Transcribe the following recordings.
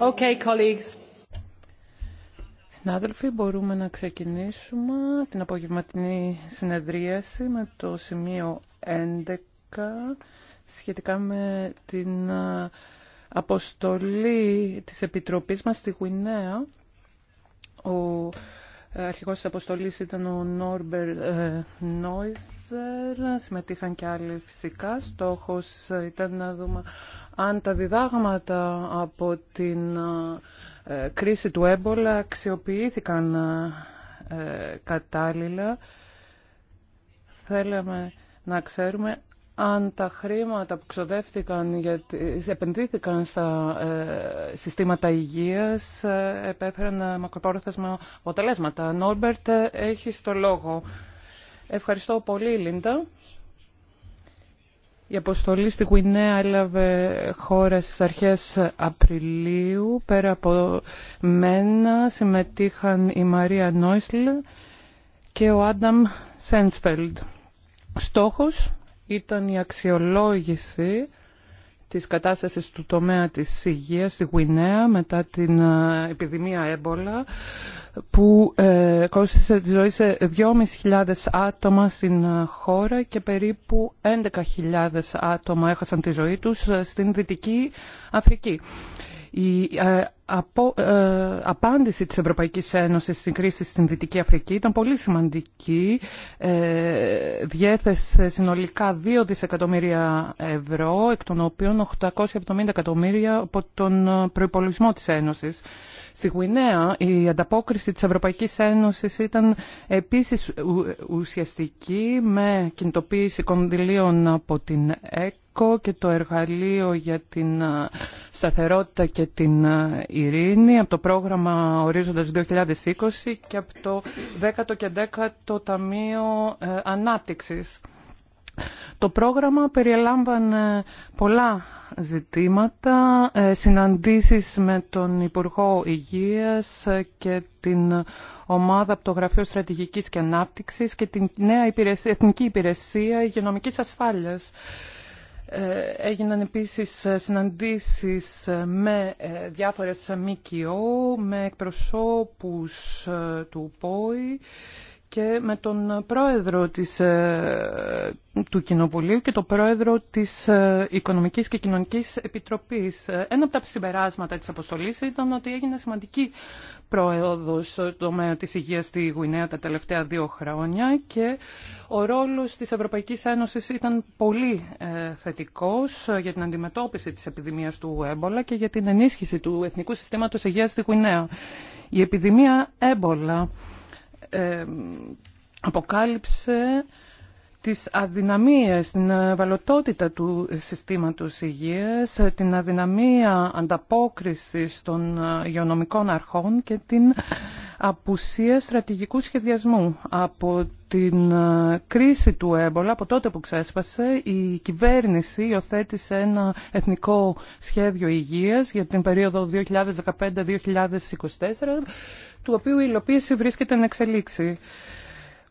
Okay, colleagues. Συνάδελφοι, μπορούμε να ξεκινήσουμε την απογευματινή συνεδρίαση με το σημείο 11 σχετικά με την αποστολή της Επιτροπής μας στη Γουινέα. Ο Αρχικός της αποστολής ήταν ο Νόρμπερ ε, Νόιζερ, συμμετείχαν και άλλοι φυσικά. Στόχος ήταν να δούμε αν τα διδάγματα από την ε, κρίση του έμπολα αξιοποιήθηκαν ε, κατάλληλα. Θέλαμε να ξέρουμε αν τα χρήματα που ξοδεύτηκαν, γιατί επενδύθηκαν στα ε, συστήματα υγείας, ε, επέφεραν ε, μακροπρόθεσμα αποτελέσματα. Νόρμπερτ, ε, έχει το λόγο. Ευχαριστώ πολύ, Λίντα. Η αποστολή στη Γουινέα έλαβε χώρα στις αρχές Απριλίου. Πέρα από μένα συμμετείχαν η Μαρία Νόισλ και ο Άνταμ Σένσφελντ. Στόχος ήταν η αξιολόγηση της κατάστασης του τομέα της υγείας στη Γουινέα μετά την ε, επιδημία έμπολα που ε, τη ζωή σε 2.500 άτομα στην ε, χώρα και περίπου 11.000 άτομα έχασαν τη ζωή τους ε, στην Δυτική Αφρική. Η ε, ε, απάντηση της Ευρωπαϊκής Ένωσης στην κρίση στην Δυτική Αφρική ήταν πολύ σημαντική. Ε, διέθεσε συνολικά 2 δισεκατομμύρια ευρώ, εκ των οποίων 870 εκατομμύρια από τον προϋπολογισμό της Ένωσης. Στη Γουινέα η ανταπόκριση της Ευρωπαϊκής Ένωσης ήταν επίσης ουσιαστική με κινητοποίηση κονδυλίων από την ΕΚ και το εργαλείο για την ε, σταθερότητα και την ε, ειρήνη από το πρόγραμμα Ορίζοντας 2020 και από το 10ο και 10ο Ταμείο ε, Ανάπτυξης. Το πρόγραμμα περιελάμβανε πολλά ζητήματα, συναντήσεις με τον Υπουργό Υγείας και την ομάδα από το Γραφείο Στρατηγικής και Ανάπτυξης και την νέα υπηρεσία, Εθνική Υπηρεσία Υγειονομικής Ασφάλειας. Ε, έγιναν επίσης ε, συναντήσεις ε, με διάφορες ΜΚΟ, με εκπροσώπους του ΠΟΗ και με τον πρόεδρο της, ε, του Κοινοβουλίου και τον πρόεδρο της ε, Οικονομικής και Κοινωνικής Επιτροπής. Ε, ένα από τα συμπεράσματα της αποστολής ήταν ότι έγινε σημαντική πρόοδος στο τομέα της υγείας στη Γουινέα τα τελευταία δύο χρόνια και ο ρόλος της Ευρωπαϊκής Ένωσης ήταν πολύ θετικός για την αντιμετώπιση της επιδημίας του έμπολα και για την ενίσχυση του Εθνικού Συστήματος Υγείας στη Γουινέα. Η επιδημία έμπολα ε, αποκάλυψε τις αδυναμίες, την ευαλωτότητα του συστήματος υγείας, την αδυναμία ανταπόκρισης των υγειονομικών αρχών και την απουσία στρατηγικού σχεδιασμού. Από την ε, κρίση του έμπολα, από τότε που ξέσπασε, η κυβέρνηση υιοθέτησε ένα εθνικό σχέδιο υγείας για την περίοδο 2015-2024, του οποίου η υλοποίηση βρίσκεται να εξελίξει.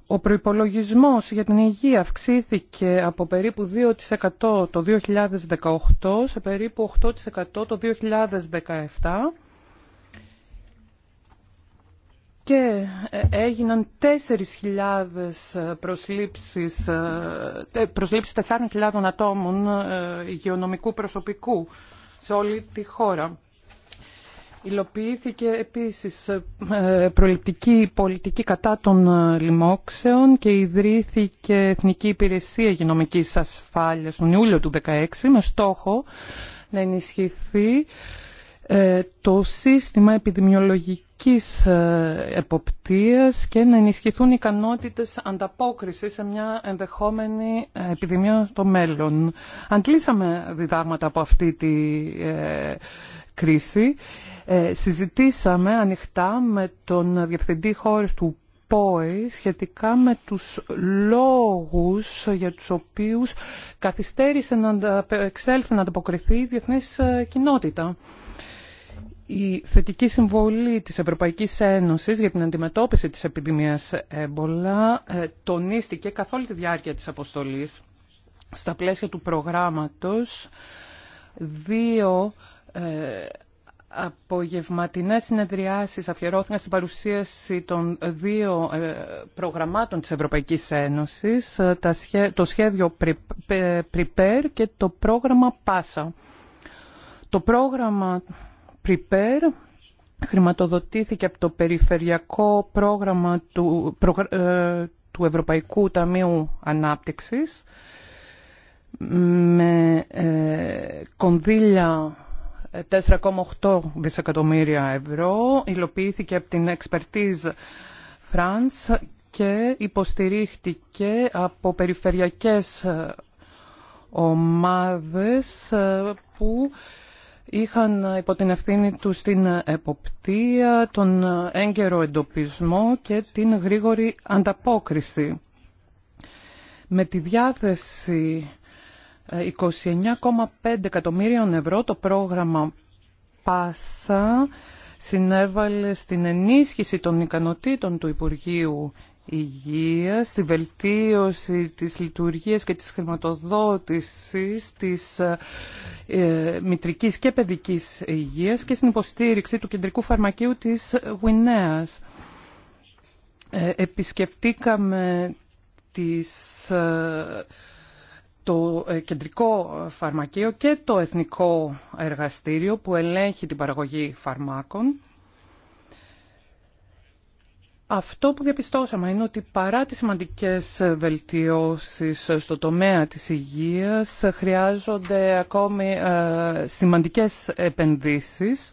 Ο προϋπολογισμός για την υγεία αυξήθηκε από περίπου 2% το 2018 σε περίπου 8% το 2017 και ε, έγιναν 4.000 προσλήψεις, ε, προσλήψεις 4.000 ατόμων ε, υγειονομικού προσωπικού σε όλη τη χώρα. Υλοποιήθηκε επίσης ε, προληπτική πολιτική κατά των ε, λοιμόξεων και ιδρύθηκε Εθνική Υπηρεσία Γενομικής Ασφάλειας τον Ιούλιο του 2016 με στόχο να ενισχυθεί ε, το σύστημα επιδημιολογικής εποπτείας και να ενισχυθούν οι ικανότητες ανταπόκρισης σε μια ενδεχόμενη επιδημία στο μέλλον. Αντλήσαμε διδάγματα από αυτή τη κρίση ε, συζητήσαμε ανοιχτά με τον Διευθυντή Χώρης του ΠΟΕ σχετικά με τους λόγους για τους οποίους καθυστέρησε να εξέλθει να ανταποκριθεί η διεθνής ε, κοινότητα. Η θετική συμβολή της Ευρωπαϊκής Ένωσης για την αντιμετώπιση της επιδημίας έμπολα ε, τονίστηκε καθ' όλη τη διάρκεια της αποστολής. Στα πλαίσια του προγράμματος, δύο απογευματινές συνεδριάσεις αφιερώθηκαν στην παρουσίαση των δύο ε, προγραμμάτων της Ευρωπαϊκής Ένωσης, ε, το σχέδιο Prepare και το πρόγραμμα PASA. Το πρόγραμμα Prepare χρηματοδοτήθηκε από το περιφερειακό πρόγραμμα του, ε, του Ευρωπαϊκού Ταμείου Ανάπτυξης με κονδύλια 4,8 δισεκατομμύρια ευρώ. Υλοποιήθηκε από την Expertise France και υποστηρίχτηκε από περιφερειακές ομάδες που είχαν υπό την ευθύνη του την εποπτεία, τον έγκαιρο εντοπισμό και την γρήγορη ανταπόκριση. Με τη διάθεση 29,5 εκατομμύριων ευρώ το πρόγραμμα ΠΑΣΑ συνέβαλε στην ενίσχυση των ικανοτήτων του Υπουργείου Υγείας, στη βελτίωση της λειτουργίας και της χρηματοδότησης της ε, ε μητρικής και παιδικής υγείας και στην υποστήριξη του κεντρικού φαρμακείου της Γουινέας. Ε, επισκεφτήκαμε τις... Ε, το ε, κεντρικό φαρμακείο και το εθνικό εργαστήριο που ελέγχει την παραγωγή φαρμάκων. Αυτό που διαπιστώσαμε είναι ότι παρά τις σημαντικές βελτιώσεις στο τομέα της υγείας χρειάζονται ακόμη ε, σημαντικές επενδύσεις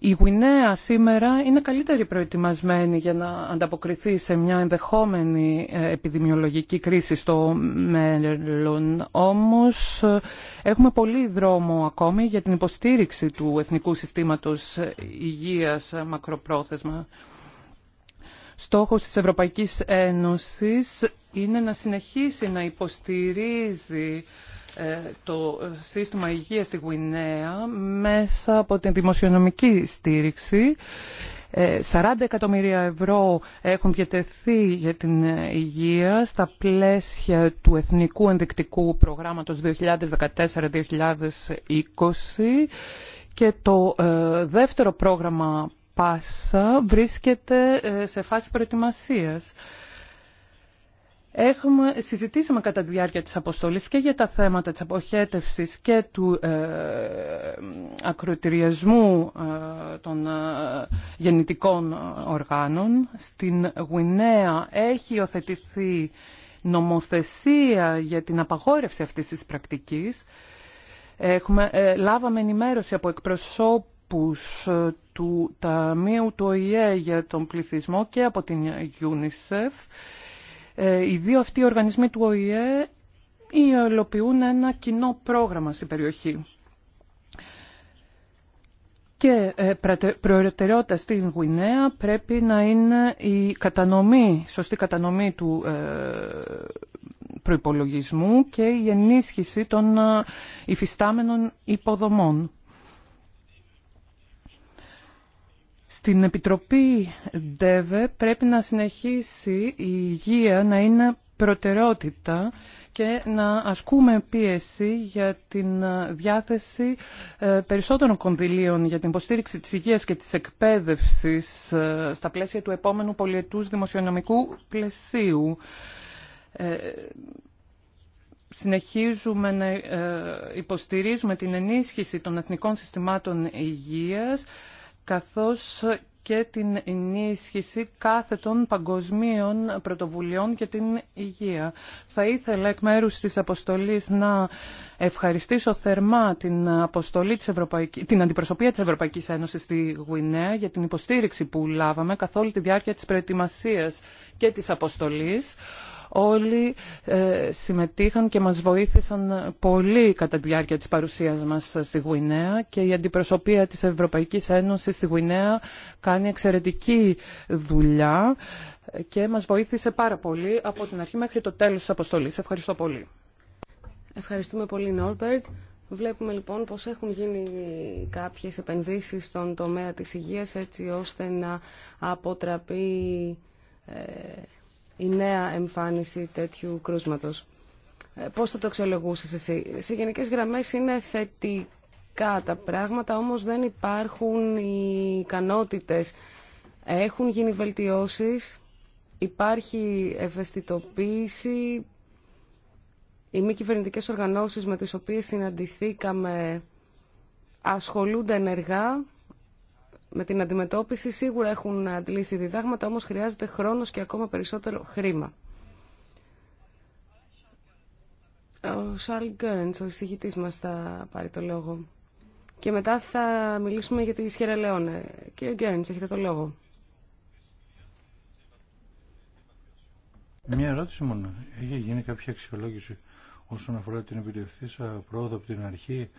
Η Γουινέα σήμερα είναι καλύτερη προετοιμασμένη για να ανταποκριθεί σε μια ενδεχόμενη ε, επιδημιολογική κρίση στο μέλλον. Όμως ε, έχουμε πολύ δρόμο ακόμη για την υποστήριξη του Εθνικού Συστήματος Υγείας μακροπρόθεσμα. Στόχος της Ευρωπαϊκής Ένωσης είναι να συνεχίσει να υποστηρίζει ε, το σύστημα υγείας στη Γουινέα μέσα από την δημοσιονομική στήριξη. 40 ε, εκατομμύρια ευρώ έχουν διατεθεί για την υγεία στα πλαίσια του Εθνικού Ενδεικτικού Προγράμματος 2014-2020 και το ε, δεύτερο πρόγραμμα ΠΑΣΑ βρίσκεται σε φάση προετοιμασίας. Έχουμε, συζητήσαμε κατά τη διάρκεια της αποστολής και για τα θέματα της αποχέτευσης και του ε, ακροτηριασμού ε, των ε, γεννητικών οργάνων. Στην Γουινέα έχει υιοθετηθεί νομοθεσία για την απαγόρευση αυτής της πρακτικής. Έχουμε, ε, λάβαμε ενημέρωση από εκπροσώπους του Ταμείου του ΟΗΕ για τον πληθυσμό και από την UNICEF ε, οι δύο αυτοί οι οργανισμοί του ΟΗΕ υλοποιούν ένα κοινό πρόγραμμα στην περιοχή. Και ε, προτεραιότητα στην Γουινέα πρέπει να είναι η κατανομή, σωστή κατανομή του ε, προϋπολογισμού και η ενίσχυση των υφιστάμενων υποδομών. Στην Επιτροπή ΔΕΒΕ πρέπει να συνεχίσει η υγεία να είναι προτεραιότητα και να ασκούμε πίεση για την διάθεση ε, περισσότερων κονδυλίων για την υποστήριξη της υγείας και της εκπαίδευσης ε, στα πλαίσια του επόμενου πολιετούς δημοσιονομικού πλαισίου. Ε, συνεχίζουμε να υποστηρίζουμε την ενίσχυση των εθνικών συστημάτων υγείας καθώς και την ενίσχυση κάθε των παγκοσμίων πρωτοβουλειών και την υγεία. Θα ήθελα εκ μέρους της αποστολής να ευχαριστήσω θερμά την, αποστολή της την αντιπροσωπεία της Ευρωπαϊκής Ένωσης στη Γουινέα για την υποστήριξη που λάβαμε καθ' όλη τη διάρκεια της προετοιμασίας και της αποστολής. Όλοι ε, συμμετείχαν και μας βοήθησαν πολύ κατά τη διάρκεια της παρουσίας μας στη Γουινέα και η αντιπροσωπεία της Ευρωπαϊκής Ένωσης στη Γουινέα κάνει εξαιρετική δουλειά και μας βοήθησε πάρα πολύ από την αρχή μέχρι το τέλος της αποστολής. Ευχαριστώ πολύ. Ευχαριστούμε πολύ Νόρμπερτ. Βλέπουμε λοιπόν πως έχουν γίνει κάποιες επενδύσεις στον τομέα της υγείας έτσι ώστε να αποτραπεί ε, η νέα εμφάνιση τέτοιου κρούσματος. Ε, πώς θα το αξιολογούσες εσύ. Σε γενικές γραμμές είναι θετικά τα πράγματα, όμως δεν υπάρχουν οι ικανότητες. Έχουν γίνει βελτιώσεις, υπάρχει ευαισθητοποίηση, οι μη κυβερνητικές οργανώσεις με τις οποίες συναντηθήκαμε ασχολούνται ενεργά με την αντιμετώπιση σίγουρα έχουν αντλήσει διδάγματα, όμως χρειάζεται χρόνος και ακόμα περισσότερο χρήμα. Ο Σαρλ Γκέρντς, ο εισηγητής μας, θα πάρει το λόγο. Και μετά θα μιλήσουμε για τη Σιέρα Λεόνε. Κύριε Γκέρντς, έχετε το λόγο. Μία ερώτηση μόνο. Έχει γίνει κάποια αξιολόγηση όσον αφορά την επιτευθύνσα πρόοδο από την αρχή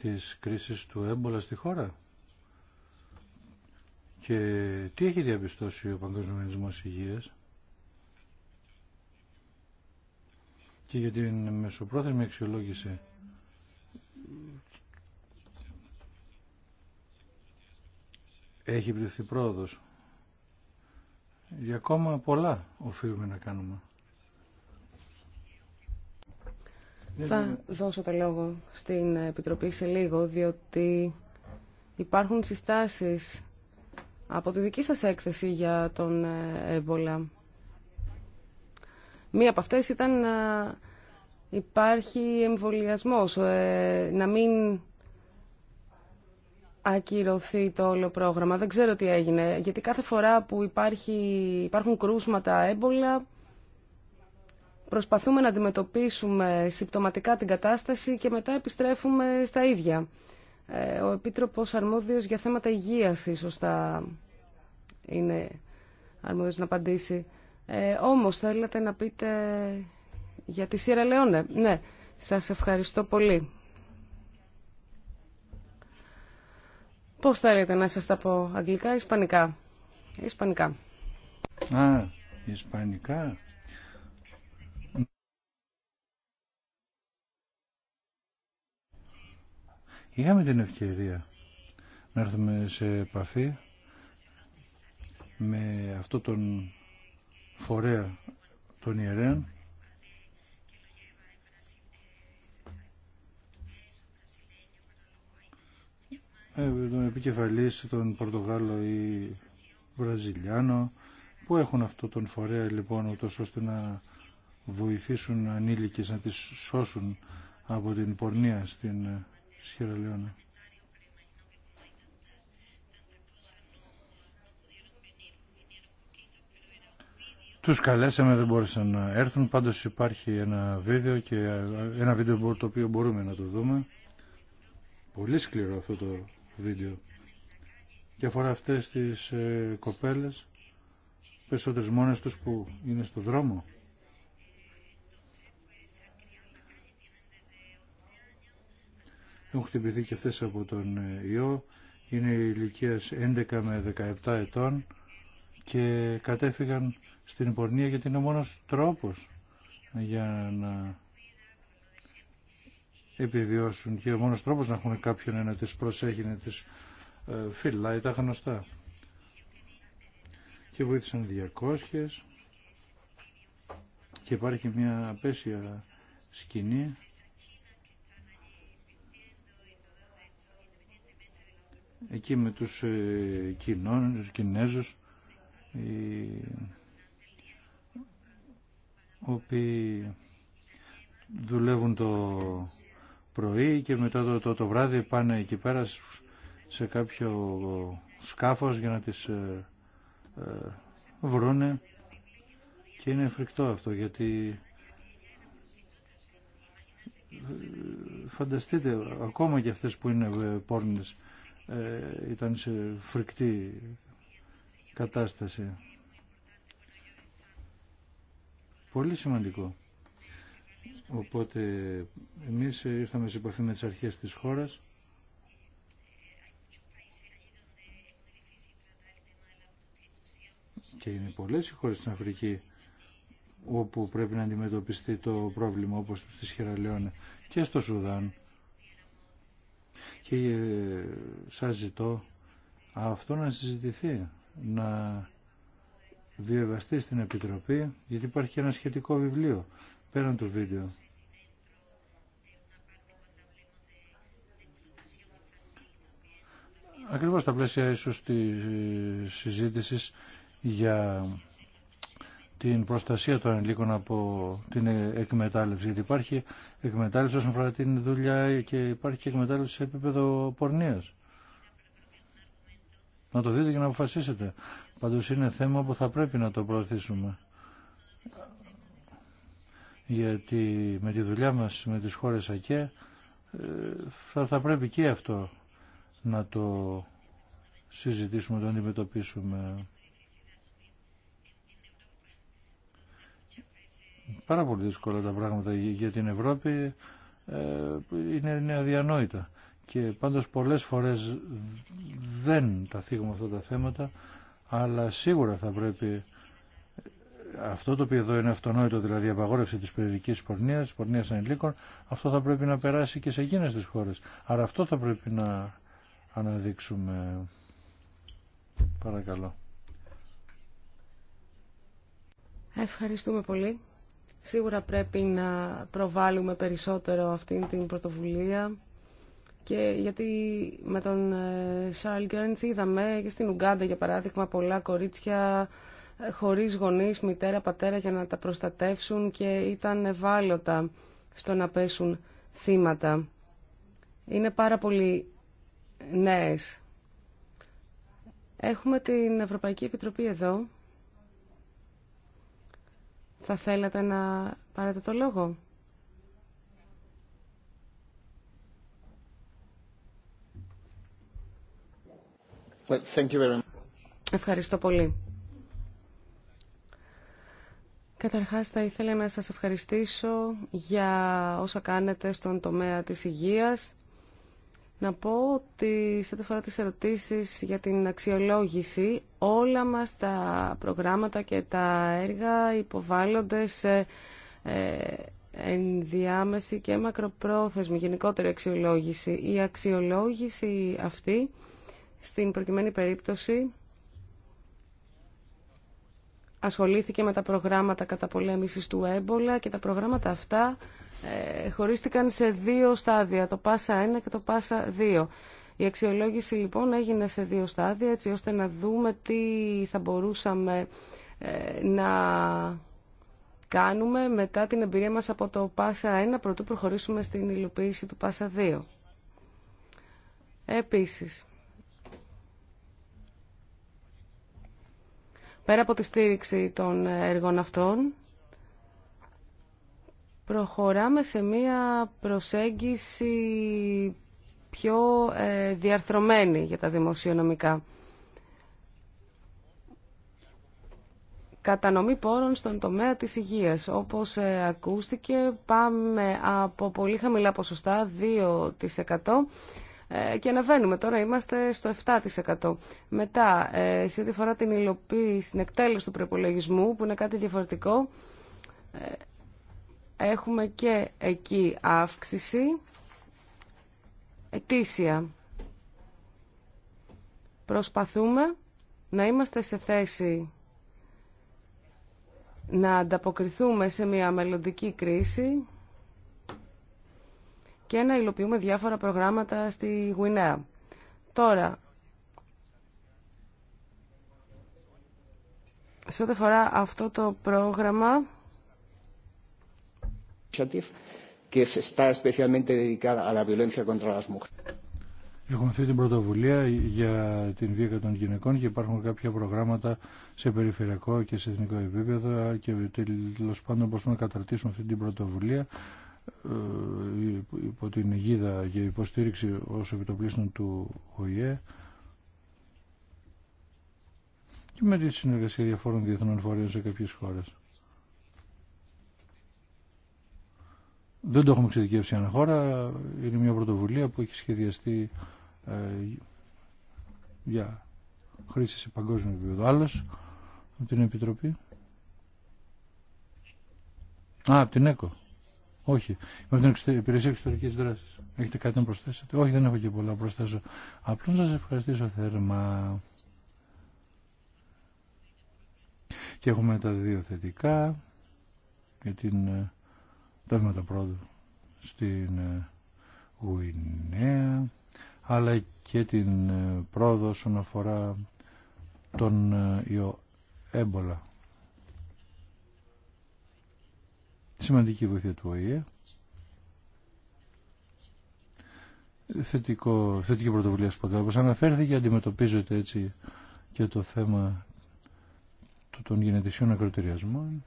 της κρίσης του έμπολα στη χώρα. Και τι έχει διαπιστώσει ο Παγκόσμιος Οργανισμός Υγείας και για την μεσοπρόθεσμη αξιολόγηση έχει βρεθεί πρόοδος. Για ακόμα πολλά οφείλουμε να κάνουμε. Θα δώσω το λόγο στην Επιτροπή σε λίγο, διότι υπάρχουν συστάσεις από τη δική σας έκθεση για τον ε, έμπολα. Μία από αυτές ήταν να ε, υπάρχει εμβολιασμός, ε, να μην ακυρωθεί το όλο πρόγραμμα. Δεν ξέρω τι έγινε, γιατί κάθε φορά που υπάρχει, υπάρχουν κρούσματα έμπολα, προσπαθούμε να αντιμετωπίσουμε συμπτωματικά την κατάσταση και μετά επιστρέφουμε στα ίδια. Ε, ο Επίτροπος Αρμόδιος για θέματα υγείας ίσως θα είναι αρμόδιος να απαντήσει. Ε, όμως θέλετε να πείτε για τη Σιέρα Λεόνε. Ναι, σας ευχαριστώ πολύ. Πώς θέλετε να σας τα πω, αγγλικά ή ισπανικά. Ισπανικά. Α, ισπανικά. είχαμε την ευκαιρία να έρθουμε σε επαφή με αυτό τον φορέα των ιερέων ε, τον επικεφαλής, τον Πορτογάλο ή Βραζιλιάνο που έχουν αυτό τον φορέα λοιπόν ούτως ώστε να βοηθήσουν ανήλικες να τις σώσουν από την πορνεία στην τους καλέσαμε, δεν μπόρεσαν να έρθουν, πάντως υπάρχει ένα βίντεο, και ένα βίντεο το οποίο μπορούμε να το δούμε. Πολύ σκληρό αυτό το βίντεο. Και αφορά αυτές τις ε, κοπέλες, περισσότερες μόνες τους που είναι στο δρόμο. έχουν χτυπηθεί και αυτές από τον ε, ιό. Είναι ηλικία 11 με 17 ετών και κατέφυγαν στην πορνεία γιατί είναι ο μόνος τρόπος για να επιβιώσουν και ο μόνος τρόπος να έχουν κάποιον να τις προσέχει, να τις φυλάει τα γνωστά. Και βοήθησαν 200 και υπάρχει μια απέσια σκηνή εκεί με τους ε, τους Κινέζους οι οποίοι δουλεύουν το πρωί και μετά το, το, βράδυ πάνε εκεί πέρα σε κάποιο σκάφος για να τις ε, ε βρούνε και είναι φρικτό αυτό γιατί ε, φανταστείτε ακόμα και αυτές που είναι πόρνες ε, ήταν σε φρικτή κατάσταση. Πολύ σημαντικό. Οπότε εμείς ήρθαμε σε επαφή με τις αρχές της χώρας και είναι πολλές οι χώρες στην Αφρική όπου πρέπει να αντιμετωπιστεί το πρόβλημα όπως στη Σχεραλεόνε και στο Σουδάν και ε, σας ζητώ αυτό να συζητηθεί, να διαβαστεί στην Επιτροπή, γιατί υπάρχει ένα σχετικό βιβλίο πέραν του βίντεο. Ακριβώς τα πλαίσια ίσως της ε, συζήτησης για την προστασία των ελίκων από την εκμετάλλευση. Γιατί υπάρχει εκμετάλλευση όσον αφορά την δουλειά και υπάρχει και εκμετάλλευση σε επίπεδο πορνείας. Να το δείτε και να αποφασίσετε. Πάντως είναι θέμα που θα πρέπει να το προωθήσουμε. Γιατί με τη δουλειά μας με τις χώρες ΑΚΕ ε, θα, θα πρέπει και αυτό να το συζητήσουμε, να το αντιμετωπίσουμε. πάρα πολύ δύσκολα τα πράγματα για την Ευρώπη ε, είναι, αδιανόητα και πάντως πολλές φορές δεν τα θίγουμε αυτά τα θέματα αλλά σίγουρα θα πρέπει ε, αυτό το οποίο εδώ είναι αυτονόητο δηλαδή η απαγόρευση της περιοδικής πορνείας, της πορνείας ανηλίκων αυτό θα πρέπει να περάσει και σε εκείνες τις χώρες άρα αυτό θα πρέπει να αναδείξουμε παρακαλώ Ευχαριστούμε πολύ Σίγουρα πρέπει να προβάλλουμε περισσότερο αυτήν την πρωτοβουλία και γιατί με τον Σαρλ ε, Γκέρντς είδαμε και στην Ουγκάντα για παράδειγμα πολλά κορίτσια ε, χωρίς γονείς, μητέρα, πατέρα για να τα προστατεύσουν και ήταν ευάλωτα στο να πέσουν θύματα. Είναι πάρα πολύ νέες. Έχουμε την Ευρωπαϊκή Επιτροπή εδώ θα θέλατε να πάρετε το λόγο. thank you very much. Ευχαριστώ πολύ. Καταρχάς θα ήθελα να σας ευχαριστήσω για όσα κάνετε στον τομέα της υγείας. Να πω ότι σε ό,τι φορά τις ερωτήσεις για την αξιολόγηση, όλα μας τα προγράμματα και τα έργα υποβάλλονται σε ε, ενδιάμεση και μακροπρόθεσμη γενικότερη αξιολόγηση. Η αξιολόγηση αυτή, στην προκειμένη περίπτωση, ασχολήθηκε με τα προγράμματα καταπολέμησης του έμπολα και τα προγράμματα αυτά ε, χωρίστηκαν σε δύο στάδια, το ΠΑΣΑ 1 και το ΠΑΣΑ 2. Η αξιολόγηση λοιπόν έγινε σε δύο στάδια έτσι ώστε να δούμε τι θα μπορούσαμε ε, να κάνουμε μετά την εμπειρία μας από το ΠΑΣΑ 1 προτού προχωρήσουμε στην υλοποίηση του ΠΑΣΑ 2. Επίσης, Πέρα από τη στήριξη των έργων αυτών, προχωράμε σε μία προσέγγιση πιο ε, διαρθρωμένη για τα δημοσιονομικά. Κατανομή πόρων στον τομέα της υγείας. Όπως ε, ακούστηκε, πάμε από πολύ χαμηλά ποσοστά, 2%, ε, και ανεβαίνουμε. Τώρα είμαστε στο 7%. Μετά, ε, σε ό,τι φορά την υλοποίηση, την εκτέλεση του προπολογισμού, που είναι κάτι διαφορετικό, ε, έχουμε και εκεί αύξηση ετήσια. Προσπαθούμε να είμαστε σε θέση να ανταποκριθούμε σε μια μελλοντική κρίση και να υλοποιούμε διάφορα προγράμματα στη Γουινέα. Τώρα, σε ό,τι αφορά αυτό το πρόγραμμα que está especialmente dedicada a la violencia contra Έχουμε αυτή την πρωτοβουλία για την βία των γυναικών και υπάρχουν κάποια προγράμματα σε περιφερειακό και σε εθνικό επίπεδο και τέλο πάντων μπορούμε να καταρτήσουμε αυτή την πρωτοβουλία ε, υπό την αιγίδα για υποστήριξη ως επιτοπλίστων του ΟΗΕ και με τη συνεργασία διαφόρων διεθνών φορέων σε κάποιες χώρες. Δεν το έχουμε εξειδικεύσει ένα χώρα, είναι μια πρωτοβουλία που έχει σχεδιαστεί ε, για χρήση σε παγκόσμιο επίπεδο. Άλλος από την Επιτροπή. Α, από την ΕΚΟ. Όχι. Είμαι από την Υπηρεσία Εξωτερική Δράση. Έχετε κάτι να προσθέσετε. Όχι, δεν έχω και πολλά να προσθέσω. Απλώ να σα ευχαριστήσω θερμά. Και έχουμε τα δύο θετικά για την ε, τεύματα πρόοδου στην ε, Γουινέα αλλά και την ε, πρόοδο όσον αφορά τον ιό έμπολα. Σημαντική βοήθεια του ΟΗΕ. Θετικό, θετική πρωτοβουλία σποντά. Όπως αναφέρθηκε αντιμετωπίζεται έτσι και το θέμα των γενετησιών ακροτηριασμών.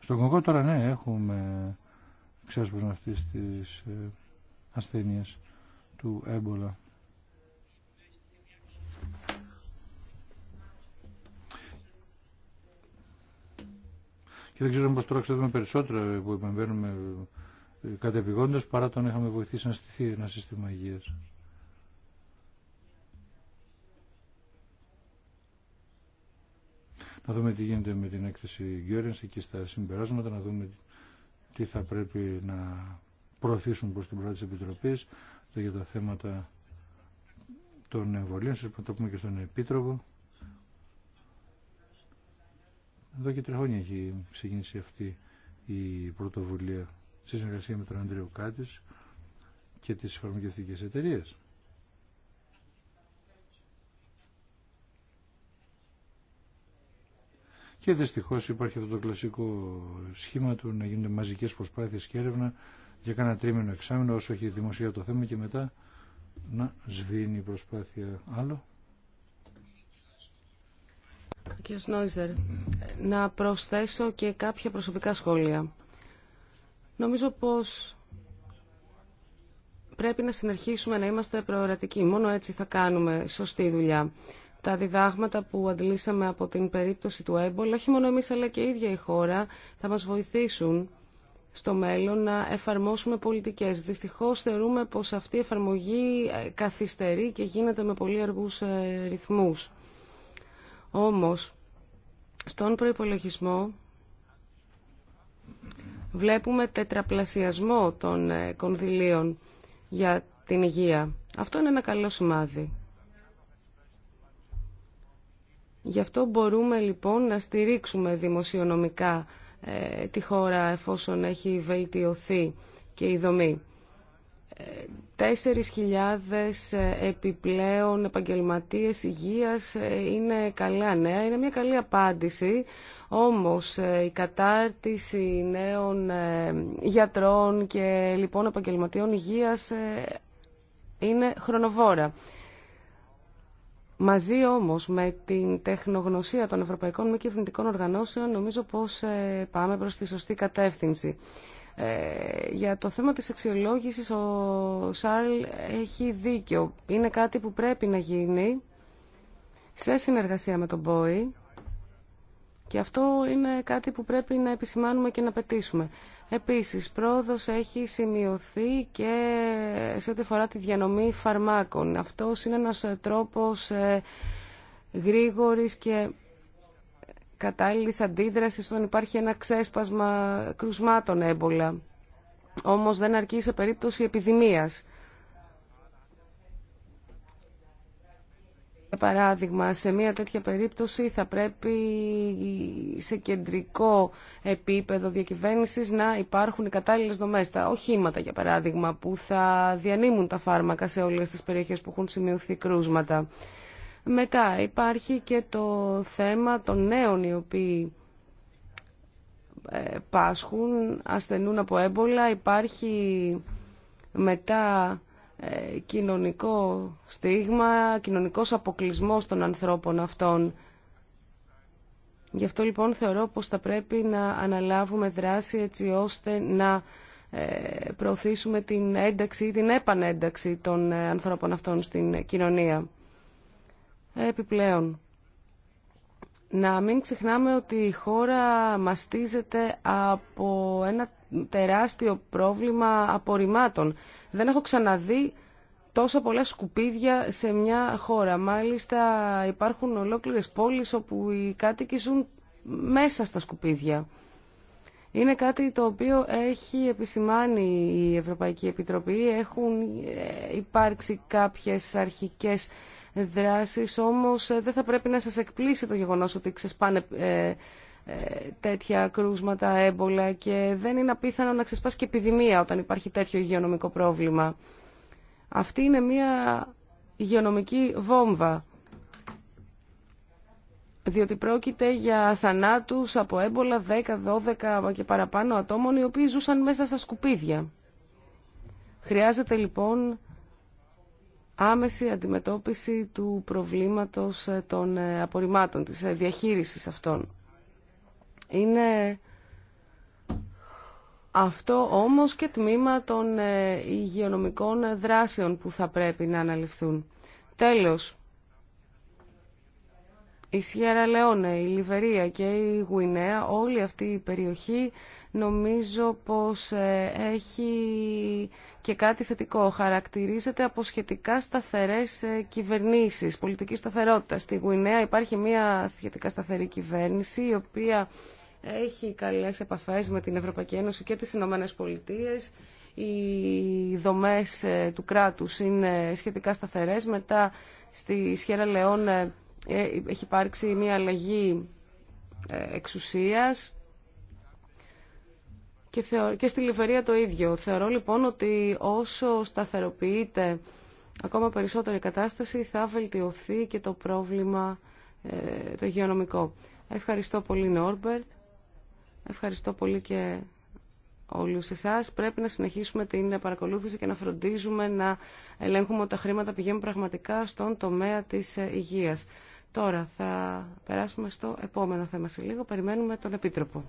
Στον Κογκό τώρα ναι έχουμε ξέσπασμα αυτής της ε, ασθένειας του έμπολα. και δεν ξέρω πώ τώρα ξέρουμε περισσότερα που επεμβαίνουμε ε, κατεπηγόντω παρά τον είχαμε βοηθήσει να στηθεί ένα σύστημα υγεία. Να δούμε τι γίνεται με την έκθεση Γκέρενς εκεί στα συμπεράσματα, να δούμε τι θα πρέπει να προωθήσουν προς την πλευρά της Επιτροπής για τα θέματα των εμβολίων. Σας θα πούμε και στον Επίτροπο. Εδώ και τρία έχει ξεκινήσει αυτή η πρωτοβουλία στη συνεργασία με τον Αντρέο Κάτης και τις φαρμακευτικές εταιρείες. Και δυστυχώς υπάρχει αυτό το κλασικό σχήμα του να γίνονται μαζικές προσπάθειες και έρευνα για κανένα τρίμηνο εξάμεινο όσο έχει δημοσία το θέμα και μετά να σβήνει η προσπάθεια. Άλλο. Κύριε Σνόιζερ, να προσθέσω και κάποια προσωπικά σχόλια. Νομίζω πως πρέπει να συνεχίσουμε να είμαστε προορατικοί. Μόνο έτσι θα κάνουμε σωστή δουλειά. Τα διδάγματα που αντλήσαμε από την περίπτωση του έμπολα, όχι μόνο εμείς αλλά και η ίδια η χώρα, θα μας βοηθήσουν στο μέλλον να εφαρμόσουμε πολιτικές. Δυστυχώς θεωρούμε πως αυτή η εφαρμογή ε, καθυστερεί και γίνεται με πολύ αργούς ε, ρυθμούς. Όμως, στον προϋπολογισμό βλέπουμε τετραπλασιασμό των ε, κονδυλίων για την υγεία. Αυτό είναι ένα καλό σημάδι. Γι' αυτό μπορούμε λοιπόν να στηρίξουμε δημοσιονομικά ε, τη χώρα εφόσον έχει βελτιωθεί και η δομή. 4.000 επιπλέον επαγγελματίες υγείας είναι καλά νέα, είναι μια καλή απάντηση, όμως ε, η κατάρτιση νέων ε, γιατρών και λοιπόν επαγγελματιών υγείας ε, είναι χρονοβόρα. Μαζί όμως με την τεχνογνωσία των Ευρωπαϊκών Μη Κυβερνητικών Οργανώσεων νομίζω πως πάμε προς τη σωστή κατεύθυνση. Ε, για το θέμα της αξιολόγησης ο Σάρλ έχει δίκιο. Είναι κάτι που πρέπει να γίνει σε συνεργασία με τον Μπόι και αυτό είναι κάτι που πρέπει να επισημάνουμε και να πετήσουμε. Επίσης, πρόοδος έχει σημειωθεί και σε ό,τι φορά τη διανομή φαρμάκων. Αυτό είναι ένας τρόπος ε, γρήγορης και Κατάλληλη αντίδραση όταν υπάρχει ένα ξέσπασμα κρουσμάτων έμπολα. Όμως δεν αρκεί σε περίπτωση επιδημίας. Για παράδειγμα, σε μια τέτοια περίπτωση θα πρέπει σε κεντρικό επίπεδο διακυβέρνησης να υπάρχουν οι κατάλληλες δομές, τα οχήματα για παράδειγμα, που θα διανύμουν τα φάρμακα σε όλες τις περιοχές που έχουν σημειωθεί κρούσματα. Μετά υπάρχει και το θέμα των νέων οι οποίοι ε, πάσχουν, ασθενούν από έμπολα. Υπάρχει μετά ε, κοινωνικό στίγμα, κοινωνικός αποκλεισμός των ανθρώπων αυτών. Γι' αυτό λοιπόν θεωρώ πως θα πρέπει να αναλάβουμε δράση έτσι ώστε να ε, προωθήσουμε την ένταξη ή την επανένταξη των ανθρώπων αυτών στην κοινωνία. Επιπλέον, να μην ξεχνάμε ότι η χώρα μαστίζεται από ένα τεράστιο πρόβλημα απορριμμάτων. Δεν έχω ξαναδεί τόσα πολλά σκουπίδια σε μια χώρα. Μάλιστα υπάρχουν ολόκληρες πόλεις όπου οι κάτοικοι ζουν μέσα στα σκουπίδια. Είναι κάτι το οποίο έχει επισημάνει η Ευρωπαϊκή Επιτροπή. Έχουν ε, υπάρξει κάποιες αρχικές δράσεις, όμως ε, δεν θα πρέπει να σας εκπλήσει το γεγονός ότι ξεσπάνε ε, ε, τέτοια κρούσματα έμπολα και δεν είναι απίθανο να ξεσπάσει και επιδημία όταν υπάρχει τέτοιο υγειονομικό πρόβλημα. Αυτή είναι μια υγειονομική βόμβα διότι πρόκειται για θανάτους από έμπολα 10, 12 και παραπάνω ατόμων οι οποίοι ζούσαν μέσα στα σκουπίδια. Χρειάζεται λοιπόν άμεση αντιμετώπιση του προβλήματος ε, των ε, απορριμμάτων, της ε, διαχείρισης αυτών. Είναι αυτό όμως και τμήμα των υγειονομικών δράσεων που θα πρέπει να αναλυφθούν. Τέλος, η Σιέρα Λεόνε, η Λιβερία και η Γουινέα, όλη αυτή η περιοχή νομίζω πως ε, έχει και κάτι θετικό. Χαρακτηρίζεται από σχετικά σταθερές ε, κυβερνήσεις, πολιτική σταθερότητα. Στη Γουινέα υπάρχει μια σχετικά σταθερή κυβέρνηση η οποία έχει καλές επαφές με την Ευρωπαϊκή Ένωση και τις Ηνωμένες Πολιτείες. Οι δομές ε, του κράτους είναι σχετικά σταθερές. Μετά στη Σιέρα Λεόνε ε, έχει υπάρξει μια αλλαγή ε, εξουσίας και, θεω... και στη Λιβερία το ίδιο. Θεωρώ λοιπόν ότι όσο σταθεροποιείται ακόμα περισσότερη κατάσταση θα βελτιωθεί και το πρόβλημα ε, το υγειονομικό. Ευχαριστώ πολύ Νόρμπερτ. Ευχαριστώ πολύ και όλους εσάς. Πρέπει να συνεχίσουμε την παρακολούθηση και να φροντίζουμε να ελέγχουμε ότι τα χρήματα πηγαίνουν πραγματικά στον τομέα της υγείας. Τώρα θα περάσουμε στο επόμενο θέμα σε λίγο. Περιμένουμε τον Επίτροπο.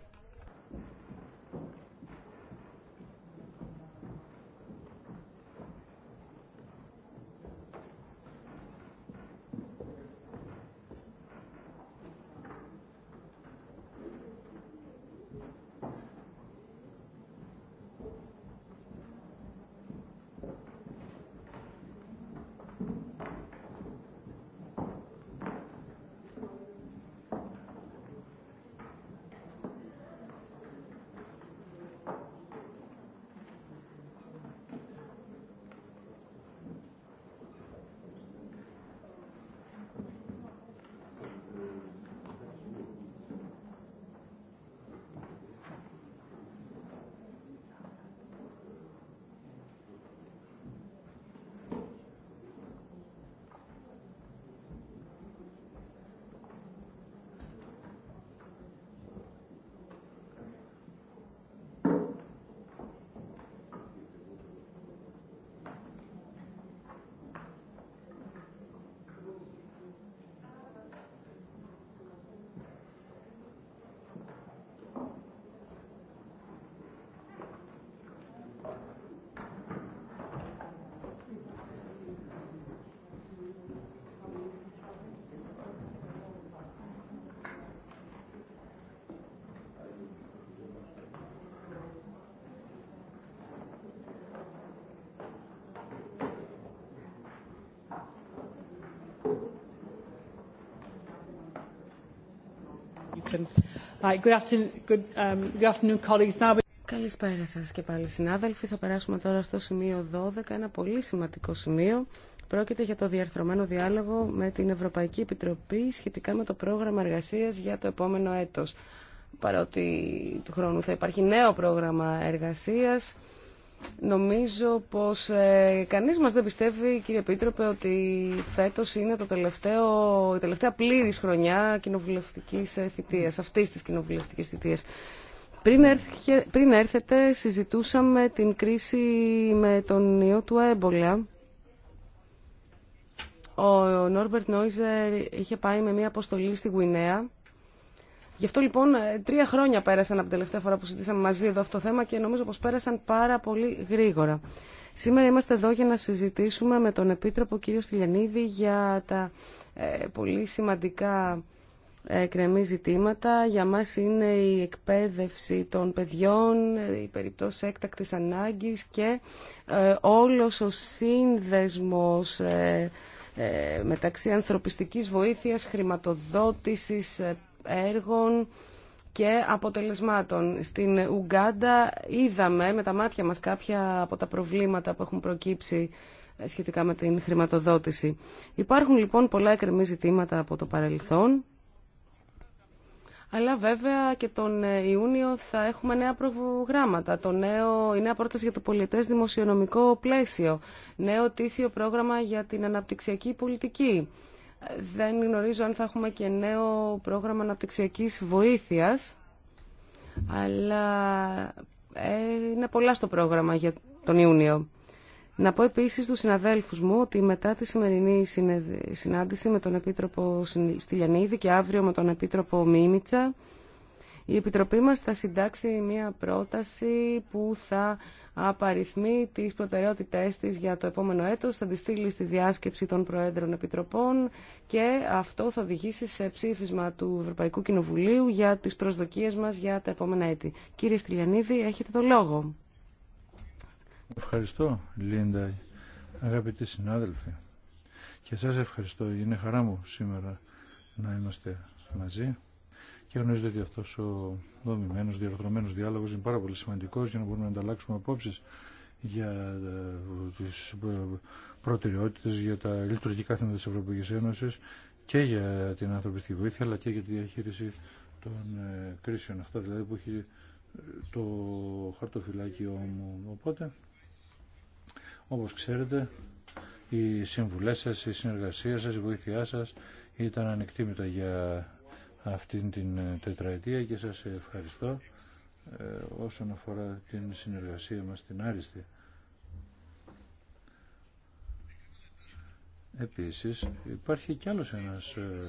Um, Καλησπέρα σας και πάλι συνάδελφοι. Θα περάσουμε τώρα στο σημείο 12, ένα πολύ σημαντικό σημείο. Πρόκειται για το διαρθρωμένο διάλογο με την Ευρωπαϊκή Επιτροπή σχετικά με το πρόγραμμα εργασίας για το επόμενο έτος. Παρότι του χρόνου θα υπάρχει νέο πρόγραμμα εργασίας, Νομίζω πως ε, κανείς μας δεν πιστεύει, κύριε Πίτροπε, ότι φέτος είναι το τελευταίο, η τελευταία πλήρης χρονιά κοινοβουλευτικής ε, θητείας, αυτής της κοινοβουλευτικής θητείας. Πριν, πριν έρθετε συζητούσαμε την κρίση με τον ιό του έμπολα. Ο Νόρμπερτ Νόιζερ είχε πάει με μια αποστολή στη Γουινέα Γι' αυτό λοιπόν ε, τρία χρόνια πέρασαν από την τελευταία φορά που συζητήσαμε μαζί εδώ αυτό το θέμα και νομίζω πως πέρασαν πάρα πολύ γρήγορα. Σήμερα είμαστε εδώ για να συζητήσουμε με τον Επίτροπο κύριο Στυλιανίδη για τα ε, πολύ σημαντικά ε, κρεμή ζητήματα. Για μας είναι η εκπαίδευση των παιδιών, η περιπτώση έκτακτης ανάγκης και ε, όλος ο σύνδεσμος μεταξύ ανθρωπιστικής βοήθειας, χρηματοδότησης, έργων και αποτελεσμάτων. Στην Ουγκάντα είδαμε με τα μάτια μας κάποια από τα προβλήματα που έχουν προκύψει ε, σχετικά με την χρηματοδότηση. Υπάρχουν λοιπόν πολλά εκκρεμή ζητήματα από το παρελθόν, αλλά βέβαια και τον ε, Ιούνιο θα έχουμε νέα προγράμματα. Το νέο, η νέα πρόταση για το πολιτές δημοσιονομικό πλαίσιο, νέο τήσιο πρόγραμμα για την αναπτυξιακή πολιτική, δεν γνωρίζω αν θα έχουμε και νέο πρόγραμμα αναπτυξιακής βοήθειας, αλλά ε, είναι πολλά στο πρόγραμμα για τον Ιούνιο. Να πω επίσης στους συναδέλφους μου ότι μετά τη σημερινή συνάντηση με τον Επίτροπο Στυλιανίδη και αύριο με τον Επίτροπο Μίμητσα, η Επιτροπή μας θα συντάξει μια πρόταση που θα απαριθμεί τις προτεραιότητές τη για το επόμενο έτος, θα τη στείλει στη διάσκεψη των Προέδρων Επιτροπών και αυτό θα οδηγήσει σε ψήφισμα του Ευρωπαϊκού Κοινοβουλίου για τις προσδοκίε μας για τα επόμενα έτη. Κύριε Στυλιανίδη, έχετε το λόγο. Ευχαριστώ, Λίντα, αγαπητοί συνάδελφοι. Και σας ευχαριστώ. Είναι χαρά μου σήμερα να είμαστε μαζί. Και γνωρίζετε ότι αυτό ο δομημένο, διαρθρωμένο διάλογο είναι πάρα πολύ σημαντικό για να μπορούμε να ανταλλάξουμε απόψει για ε, τις ε, προτεραιότητες, για τα λειτουργικά θέματα της Ευρωπαϊκής Ένωσης και για την ανθρωπιστική βοήθεια αλλά και για τη διαχείριση των ε, κρίσεων αυτά δηλαδή που έχει το χαρτοφυλάκιό μου. Οπότε, όπως ξέρετε, οι συμβουλές σας, η συνεργασία σας, η βοήθειά σας ήταν ανεκτήμητα για αυτήν την ε, τετραετία και σας ευχαριστώ ε, όσον αφορά την συνεργασία μας στην Άριστη. Επίσης υπάρχει κι άλλος ένας ε,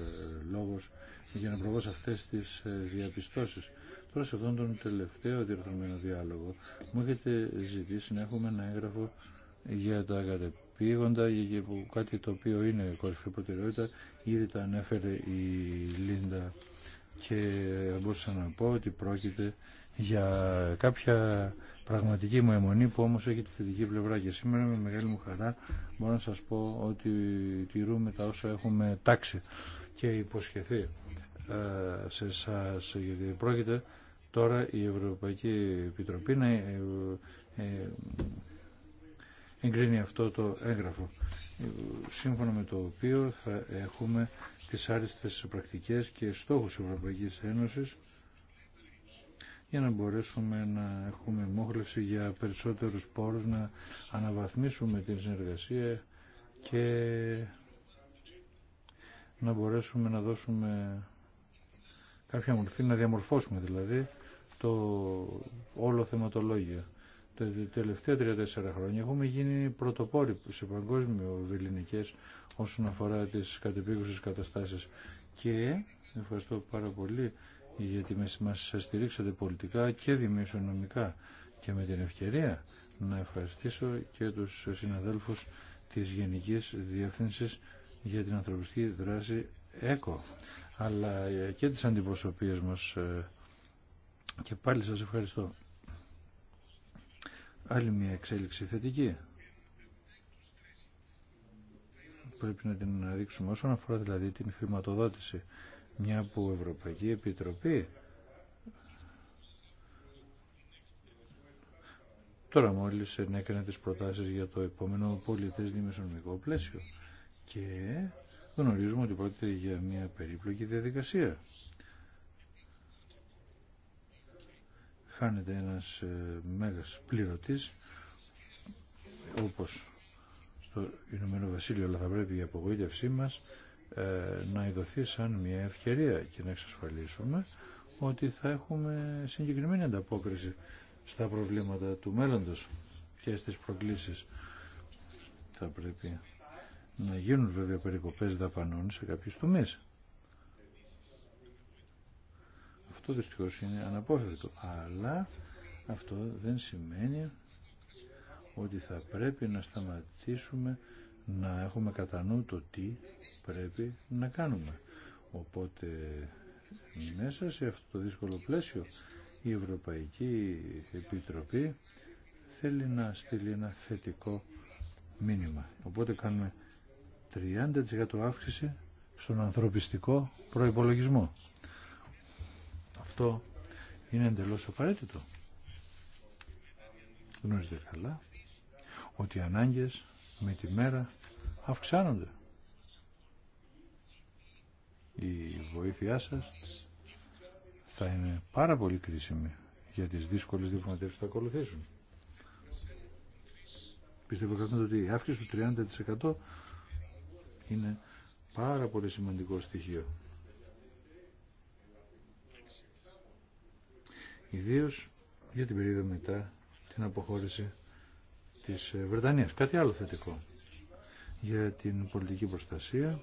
λόγος για να προβώ αυτές τις διαπιστώσεις. Τώρα σε αυτόν τον τελευταίο διευθυνμένο διάλογο μου έχετε ζητήσει να έχουμε ένα έγγραφο για τα και κάτι το οποίο είναι κορυφή προτεραιότητα ήδη τα ανέφερε η Λίντα και μπορούσα να πω ότι πρόκειται για κάποια πραγματική μου αιμονή που όμως έχει τη θετική πλευρά και σήμερα με μεγάλη μου χαρά μπορώ να σας πω ότι τηρούμε τα όσα έχουμε τάξει και υποσχεθεί ε, σε εσάς γιατί πρόκειται τώρα η Ευρωπαϊκή Επιτροπή να ε, ε, εγκρίνει αυτό το έγγραφο σύμφωνα με το οποίο θα έχουμε τις άριστες πρακτικές και στόχους Ευρωπαϊκής Ένωσης για να μπορέσουμε να έχουμε μόχλευση για περισσότερους πόρους, να αναβαθμίσουμε την συνεργασία και να μπορέσουμε να δώσουμε κάποια μορφή, να διαμορφώσουμε δηλαδή το όλο θεματολόγιο τα τελευταία 34 χρόνια έχουμε γίνει πρωτοπόροι σε παγκόσμιο ελληνικές όσον αφορά τι κατεπίγουσε καταστάσει. και ευχαριστώ πάρα πολύ γιατί μα στηρίξατε πολιτικά και δημοσιονομικά και με την ευκαιρία να ευχαριστήσω και τους συναδέλφους της Γενικής Διεύθυνση για την ανθρωπιστική δράση ΕΚΟ αλλά και τις αντιπροσωπείες μας ε, και πάλι σας ευχαριστώ. Άλλη μια εξέλιξη θετική. Πρέπει να την αναδείξουμε όσον αφορά δηλαδή την χρηματοδότηση. Μια που Ευρωπαϊκή Επιτροπή τώρα μόλις έκανε τις προτάσεις για το επόμενο πολιτές δημοσιονομικό πλαίσιο και γνωρίζουμε ότι πρόκειται για μια περίπλοκη διαδικασία χάνεται ένας ε, μέγας πληρωτής όπως στο Ηνωμένο Βασίλειο αλλά θα πρέπει η απογοήτευσή μας ε, να ειδωθεί σαν μια ευκαιρία και να εξασφαλίσουμε ότι θα έχουμε συγκεκριμένη ανταπόκριση στα προβλήματα του μέλλοντος και στις προκλήσεις θα πρέπει να γίνουν βέβαια περικοπές δαπανών σε κάποιους τομείς το δυστυχώς είναι αναπόφευκτο. Αλλά αυτό δεν σημαίνει ότι θα πρέπει να σταματήσουμε να έχουμε κατά νου το τι πρέπει να κάνουμε. Οπότε μέσα σε αυτό το δύσκολο πλαίσιο η Ευρωπαϊκή Επιτροπή θέλει να στείλει ένα θετικό μήνυμα. Οπότε κάνουμε 30% αύξηση στον ανθρωπιστικό προϋπολογισμό. Αυτό είναι εντελώς απαραίτητο. Γνωρίζετε καλά ότι οι ανάγκες με τη μέρα αυξάνονται. Η βοήθειά σας θα είναι πάρα πολύ κρίσιμη για τις δύσκολες διαπραγματεύσεις που θα ακολουθήσουν. Πιστεύω ότι η αύξηση του 30% είναι πάρα πολύ σημαντικό στοιχείο. Ιδίω για την περίοδο μετά την αποχώρηση της ε, Βρετανίας. Κάτι άλλο θετικό. Για την πολιτική προστασία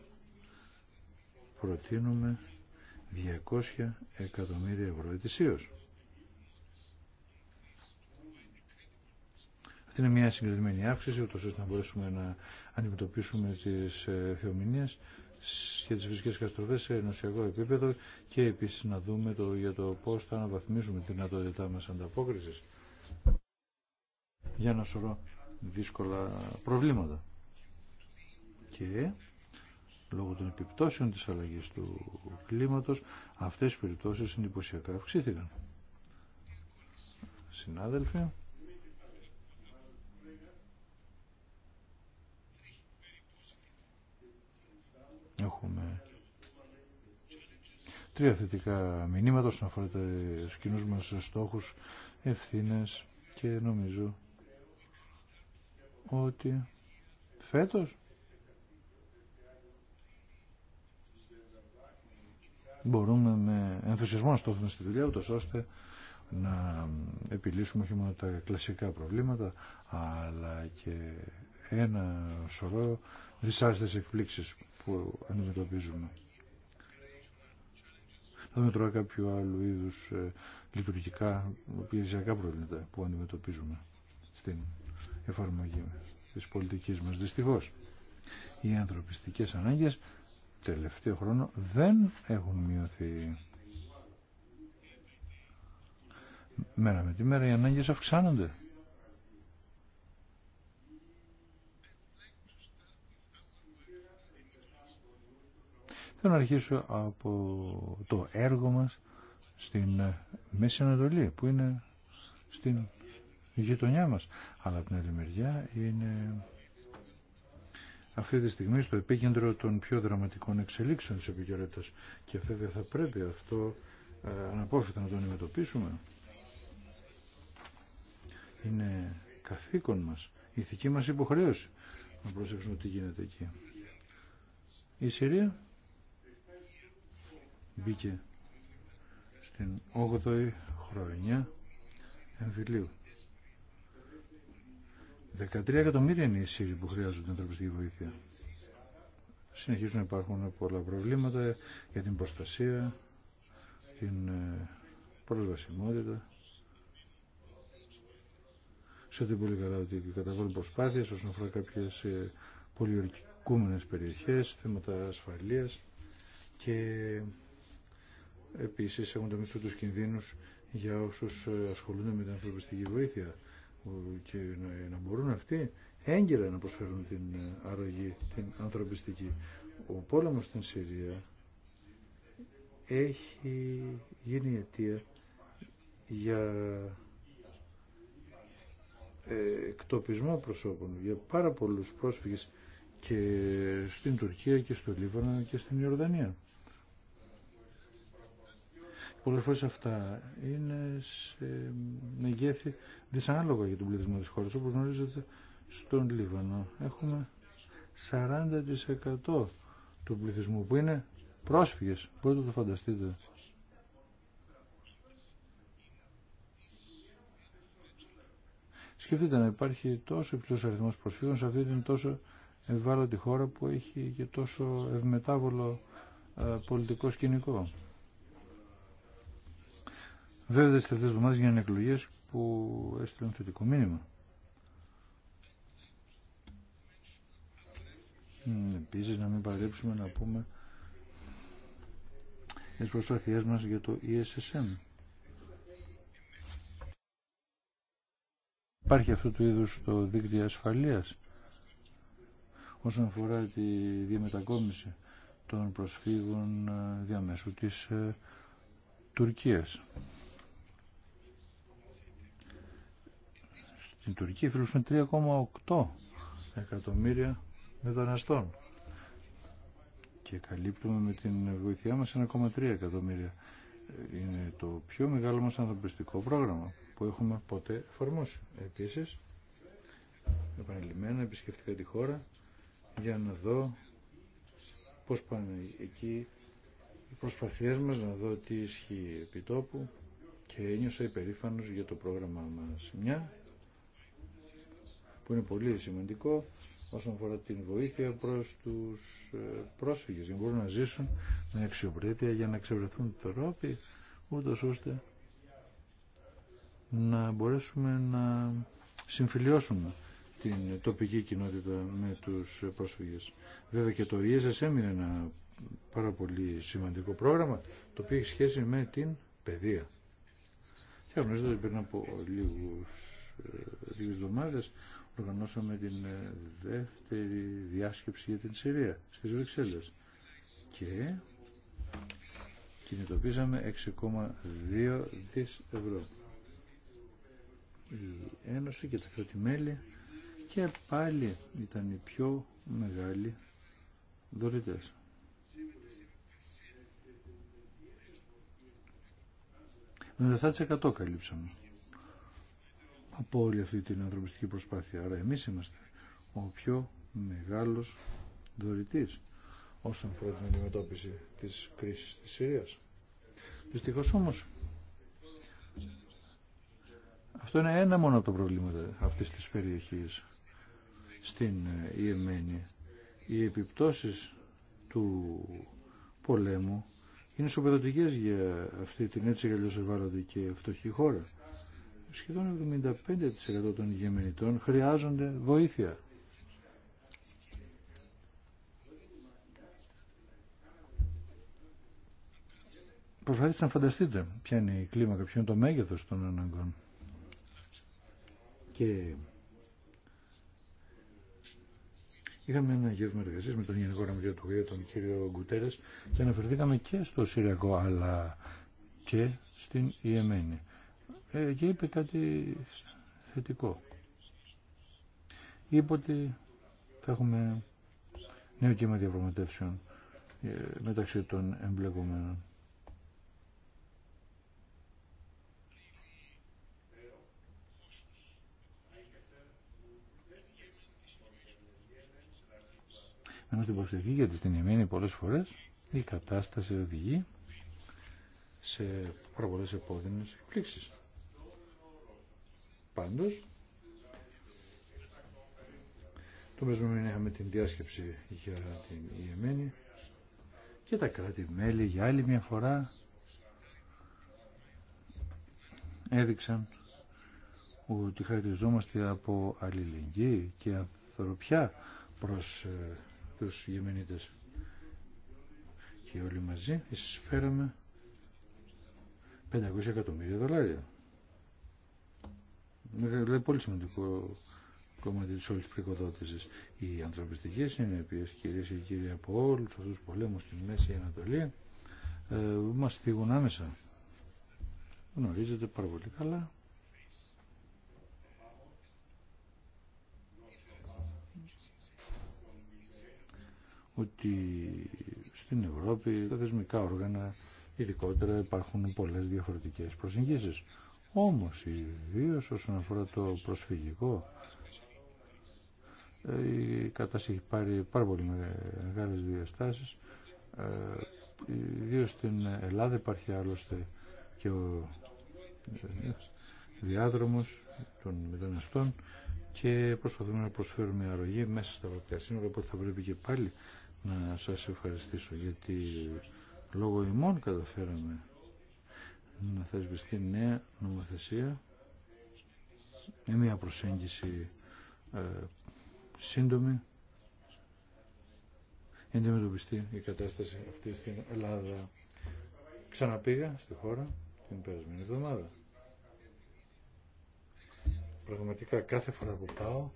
προτείνουμε 200 εκατομμύρια ευρώ ετησίως. Αυτή είναι μια συγκεκριμένη αύξηση, ώστε να μπορέσουμε να αντιμετωπίσουμε τις ε, θεομηνίες για τις φυσικές καταστροφές σε ενωσιακό επίπεδο και επίσης να δούμε το, για το πώς θα αναβαθμίσουμε τη δυνατότητά μας ανταπόκρισης για ένα σωρό δύσκολα προβλήματα. Και λόγω των επιπτώσεων της αλλαγής του κλίματος αυτές οι περιπτώσεις εντυπωσιακά αυξήθηκαν. Συνάδελφοι, τρία θετικά μηνύματα όσον αφορά τους κοινούς μας στόχους, ευθύνες και νομίζω ότι φέτος μπορούμε με ενθουσιασμό να στόχουμε στη δουλειά ούτως ώστε να επιλύσουμε όχι μόνο τα κλασικά προβλήματα αλλά και ένα σωρό δυσάρεστες εκπλήξεις που αντιμετωπίζουμε. Θα δούμε τώρα κάποιο άλλου είδους ε, λειτουργικά πιεζιακά προβλήματα που αντιμετωπίζουμε στην εφαρμογή της πολιτικής μας. Δυστυχώ. οι ανθρωπιστικές ανάγκες τελευταίο χρόνο δεν έχουν μειωθεί. Μέρα με τη μέρα οι ανάγκες αυξάνονται. Θέλω να αρχίσω από το έργο μας στην Μέση Ανατολή που είναι στην γειτονιά μας. Αλλά από την άλλη μεριά είναι αυτή τη στιγμή στο επίκεντρο των πιο δραματικών εξελίξεων της επικαιρότητας και βέβαια θα πρέπει αυτό ε, αναπόφευκτα να το αντιμετωπίσουμε. Είναι καθήκον μας, ηθική μας υποχρέωση να προσέξουμε τι γίνεται εκεί. Η Συρία μπήκε στην 8η χρονιά εμφυλίου. 13 εκατομμύρια είναι οι Σύριοι που χρειάζονται ανθρωπιστική βοήθεια. Συνεχίζουν να υπάρχουν πολλά προβλήματα για την προστασία, την ε, προσβασιμότητα. Ξέρετε πολύ καλά ότι καταβάλουν προσπάθειες όσον αφορά κάποιες ε, πολιορκικούμενες περιοχές, θέματα ασφαλείας και Επίσης έχουν μισό τους κινδύνους για όσους ε, ασχολούνται με την ανθρωπιστική βοήθεια και να μπορούν αυτοί έγκυρα να προσφέρουν την ε, αρρωγή, την ανθρωπιστική. Ο πόλεμος στην Συρία έχει γίνει αιτία για ε, εκτοπισμό προσώπων για πάρα πολλούς πρόσφυγες και στην Τουρκία και στο Λίβανο και στην Ιορδανία. Πολλέ φορέ αυτά είναι σε μεγέθη δυσανάλογα για τον πληθυσμό της χώρα. Όπω γνωρίζετε, στον Λίβανο έχουμε 40% του πληθυσμού που είναι πρόσφυγες. Μπορείτε να το φανταστείτε. Σκεφτείτε να υπάρχει τόσο υψηλό αριθμό προσφύγων σε αυτή την τόσο ευάλωτη χώρα που έχει και τόσο ευμετάβολο ε, πολιτικό σκηνικό. Βέβαια, τι τελευταίε εβδομάδε γίνανε εκλογέ που έστειλαν θετικό μήνυμα. Επίση, να μην παρέψουμε να πούμε τις προσπάθειές μας για το ESSM. Υπάρχει αυτού του είδους το δίκτυο ασφαλείας όσον αφορά τη διαμετακόμιση των προσφύγων ε, διαμέσου της ε, Τουρκίας. Στην Τουρκία φιλούσαν 3,8 εκατομμύρια μεταναστών και καλύπτουμε με την βοήθειά μας 1,3 εκατομμύρια. Είναι το πιο μεγάλο μας ανθρωπιστικό πρόγραμμα που έχουμε ποτέ εφαρμόσει. Επίσης, επανελειμμένα επισκεφτικά τη χώρα για να δω πώς πάνε εκεί οι προσπαθειές μας, να δω τι ισχύει επί τόπου και ένιωσα υπερήφανος για το πρόγραμμα μας. Μια που είναι πολύ σημαντικό όσον αφορά την βοήθεια προς τους ε, πρόσφυγες για να μπορούν να ζήσουν με αξιοπρέπεια για να ξεβρεθούν τρόποι ούτως ώστε να μπορέσουμε να συμφιλιώσουμε την τοπική κοινότητα με τους πρόσφυγες. Βέβαια και το e ΙΕΣΕΣ έμεινε ένα πάρα πολύ σημαντικό πρόγραμμα το οποίο έχει σχέση με την παιδεία. Και γνωρίζετε πριν από λίγους, ε, λίγες οργανώσαμε την ε, δεύτερη διάσκεψη για την Συρία στις Βρυξέλλες και κινητοποίησαμε 6,2 δις ευρώ. Η Ένωση και τα κρατημέλη και πάλι ήταν οι πιο μεγάλοι δωρητές. Με 7% καλύψαμε από όλη αυτή την ανθρωπιστική προσπάθεια. Άρα εμείς είμαστε ο πιο μεγάλος δωρητής όσον αφορά την αντιμετώπιση της κρίσης της Συρίας. Δυστυχώ όμως αυτό είναι ένα μόνο από τα προβλήματα αυτής της περιοχής στην Ιεμένη. Ε, Οι επιπτώσεις του πολέμου είναι σοπεδοτικές για αυτή την έτσι γαλλιώς ευάλωτη και φτωχή χώρα σχεδόν 75% των γεμενιτών χρειάζονται βοήθεια. Προσπαθήστε να φανταστείτε ποια είναι η κλίμακα, ποιο είναι το μέγεθος των αναγκών. Και Είχαμε ένα γεύμα εργασίας με τον Γενικό Ραμβλίο του ΓΕΙ, τον κύριο Γκουτέρε, και αναφερθήκαμε και στο Συριακό αλλά και στην Ιεμένη ε, και είπε κάτι θετικό. Είπε ότι θα έχουμε νέο κύμα διαπραγματεύσεων ε, μεταξύ των εμπλεκομένων. Ενώ στην προσευχή γιατί στην Ιεμένη πολλές φορές η κατάσταση οδηγεί σε προβολές επόδυνες εκπλήξεις. Πάντως, το περασμένο μήνα είχαμε την διάσκεψη για την Ιεμένη και τα κράτη-μέλη για άλλη μια φορά έδειξαν ότι χαρακτηριζόμαστε από αλληλεγγύη και ανθρωπιά προς ε, τους γεμενίτες. Και όλοι μαζί εισφέραμε 500 εκατομμύρια δολάρια είναι δηλαδή, πολύ σημαντικό κομμάτι τη όλης πρικοδότηση. Οι ανθρωπιστικέ συνέπειε, κυρίε και κύριοι, από όλου αυτού τους πολέμου στη Μέση Ανατολή, ε, μας φύγουν άμεσα. Γνωρίζετε πάρα πολύ καλά. ότι στην Ευρώπη τα θεσμικά όργανα ειδικότερα υπάρχουν πολλές διαφορετικές προσεγγίσεις. Όμως ιδίω όσον αφορά το προσφυγικό ε, η κατάσταση έχει πάρει πάρα πολύ μεγάλες διαστάσεις ε, ιδίω στην Ελλάδα υπάρχει άλλωστε και ο διάδρομος των μεταναστών και προσπαθούμε να προσφέρουμε αρρωγή μέσα στα βαθιά σύνορα οπότε θα πρέπει και πάλι να σας ευχαριστήσω γιατί λόγω ημών καταφέραμε να θεσπιστεί νέα νομοθεσία με μια προσέγγιση ε, σύντομη για να αντιμετωπιστεί η κατάσταση αυτή στην Ελλάδα. Ξαναπήγα στη χώρα την περασμένη εβδομάδα. Πραγματικά κάθε φορά που πάω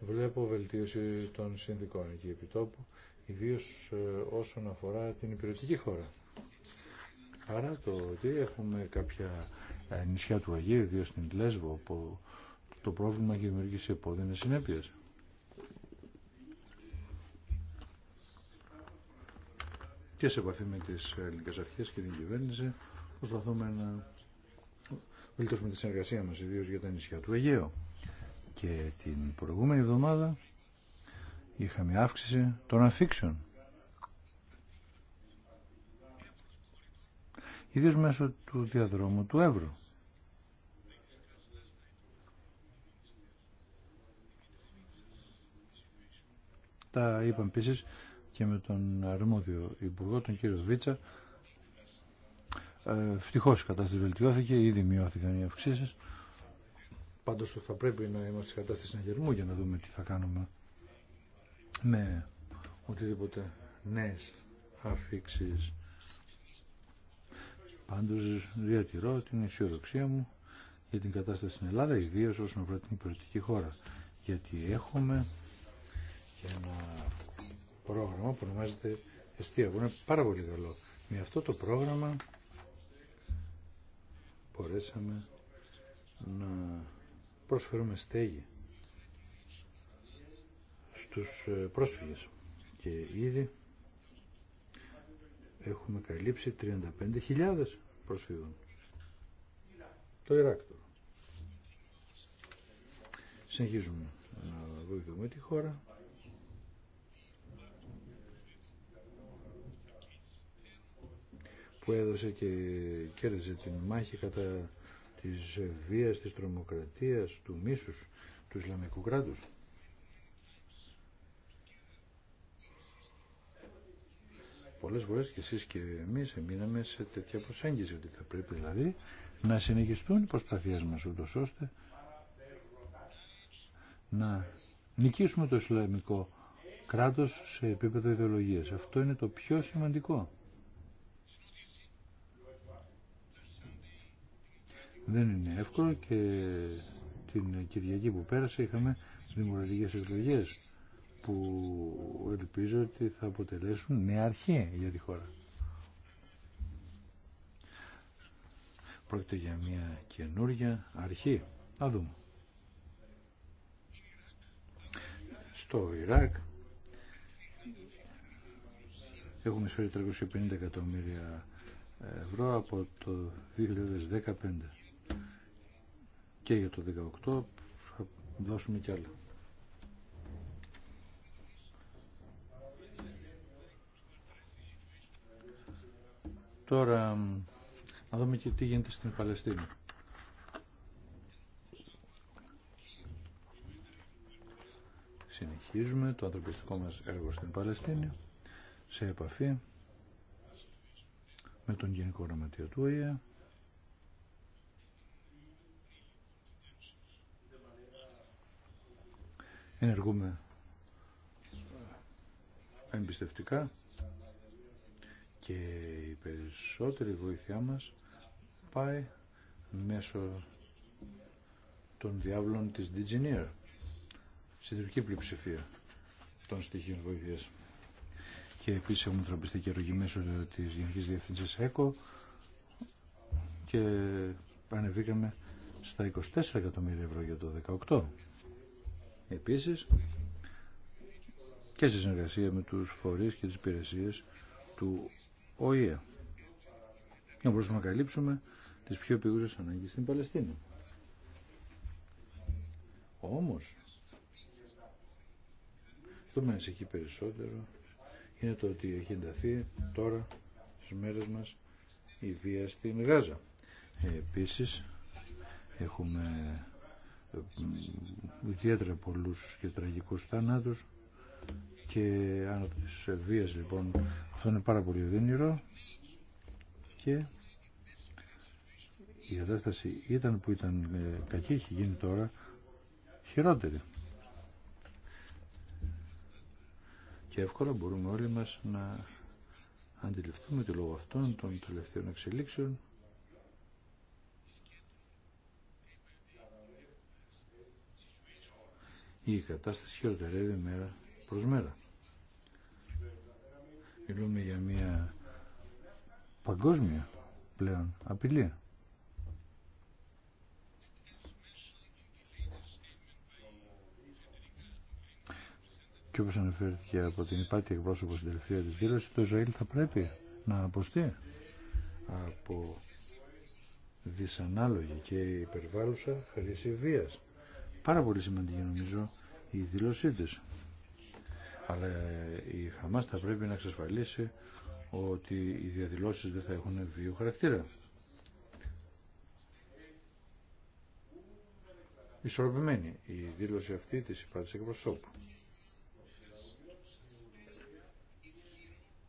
βλέπω βελτίωση των συνδικών εκεί επιτόπου, ιδίως ε, όσον αφορά την υπηρετική χώρα. Άρα το ότι έχουμε κάποια ε, νησιά του Αγίου, ιδίω στην Λέσβο, που το πρόβλημα έχει δημιουργήσει επώδυνε συνέπειε. Και σε επαφή με τι ελληνικέ αρχέ και την κυβέρνηση προσπαθούμε να βελτιώσουμε τη συνεργασία μας, ιδίω για τα νησιά του Αιγαίου. Και την προηγούμενη εβδομάδα είχαμε αύξηση των αφήξεων ιδίως μέσω του διαδρόμου του Εύρου. Τα είπαμε επίση και με τον αρμόδιο υπουργό, τον κύριο Βίτσα. Φτυχώς ε, η κατάσταση βελτιώθηκε, ήδη μειώθηκαν οι αυξήσει. Πάντω θα πρέπει να είμαστε σε κατάσταση συναγερμού για να δούμε τι θα κάνουμε με οτιδήποτε νέε αφήξει. Πάντως διατηρώ την αισιοδοξία μου για την κατάσταση στην Ελλάδα, ιδίω όσον αφορά την υπηρετική χώρα. Γιατί έχουμε και ένα πρόγραμμα που ονομάζεται Εστία, που είναι πάρα πολύ καλό. Με αυτό το πρόγραμμα μπορέσαμε να προσφέρουμε στέγη στους ε, πρόσφυγες και ήδη έχουμε καλύψει 35.000 προσφύγων. Το Ιράκ Συνεχίζουμε να βοηθούμε τη χώρα. που έδωσε και κέρδισε την μάχη κατά της βίας, της τρομοκρατίας, του μίσους, του Ισλαμικού κράτους. πολλές φορές και εσείς και εμείς εμείναμε σε τέτοια προσέγγιση ότι θα πρέπει δηλαδή να συνεχιστούν οι προσπαθίες μας ούτω ώστε να νικήσουμε το Ισλαμικό κράτος σε επίπεδο ιδεολογίας. Αυτό είναι το πιο σημαντικό. Δεν είναι εύκολο και την Κυριακή που πέρασε είχαμε δημοκρατικές εκλογές που ελπίζω ότι θα αποτελέσουν νέα αρχή για τη χώρα. Πρόκειται για μια καινούργια αρχή. Να δούμε. Στο Ιράκ έχουμε εισφέρει 350 εκατομμύρια ευρώ από το 2015 και για το 2018 θα δώσουμε κι άλλα. Τώρα να δούμε και τι γίνεται στην Παλαιστίνη. Συνεχίζουμε το ανθρωπιστικό μας έργο στην Παλαιστίνη σε επαφή με τον Γενικό Γραμματείο του ΟΗΕ ενεργούμε εμπιστευτικά και η περισσότερη βοήθειά μας πάει μέσω των διάβλων της Digineer συντριπτική πλειοψηφία των στοιχείων βοήθειας και επίσης έχουμε ανθρωπιστεί και αρρωγή μέσω της Γενικής Διευθύνσης ΕΚΟ και ανεβήκαμε στα 24 εκατομμύρια ευρώ για το 2018 επίσης και στη συνεργασία με τους φορείς και τις υπηρεσίες του ΟΗΕ. Να μπορούσαμε να καλύψουμε τις πιο επίγουσες ανάγκες στην Παλαιστίνη. Όμως, αυτό με ανησυχεί περισσότερο είναι το ότι έχει ενταθεί τώρα στις μέρες μας η βία στην Γάζα. Ε, επίσης, έχουμε ε, ιδιαίτερα πολλούς και τραγικούς θάνατους και άνω της βίας λοιπόν αυτό είναι πάρα πολύ δίνηρο και η κατάσταση ήταν που ήταν ε, κακή έχει γίνει τώρα χειρότερη και εύκολα μπορούμε όλοι μας να αντιληφθούμε τη λόγω αυτών των τελευταίων εξελίξεων η κατάσταση χειροτερεύει μέρα προς μέρα. Μιλούμε για μια παγκόσμια πλέον απειλή. Και όπως αναφέρθηκε από την υπάτη εκπρόσωπο στην τελευταία της δήλωση, το Ισραήλ θα πρέπει να αποστεί από δυσανάλογη και υπερβάλλουσα χρήση βίας. Πάρα πολύ σημαντική νομίζω η δήλωσή της. Αλλά ε, η Χαμάς θα πρέπει να εξασφαλίσει ότι οι διαδηλώσεις δεν θα έχουν βίο χαρακτήρα. Ισορροπημένη η δήλωση αυτή της υπάρξης εκπροσώπου.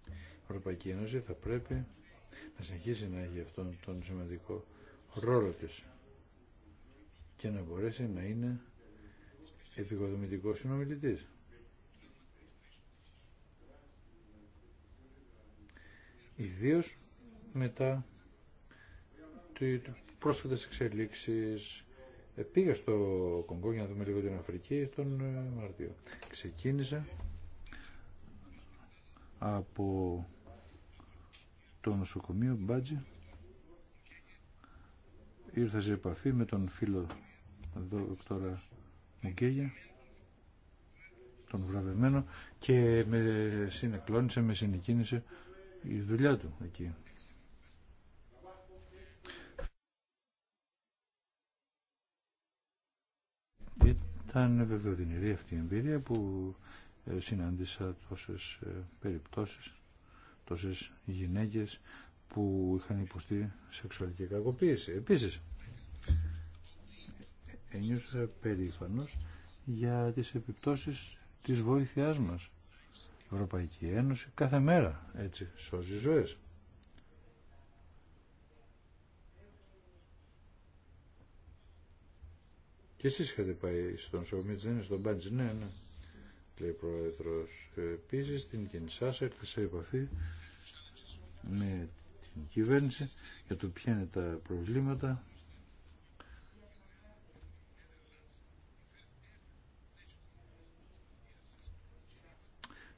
Η Ευρωπαϊκή Ένωση θα πρέπει να συνεχίσει να έχει αυτόν τον σημαντικό ρόλο της και να μπορέσει να είναι επικοδομητικός συνομιλητής. Ιδίω μετά τις εξελίξει. εξελίξεις. Ε, πήγα στο Κονγκό για να δούμε λίγο την Αφρική τον ε, Μαρτίο. Ξεκίνησα από το νοσοκομείο Μπάτζι. Ήρθα σε επαφή με τον φίλο τώρα, Μουγκέγια τον βραβευμένο και με συνεκλώνησε, με συνεκίνησε η δουλειά του εκεί. Ήταν βεβαιοδυνηρή αυτή η εμπειρία που ε, συνάντησα τόσες ε, περιπτώσεις, τόσες γυναίκες που είχαν υποστεί σεξουαλική κακοποίηση. Επίσης, ε, ένιωσα περήφανος για τις επιπτώσεις της βοήθειάς μας Ευρωπαϊκή Ένωση κάθε μέρα έτσι σώζει ζωές. Και εσείς είχατε πάει στον Σομίτς, δεν είναι στον Πάντζ, ναι, ναι, λέει ο Πρόεδρος. Επίση στην Κινσάς έρθει σε επαφή με την κυβέρνηση για το ποια είναι τα προβλήματα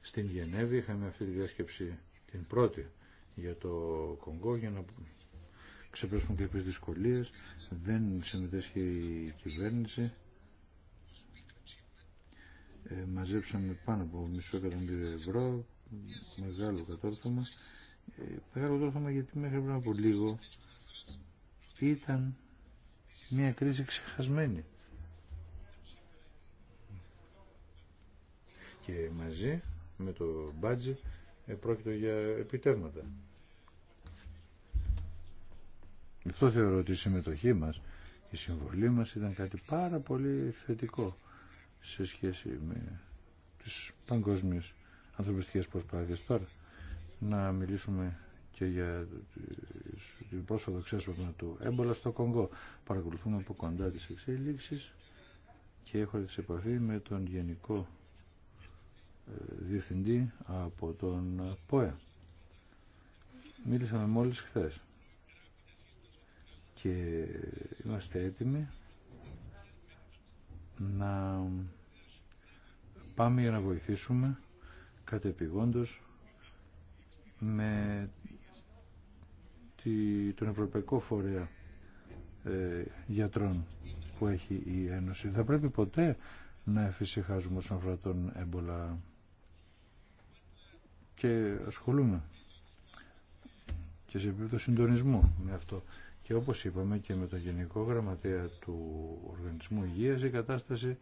Στην Γενέβη είχαμε αυτή τη διάσκεψη την πρώτη για το Κονγκό για να ξεπεράσουν κάποιες δυσκολίες. Δεν συμμετέσχει η κυβέρνηση. Ε, μαζέψαμε πάνω από μισό εκατομμύριο ευρώ, μεγάλο κατόρθωμα. Ε, μεγάλο κατόρθωμα γιατί μέχρι πριν από λίγο ήταν μια κρίση ξεχασμένη. Και μαζί με το μπάτζι ε, πρόκειται για επιτεύγματα. Γι' αυτό θεωρώ ότι η συμμετοχή μας, η συμβολή μας ήταν κάτι πάρα πολύ θετικό σε σχέση με τις παγκόσμιες ανθρωπιστικές προσπάθειες. Τώρα να μιλήσουμε και για την πρόσφατο ξέσπασμα του έμπολα στο Κονγκό. Παρακολουθούμε από κοντά τις εξέλιξεις και έχω τη επαφή με τον Γενικό διευθυντή από τον ΠΟΕ. Μίλησαμε μόλις χθες και είμαστε έτοιμοι να πάμε για να βοηθήσουμε κατεπηγόντως με τον Ευρωπαϊκό Φορέα ε, Γιατρών που έχει η Ένωση. Θα πρέπει ποτέ να εφησυχάζουμε όσον αφορά τον έμπολα και ασχολούμαι και σε επίπεδο συντονισμού με αυτό. Και όπως είπαμε και με το Γενικό Γραμματέα του Οργανισμού Υγείας η κατάσταση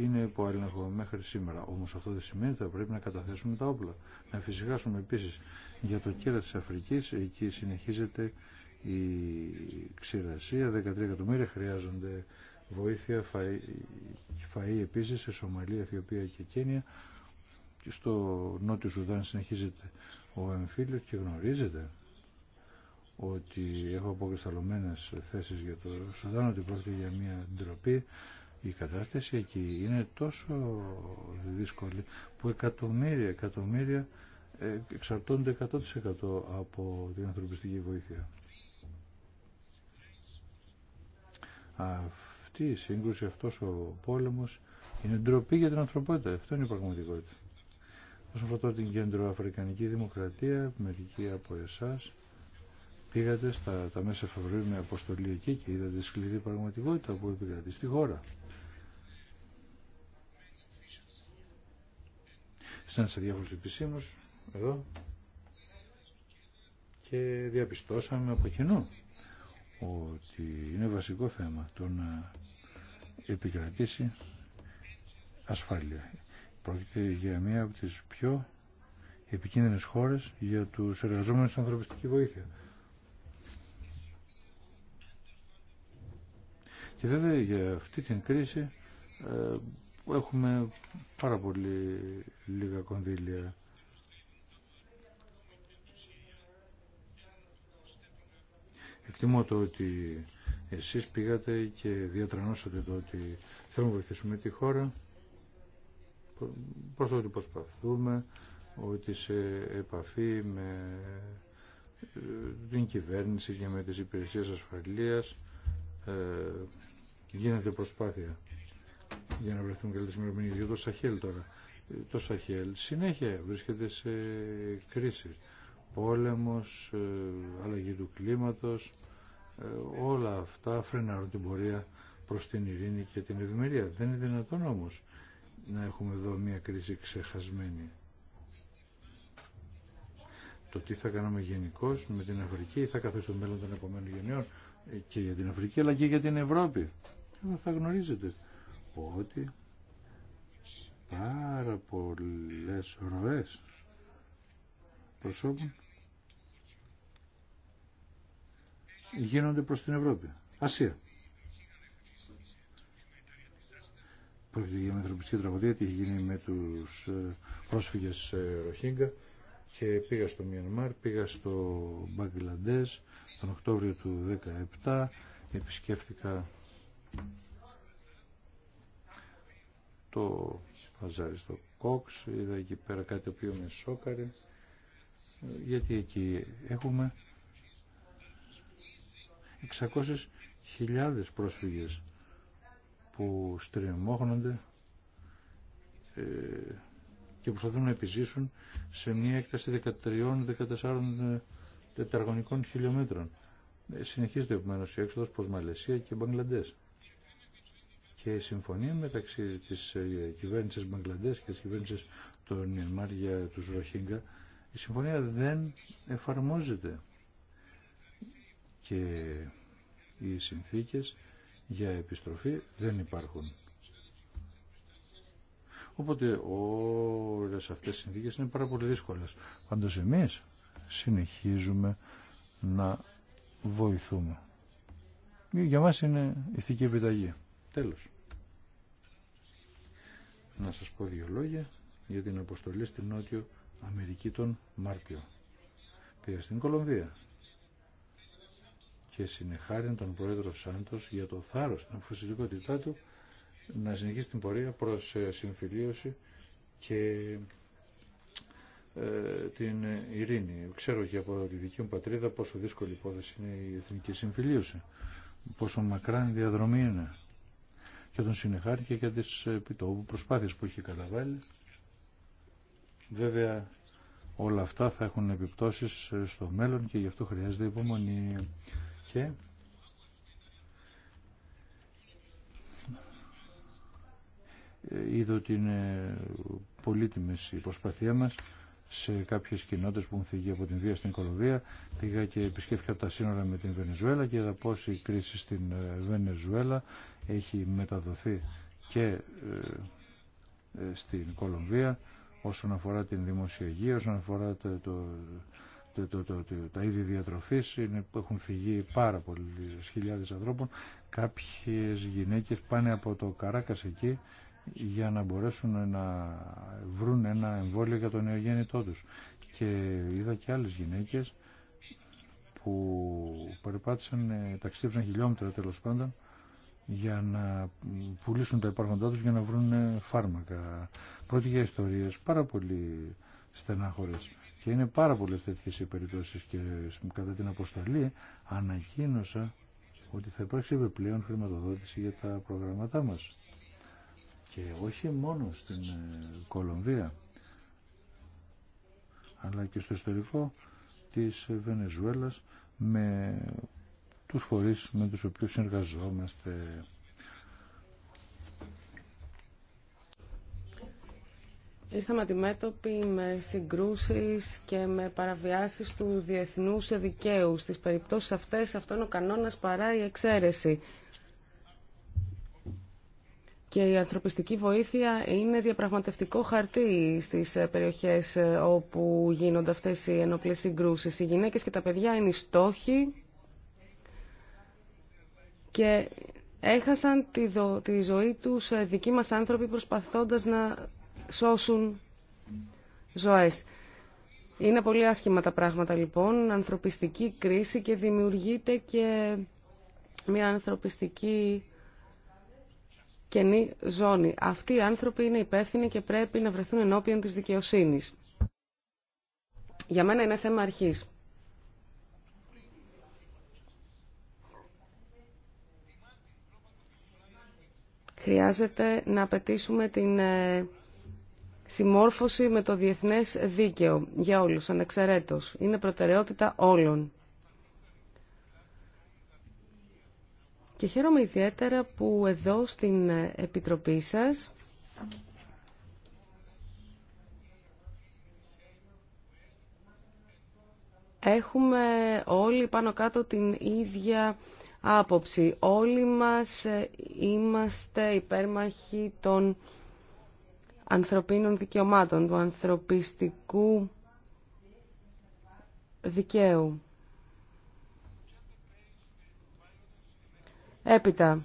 είναι υπό έλεγχο μέχρι σήμερα. Όμως αυτό δεν σημαίνει ότι θα πρέπει να καταθέσουμε τα όπλα. Να φυσικάσουμε επίσης για το κέρα της Αφρικής, εκεί συνεχίζεται η ξηρασία, 13 εκατομμύρια χρειάζονται βοήθεια, φαΐ, φαΐ επίσης σε Σομαλία, Αιθιοπία και Κένια στο Νότιο Σουδάν συνεχίζεται ο εμφύλιος και γνωρίζετε ότι έχω αποκρισταλωμένες θέσεις για το Σουδάν, ότι πρόκειται για μια ντροπή. Η κατάσταση εκεί είναι τόσο δύσκολη που εκατομμύρια, εκατομμύρια ε, εξαρτώνται 100% από την ανθρωπιστική βοήθεια. Αυτή η σύγκρουση, αυτός ο πόλεμος είναι ντροπή για την ανθρωπότητα. Αυτό είναι η πραγματικότητα. Όσον αφορά την Αφρικανική δημοκρατία, μερικοί από εσά πήγατε στα τα μέσα Φεβρουαρίου με αποστολή εκεί και είδατε τη σκληρή πραγματικότητα που επικρατεί στη χώρα. σε διάφορου επισήμου εδώ και διαπιστώσαμε από κοινού ότι είναι βασικό θέμα το να επικρατήσει ασφάλεια Πρόκειται για μία από τις πιο επικίνδυνες χώρες για τους εργαζόμενους στην ανθρωπιστική βοήθεια. Και βέβαια για αυτή την κρίση ε, έχουμε πάρα πολύ λίγα κονδύλια. Εκτιμώ το ότι εσείς πήγατε και διατρανώσατε το ότι θέλουμε να βοηθήσουμε τη χώρα προς ότι προσπαθούμε ότι σε επαφή με ε, την κυβέρνηση και με τις υπηρεσίες ασφαλείας ε, γίνεται προσπάθεια για να βρεθούν καλύτερες ημερομηνίες για το Σαχέλ τώρα. Ε, το Σαχέλ συνέχεια βρίσκεται σε κρίση. Πόλεμος, ε, αλλαγή του κλίματος, όλα αυτά φρενάρουν την πορεία προς την ειρήνη και την ευημερία. Δεν είναι δυνατόν όμως να έχουμε εδώ μια κρίση ξεχασμένη. Το τι θα κάνουμε γενικώ με την Αφρική θα καθίσει το μέλλον των επόμενων γενιών ε, και για την Αφρική αλλά και για την Ευρώπη. θα γνωρίζετε ότι πάρα πολλές ροές προσώπων γίνονται προς την Ευρώπη. Ασία. πρόκειται για μια ανθρωπιστική τραγωδία, τι έχει γίνει με τους ε, πρόσφυγες ε, Ροχίγκα και πήγα στο Μιανμάρ, πήγα στο Μπαγκλαντές τον Οκτώβριο του 2017, επισκέφθηκα το παζάρι στο Κόξ, είδα εκεί πέρα κάτι το οποίο με σόκαρε, γιατί εκεί έχουμε 600.000 πρόσφυγες που στριμώχνονται ε, και προσπαθούν να επιζήσουν σε μια έκταση 13-14 ε, τετραγωνικών χιλιόμετρων. Ε, συνεχίζεται επομένως, η έξοδος προς Μαλαισία και Μπαγκλαντές. Και η συμφωνία μεταξύ της κυβέρνησης Μπαγκλαντές και της κυβέρνησης των Μιανμάρ για τους Ροχίνγκα, η συμφωνία δεν εφαρμόζεται. Και οι συνθήκες για επιστροφή δεν υπάρχουν. Οπότε όλες αυτές οι συνθήκες είναι πάρα πολύ δύσκολες. Πάντως εμείς συνεχίζουμε να βοηθούμε. Για μας είναι ηθική επιταγή. Τέλος. Να σας πω δύο λόγια για την αποστολή στην Νότιο Αμερική τον Μάρτιο. Πήγα στην Κολομβία, και συνεχάρην τον Πρόεδρο Σάντος για το θάρρος, την αποφασιστικότητά του να συνεχίσει την πορεία προς ε, συμφιλίωση και ε, την ειρήνη. Ξέρω και από τη δική μου πατρίδα πόσο δύσκολη υπόθεση είναι η εθνική συμφιλίωση, πόσο μακρά η διαδρομή είναι και τον συνεχάρηκε και για τις επιτόπου προσπάθειες που έχει καταβάλει. Βέβαια όλα αυτά θα έχουν επιπτώσεις ε, στο μέλλον και γι' αυτό χρειάζεται υπομονή και είδω ότι είναι πολύτιμη η προσπαθία μας σε κάποιες κοινότητες που έχουν φυγεί από την βία στην Κολομβία. Πήγα και επισκέφθηκα τα σύνορα με την Βενεζουέλα και είδα πώς η κρίση στην ε, Βενεζουέλα έχει μεταδοθεί και ε, ε, στην Κολομβία όσον αφορά την δημοσιογή όσον αφορά το, το, το, το, τα είδη διατροφής είναι, που έχουν φυγεί πάρα πολλές χιλιάδες ανθρώπων. Κάποιες γυναίκες πάνε από το Καράκας εκεί για να μπορέσουν να βρουν ένα εμβόλιο για το νεογέννητό τους. Και είδα και άλλες γυναίκες που περπάτησαν, ε, ταξίδεψαν χιλιόμετρα τέλος πάντων, για να πουλήσουν τα υπάρχοντά τους για να βρουν ε, φάρμακα. πρώτη για ιστορίες πάρα πολύ στενάχωρες. Και είναι πάρα πολλές τέτοιες οι περιπτώσεις και κατά την αποστολή ανακοίνωσα ότι θα υπάρξει επιπλέον χρηματοδότηση για τα προγράμματά μας. Και όχι μόνο στην ε, Κολομβία, αλλά και στο ιστορικό της Βενεζουέλας με τους φορείς με τους οποίους συνεργαζόμαστε ήρθαμε αντιμέτωποι με συγκρούσεις και με παραβιάσεις του διεθνούς δικαίου. Στις περιπτώσεις αυτές αυτό ο κανόνας παρά η εξαίρεση. Και η ανθρωπιστική βοήθεια είναι διαπραγματευτικό χαρτί στις περιοχές όπου γίνονται αυτές οι ενοπλές συγκρούσεις. Οι γυναίκες και τα παιδιά είναι οι στόχοι και έχασαν τη, τη ζωή τους ε, δικοί μας άνθρωποι προσπαθώντας να σώσουν ζωές. Είναι πολύ άσχημα τα πράγματα λοιπόν, ανθρωπιστική κρίση και δημιουργείται και μια ανθρωπιστική κενή ζώνη. Αυτοί οι άνθρωποι είναι υπεύθυνοι και πρέπει να βρεθούν ενώπιον της δικαιοσύνης. Για μένα είναι θέμα αρχής. Χρειάζεται να απαιτήσουμε την ε, συμμόρφωση με το διεθνές δίκαιο για όλους, ανεξαιρέτως. Είναι προτεραιότητα όλων. Και χαίρομαι ιδιαίτερα που εδώ στην Επιτροπή σας έχουμε όλοι πάνω κάτω την ίδια άποψη. Όλοι μας είμαστε υπέρμαχοι των ανθρωπίνων δικαιωμάτων, του ανθρωπιστικού δικαίου. Έπειτα,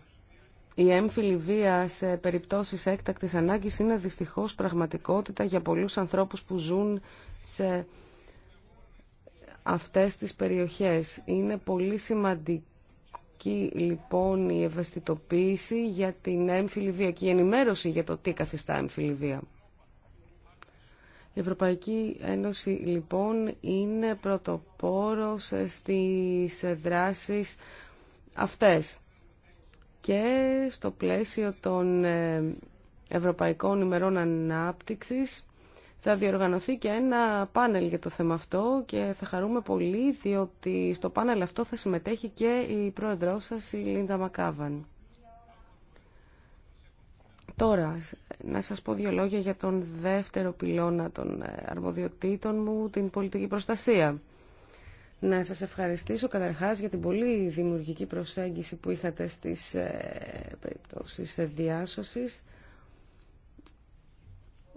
η έμφυλη βία σε περιπτώσεις έκτακτης ανάγκης είναι δυστυχώς πραγματικότητα για πολλούς ανθρώπους που ζουν σε αυτές τις περιοχές. Είναι πολύ σημαντικό Ευρωπαϊκή, λοιπόν η ευαισθητοποίηση για την έμφυλη βία και η ενημέρωση για το τι καθιστά έμφυλη βία. Η Ευρωπαϊκή Ένωση λοιπόν είναι πρωτοπόρος στις δράσεις αυτές και στο πλαίσιο των ε, Ευρωπαϊκών ημερών ανάπτυξης θα διοργανωθεί και ένα πάνελ για το θέμα αυτό και θα χαρούμε πολύ διότι στο πάνελ αυτό θα συμμετέχει και η πρόεδρό σας η Λίντα Μακάβαν. Τώρα, να σας πω δύο λόγια για τον δεύτερο πυλώνα των ε, αρμοδιοτήτων μου, την πολιτική προστασία. Να σας ευχαριστήσω καταρχάς για την πολύ δημιουργική προσέγγιση που είχατε στις ε, περιπτώσεις ε, διάσωσης.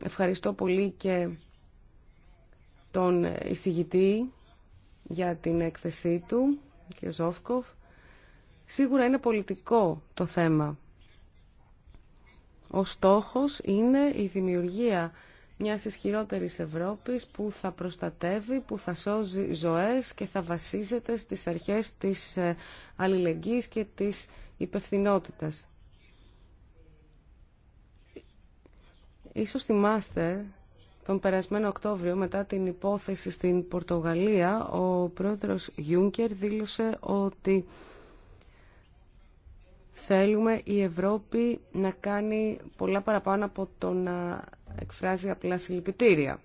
Ευχαριστώ πολύ και τον εισηγητή για την έκθεσή του, κ. Ζόφκοφ. Σίγουρα είναι πολιτικό το θέμα. Ο στόχος είναι η δημιουργία μιας ισχυρότερη Ευρώπης που θα προστατεύει, που θα σώζει ζωές και θα βασίζεται στις αρχές της ε, αλληλεγγύης και της υπευθυνότητας. Ίσως θυμάστε τον περασμένο Οκτώβριο μετά την υπόθεση στην Πορτογαλία ο πρόεδρος Γιούνκερ δήλωσε ότι θέλουμε η Ευρώπη να κάνει πολλά παραπάνω από το να εκφράζει απλά συλληπιτήρια.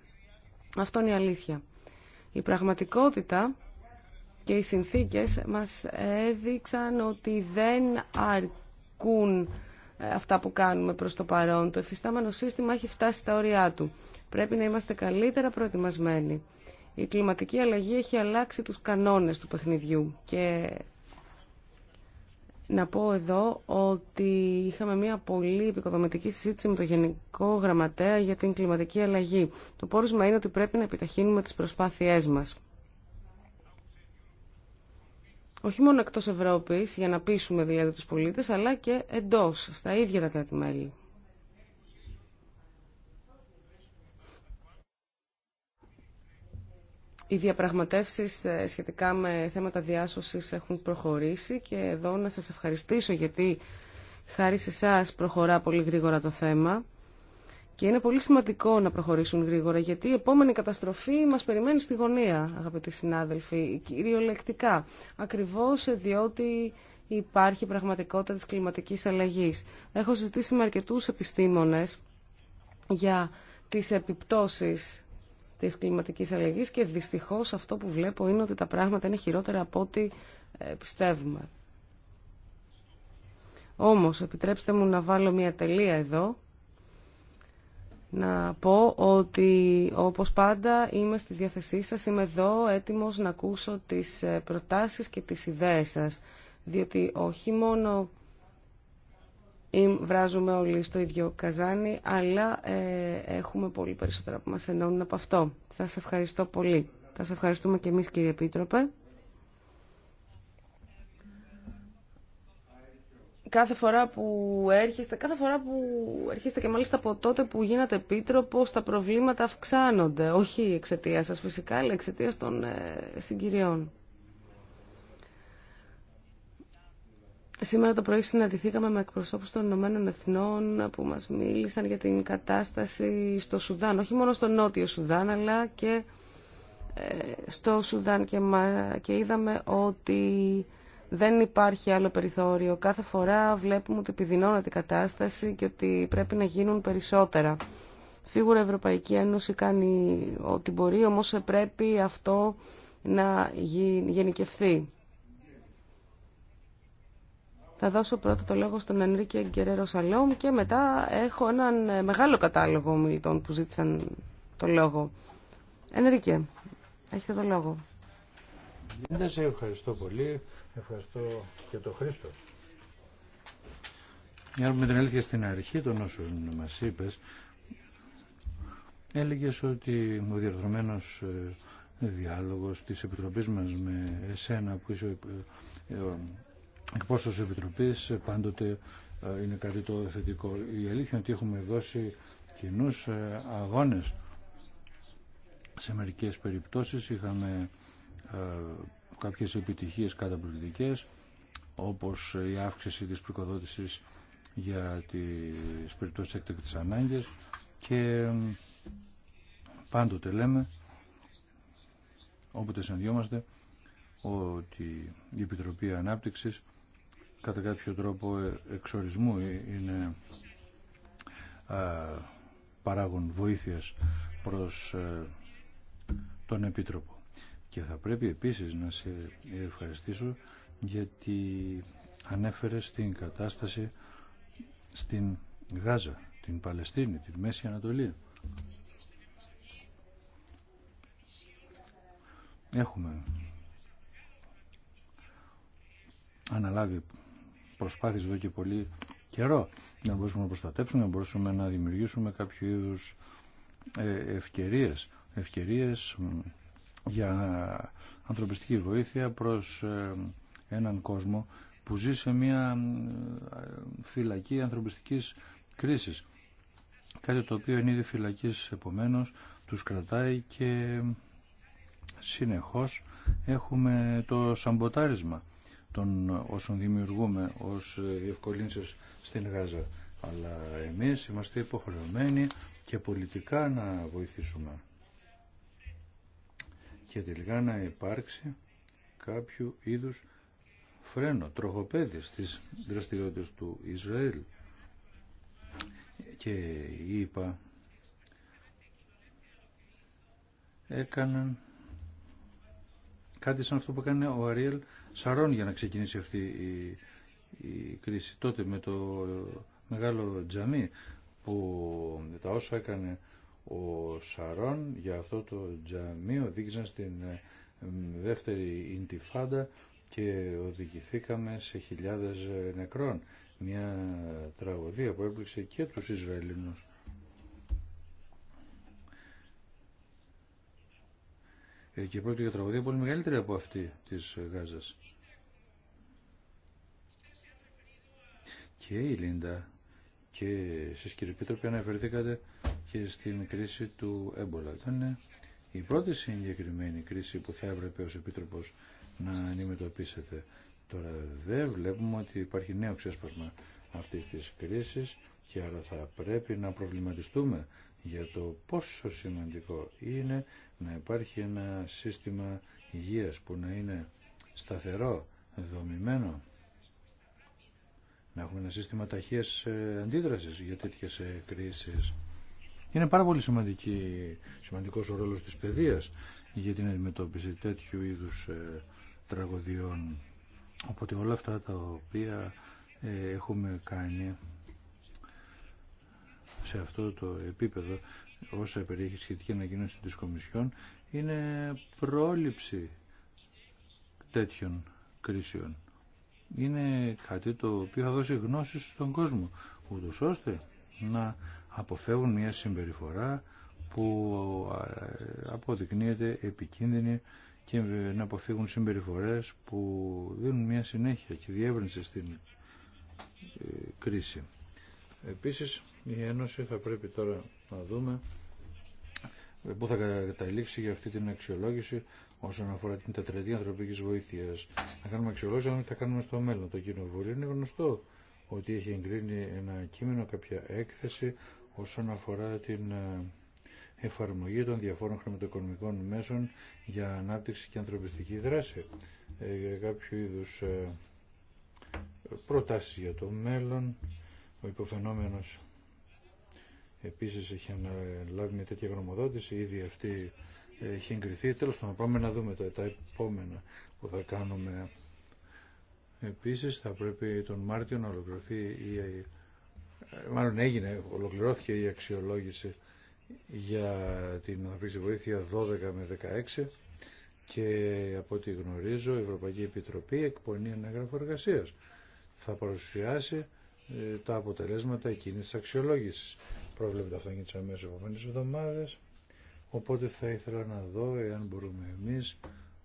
Αυτό είναι η αλήθεια. Η πραγματικότητα και οι συνθήκες μας έδειξαν ότι δεν αρκούν ε, αυτά που κάνουμε προς το παρόν. Το εφιστάμενο σύστημα έχει φτάσει στα όρια του. Πρέπει να είμαστε καλύτερα προετοιμασμένοι. Η κλιματική αλλαγή έχει αλλάξει τους κανόνες του παιχνιδιού και να πω εδώ ότι είχαμε μια πολύ επικοδομητική συζήτηση με το Γενικό Γραμματέα για την κλιματική αλλαγή. Το πόρισμα είναι ότι πρέπει να επιταχύνουμε τις προσπάθειές μας όχι μόνο εκτός Ευρώπης, για να πείσουμε δηλαδή τους πολίτες, αλλά και εντός, στα ίδια τα κράτη-μέλη. Οι διαπραγματεύσεις ε, σχετικά με θέματα διάσωσης έχουν προχωρήσει και εδώ να σας ευχαριστήσω γιατί χάρη σε εσά προχωρά πολύ γρήγορα το θέμα. Και είναι πολύ σημαντικό να προχωρήσουν γρήγορα, γιατί η επόμενη καταστροφή μας περιμένει στη γωνία, αγαπητοί συνάδελφοι, κυριολεκτικά. Ακριβώς διότι υπάρχει πραγματικότητα της κλιματικής αλλαγή. Έχω συζητήσει με αρκετούς επιστήμονες για τις επιπτώσεις της κλιματικής αλλαγή. και δυστυχώ αυτό που βλέπω είναι ότι τα πράγματα είναι χειρότερα από ό,τι ε, πιστεύουμε. Όμως, επιτρέψτε μου να βάλω μια τελεία εδώ να πω ότι όπως πάντα είμαι στη διάθεσή σας, είμαι εδώ έτοιμος να ακούσω τις ε, προτάσεις και τις ιδέες σας, διότι όχι μόνο βράζουμε όλοι στο ίδιο καζάνι, αλλά ε, έχουμε πολύ περισσότερα που μας ενώνουν από αυτό. Σας ευχαριστώ πολύ. Σας ευχαριστούμε και εμείς κύριε Επίτροπε. κάθε φορά που έρχεστε, κάθε φορά που έρχεστε και μάλιστα από τότε που γίνατε επίτροπο, τα προβλήματα αυξάνονται. Όχι εξαιτία σα, φυσικά, αλλά εξαιτία των ε, συγκυριών. Σήμερα το πρωί συναντηθήκαμε με εκπροσώπους των Ηνωμένων Εθνών που μας μίλησαν για την κατάσταση στο Σουδάν, όχι μόνο στο Νότιο Σουδάν, αλλά και ε, στο Σουδάν και είδαμε ότι δεν υπάρχει άλλο περιθώριο. Κάθε φορά βλέπουμε ότι επιδεινώνεται η κατάσταση και ότι πρέπει να γίνουν περισσότερα. Σίγουρα η Ευρωπαϊκή Ένωση κάνει ό,τι μπορεί, όμως πρέπει αυτό να γενικευθεί. Θα δώσω πρώτα το λόγο στον Ενρίκε Γκερέρο Σαλόμ και μετά έχω έναν μεγάλο κατάλογο μιλητών που ζήτησαν το λόγο. Ενρίκε, έχετε το λόγο ευχαριστώ πολύ. Ευχαριστώ και το Χρήστο. Μια με την αλήθεια στην αρχή των όσων μα είπε, έλεγε ότι ο διαδρομένος ε, διάλογος τη επιτροπή μας με εσένα που είσαι ε, ε, εκπρόσωπο τη Επιτροπής πάντοτε είναι κάτι το θετικό. Η αλήθεια είναι ότι έχουμε δώσει κοινού αγώνες. Σε μερικές περιπτώσεις είχαμε ε, κάποιες επιτυχίες καταπληκτικές όπως η αύξηση της προκοδότησης για τις περιπτώσεις έκτακτης ανάγκης και πάντοτε λέμε όποτε συνδυόμαστε ότι η Επιτροπή Ανάπτυξης κατά κάποιο τρόπο ε, εξορισμού ε, είναι παράγον βοήθειας προς τον Επίτροπο. Και θα πρέπει επίσης να σε ευχαριστήσω γιατί ανέφερε την κατάσταση στην Γάζα, την Παλαιστίνη, την Μέση Ανατολή. Έχουμε αναλάβει προσπάθειες εδώ και πολύ καιρό να μπορούμε να προστατεύσουμε, να μπορούμε να δημιουργήσουμε κάποιο είδους ε, ευκαιρίες, ευκαιρίες για ανθρωπιστική βοήθεια προς ε, έναν κόσμο που ζει σε μια ε, φυλακή ανθρωπιστικής κρίσης. Κάτι το οποίο είναι ήδη φυλακής επομένως, τους κρατάει και συνεχώς έχουμε το σαμποτάρισμα των όσων δημιουργούμε ως ε, διευκολύνσεις στην Γάζα. Αλλά εμείς είμαστε υποχρεωμένοι και πολιτικά να βοηθήσουμε και τελικά να υπάρξει κάποιο είδους φρένο, τροχοπέδι στις δραστηριότητες του Ισραήλ. Και είπα έκαναν κάτι σαν αυτό που έκανε ο Αριέλ Σαρών για να ξεκινήσει αυτή η, η κρίση τότε με το μεγάλο τζαμί που τα όσα έκανε ο Σαρών για αυτό το τζαμί οδήγησαν στην ε, δεύτερη Ιντιφάντα και οδηγηθήκαμε σε χιλιάδες ε, νεκρών. Μια τραγωδία που έπληξε και τους Ισραηλινούς. Ε, και πρόκειται για τραγωδία πολύ μεγαλύτερη από αυτή της Γάζας. Και η Λίντα και εσείς κύριε Πίτροπε αναφερθήκατε και στην κρίση του έμπολα. Ήταν η πρώτη συγκεκριμένη κρίση που θα έπρεπε ως Επίτροπος να αντιμετωπίσετε. Τώρα δεν βλέπουμε ότι υπάρχει νέο ξέσπασμα αυτής της κρίσης και άρα θα πρέπει να προβληματιστούμε για το πόσο σημαντικό είναι να υπάρχει ένα σύστημα υγείας που να είναι σταθερό, δομημένο, να έχουμε ένα σύστημα ταχείας ε, αντίδρασης για τέτοιες ε, κρίσεις. Είναι πάρα πολύ σημαντική, σημαντικός ο ρόλος της παιδείας για την αντιμετώπιση τέτοιου είδους ε, τραγωδιών. Οπότε όλα αυτά τα οποία ε, έχουμε κάνει σε αυτό το επίπεδο όσα περιέχει σχετική ανακοίνωση της Κομισιόν είναι πρόληψη τέτοιων κρίσεων. Είναι κάτι το οποίο θα δώσει γνώσεις στον κόσμο ούτως ώστε να αποφεύγουν μια συμπεριφορά που αποδεικνύεται επικίνδυνη και ε, να αποφύγουν συμπεριφορές που δίνουν μια συνέχεια και διεύρυνση στην ε, κρίση. Επίσης η Ένωση θα πρέπει τώρα να δούμε ε, πού θα καταλήξει για αυτή την αξιολόγηση όσον αφορά την τετραετία ανθρωπική βοήθεια. Να κάνουμε αξιολόγηση, αν θα κάνουμε στο μέλλον. Το Κοινοβούλιο είναι γνωστό ότι έχει εγκρίνει ένα κείμενο, κάποια έκθεση όσον αφορά την ε, εφαρμογή των διαφόρων χρηματοοικονομικών μέσων για ανάπτυξη και ανθρωπιστική δράση, ε, για κάποιο είδους ε, προτάσεις για το μέλλον, ο υποφαινόμενος επίσης έχει αναλάβει μια τέτοια γνωμοδότηση, ήδη αυτή έχει εγκριθεί. Τέλος να πάμε να δούμε τα, τα επόμενα που θα κάνουμε. Επίσης θα πρέπει τον Μάρτιο να ολοκληρωθεί η μάλλον έγινε, ολοκληρώθηκε η αξιολόγηση για την αναπτύξη βοήθεια 12 με 16 και από ό,τι γνωρίζω η Ευρωπαϊκή Επιτροπή εκπονεί ένα έγγραφο εργασία. Θα παρουσιάσει ε, τα αποτελέσματα εκείνη τη αξιολόγηση. Προβλέπεται αυτό και τι αμέσω επόμενε εβδομάδε. Οπότε θα ήθελα να δω εάν μπορούμε εμεί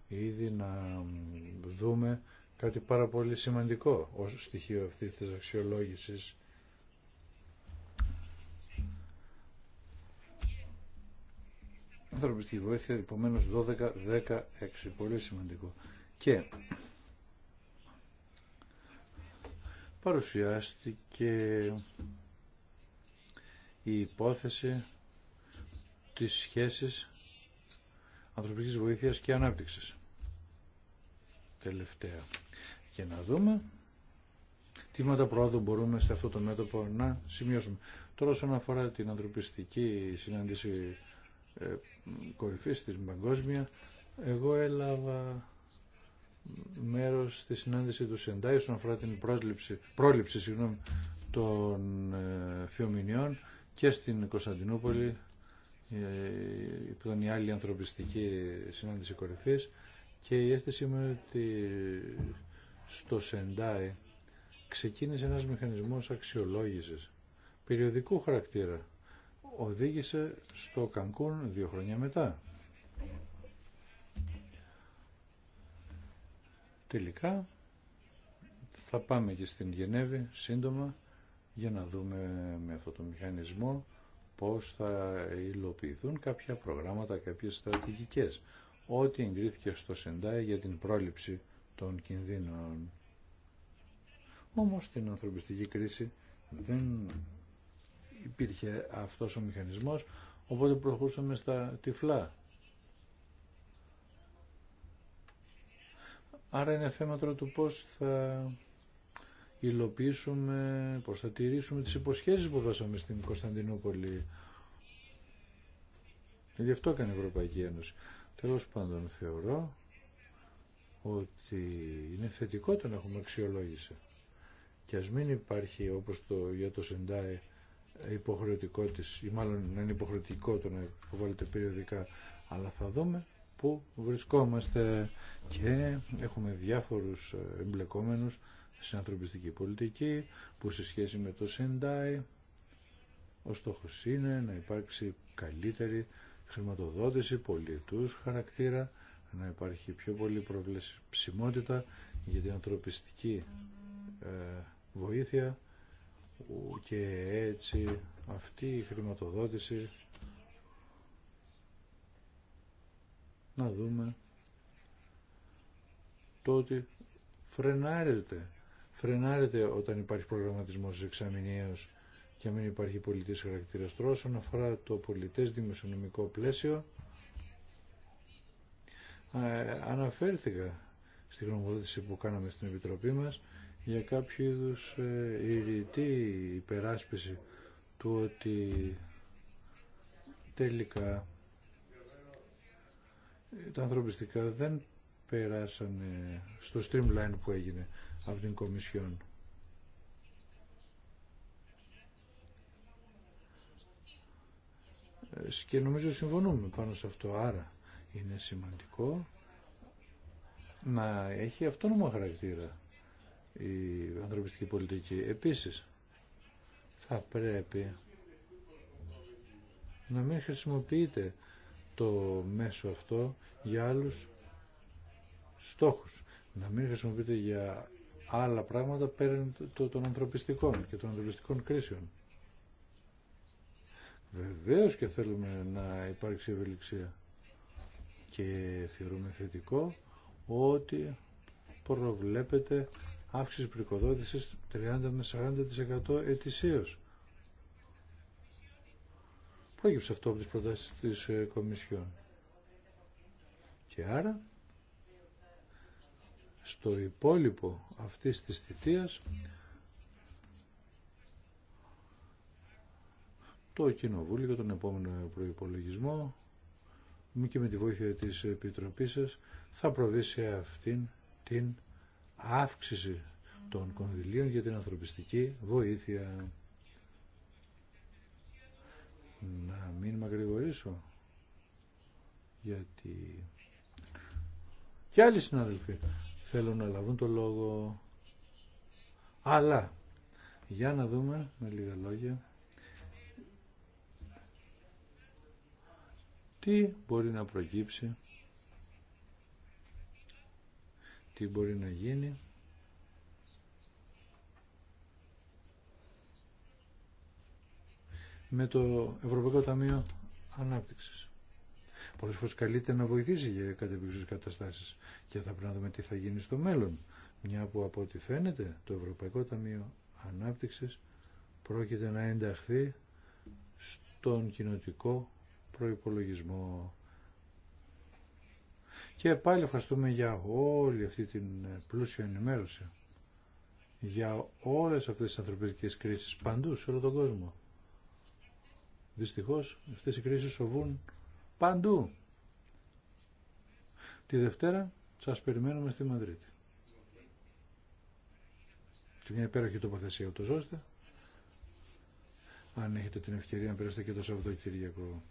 ήδη να δούμε κάτι πάρα πολύ σημαντικό ως στοιχείο αυτής της αξιολόγησης ανθρωπιστική βοήθεια, επομένω 12-16. Πολύ σημαντικό. Και παρουσιάστηκε η υπόθεση της σχέσης ανθρωπιστικής βοήθειας και ανάπτυξης. Τελευταία. Και να δούμε τι μάτα πρόοδου μπορούμε σε αυτό το μέτωπο να σημειώσουμε. Τώρα όσον αφορά την ανθρωπιστική συνάντηση ε, κορυφής της παγκόσμια, εγώ έλαβα μέρος στη συνάντηση του Σεντάι όσον αφορά την πρόληψη συγγνώμη, των φιομηνιών ε, και στην Κωνσταντινούπολη ε, που ήταν η άλλη ανθρωπιστική συνάντηση κορυφής και η αίσθηση μου ότι στο Σεντάι ξεκίνησε ένας μηχανισμός αξιολόγησης περιοδικού χαρακτήρα οδήγησε στο Κανκούν δύο χρόνια μετά. Τελικά θα πάμε και στην Γενέβη σύντομα για να δούμε με αυτό το μηχανισμό πώς θα υλοποιηθούν κάποια προγράμματα, κάποιες στρατηγικές. Ό,τι εγκρίθηκε στο Σεντάι για την πρόληψη των κινδύνων. Όμως την ανθρωπιστική κρίση δεν υπήρχε αυτός ο μηχανισμός, οπότε προχωρούσαμε στα τυφλά. Άρα είναι θέμα τώρα του πώς θα υλοποιήσουμε, πώς θα τηρήσουμε τις υποσχέσεις που δώσαμε στην Κωνσταντινούπολη. Γι' αυτό έκανε η Ευρωπαϊκή Ένωση. Τέλος πάντων θεωρώ ότι είναι θετικό το να έχουμε αξιολόγηση. Και ας μην υπάρχει όπως το για το Σεντάι υποχρεωτικό της, ή μάλλον να είναι υποχρεωτικό το να υποβάλλεται περιοδικά, αλλά θα δούμε πού βρισκόμαστε και έχουμε διάφορους ε, εμπλεκόμενους στην ανθρωπιστική πολιτική που σε σχέση με το Σεντάι ο στόχος είναι να υπάρξει καλύτερη χρηματοδότηση πολιτούς χαρακτήρα να υπάρχει πιο πολύ προβλεψιμότητα για την ανθρωπιστική ε, βοήθεια και έτσι αυτή η χρηματοδότηση να δούμε το ότι φρενάρεται φρενάρεται όταν υπάρχει προγραμματισμός εξαμηνίως και μην υπάρχει πολιτής χαρακτήρας όσον αφορά το πολιτές δημοσιονομικό πλαίσιο ε, αναφέρθηκα στη γνωμοδότηση που κάναμε στην Επιτροπή μας για κάποιο είδους ε, ηρητή υπεράσπιση του ότι τελικά τα ανθρωπιστικά δεν περάσαν στο streamline που έγινε από την Κομισιόν. Ε, και νομίζω συμφωνούμε πάνω σε αυτό. Άρα είναι σημαντικό να έχει αυτόνομο χαρακτήρα η ανθρωπιστική πολιτική. Επίσης, θα πρέπει να μην χρησιμοποιείτε το μέσο αυτό για άλλους στόχους. Να μην χρησιμοποιείται για άλλα πράγματα πέραν των ανθρωπιστικών και των ανθρωπιστικών κρίσεων. Βεβαίως και θέλουμε να υπάρξει ευελιξία και θεωρούμε θετικό ότι προβλέπεται αύξηση πρικοδότησης 30 με 40% ετησίως. Πρόκειψε αυτό από τις προτάσεις της ε, Κομισιόν. Και άρα στο υπόλοιπο αυτής της θητείας το Κοινοβούλιο για τον επόμενο προϋπολογισμό μη και με τη βοήθεια της Επιτροπής σας θα προβεί σε αυτήν την αύξηση των κονδυλίων για την ανθρωπιστική βοήθεια. Να μην μακρηγορήσω, γιατί και άλλοι συνάδελφοι θέλουν να λαβούν το λόγο. Αλλά, για να δούμε με λίγα λόγια, τι μπορεί να προκύψει τι μπορεί να γίνει. με το Ευρωπαϊκό Ταμείο Ανάπτυξης. Πολλές φορές καλείται να βοηθήσει για κατεπίξεις καταστάσεις και θα πρέπει να δούμε τι θα γίνει στο μέλλον. Μια που από ό,τι φαίνεται το Ευρωπαϊκό Ταμείο Ανάπτυξης πρόκειται να ενταχθεί στον κοινοτικό προϋπολογισμό. Και πάλι ευχαριστούμε για όλη αυτή την πλούσια ενημέρωση για όλες αυτές τις ανθρωπιστικές κρίσεις παντού σε όλο τον κόσμο. Δυστυχώς αυτές οι κρίσεις σοβούν παντού. Τη Δευτέρα σας περιμένουμε στη Μαδρίτη. Και μια υπέροχη τοποθεσία το ώστε αν έχετε την ευκαιρία να περάσετε και το Σαββατοκύριακο.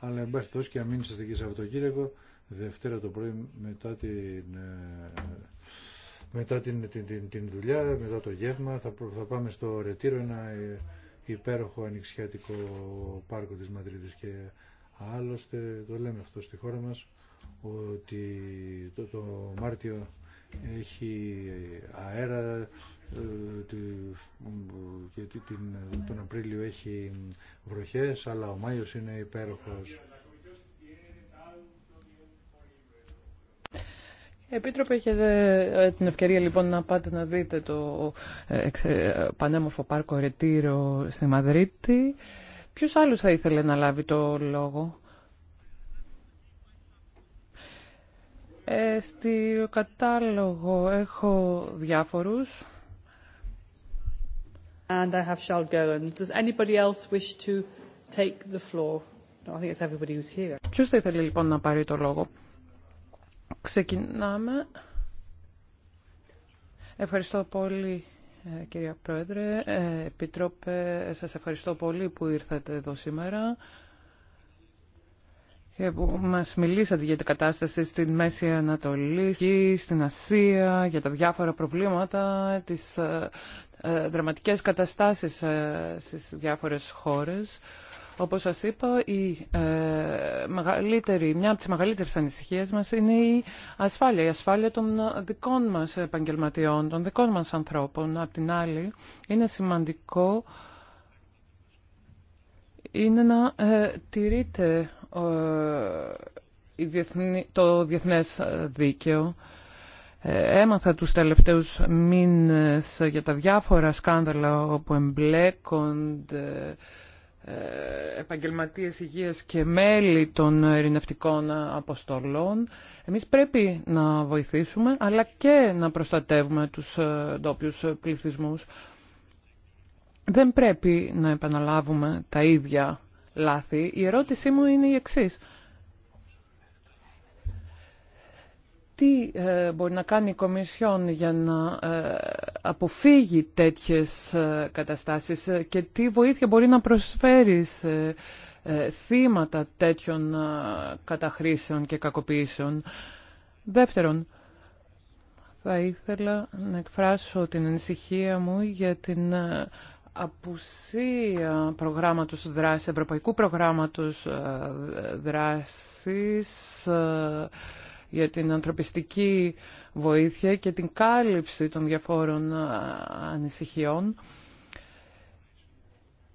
Αλλά εν πάση και αν μείνετε εκεί Σαββατοκύριακο Δευτέρα το πρωί μετά την, ε, μετά την, την, την, την δουλειά, μετά το γεύμα, θα, θα πάμε στο Ρετήρο, ένα ε, υπέροχο ανοιξιάτικο πάρκο της Μαδρίτης και άλλωστε το λέμε αυτό στη χώρα μας ότι το, το Μάρτιο έχει αέρα ε, και τον Απρίλιο έχει βροχές αλλά ο Μάιος είναι υπέροχος Επίτροπε, έχετε ε, την ευκαιρία λοιπόν να πάτε να δείτε το ε, ε, πανέμορφο πάρκο Ρετήρο στη Μαδρίτη. Ποιος άλλος θα ήθελε να λάβει το λόγο. Ε, στη κατάλογο έχω διάφορους. And I have Charles Goins. Does anybody else wish to take the floor? No, I think it's everybody who's here. Ποιος θα ήθελε λοιπόν να πάρει το λόγο. Ξεκινάμε. Ευχαριστώ πολύ ε, κυρία Πρόεδρε. Ε, Επιτρόπε, σας ευχαριστώ πολύ που ήρθατε εδώ σήμερα και που μας μιλήσατε για την κατάσταση στην Μέση Ανατολή, στην Ασία, για τα διάφορα προβλήματα, τις ε, δραματικές καταστάσεις στις διάφορες χώρες. Όπως σας είπα, η, ε, μεγαλύτερη, μια από τις μεγαλύτερες ανησυχίες μας είναι η ασφάλεια, η ασφάλεια των δικών μας επαγγελματιών, των δικών μας ανθρώπων. Απ' την άλλη, είναι σημαντικό είναι να ε, τηρείται το διεθνές δίκαιο. Ε, έμαθα τους τελευταίους μήνες για τα διάφορα σκάνδαλα όπου εμπλέκονται επαγγελματίες υγείας και μέλη των ειρηνευτικών αποστολών. Εμείς πρέπει να βοηθήσουμε, αλλά και να προστατεύουμε τους ε, ντόπιου ε, πληθυσμούς. Δεν πρέπει να επαναλάβουμε τα ίδια λάθη. Η ερώτησή μου είναι η εξής. τι ε, μπορεί να κάνει η Κομισιόν για να ε, αποφύγει τέτοιες ε, καταστάσεις και τι βοήθεια μπορεί να προσφέρει σε θύματα τέτοιων καταχρήσεων και κακοποιήσεων. Δεύτερον, θα ήθελα να εκφράσω την ανησυχία μου για την απουσία προγράμματος δράσης, ευρωπαϊκού προγράμματος δράσης για την ανθρωπιστική βοήθεια και την κάλυψη των διαφόρων ανησυχιών.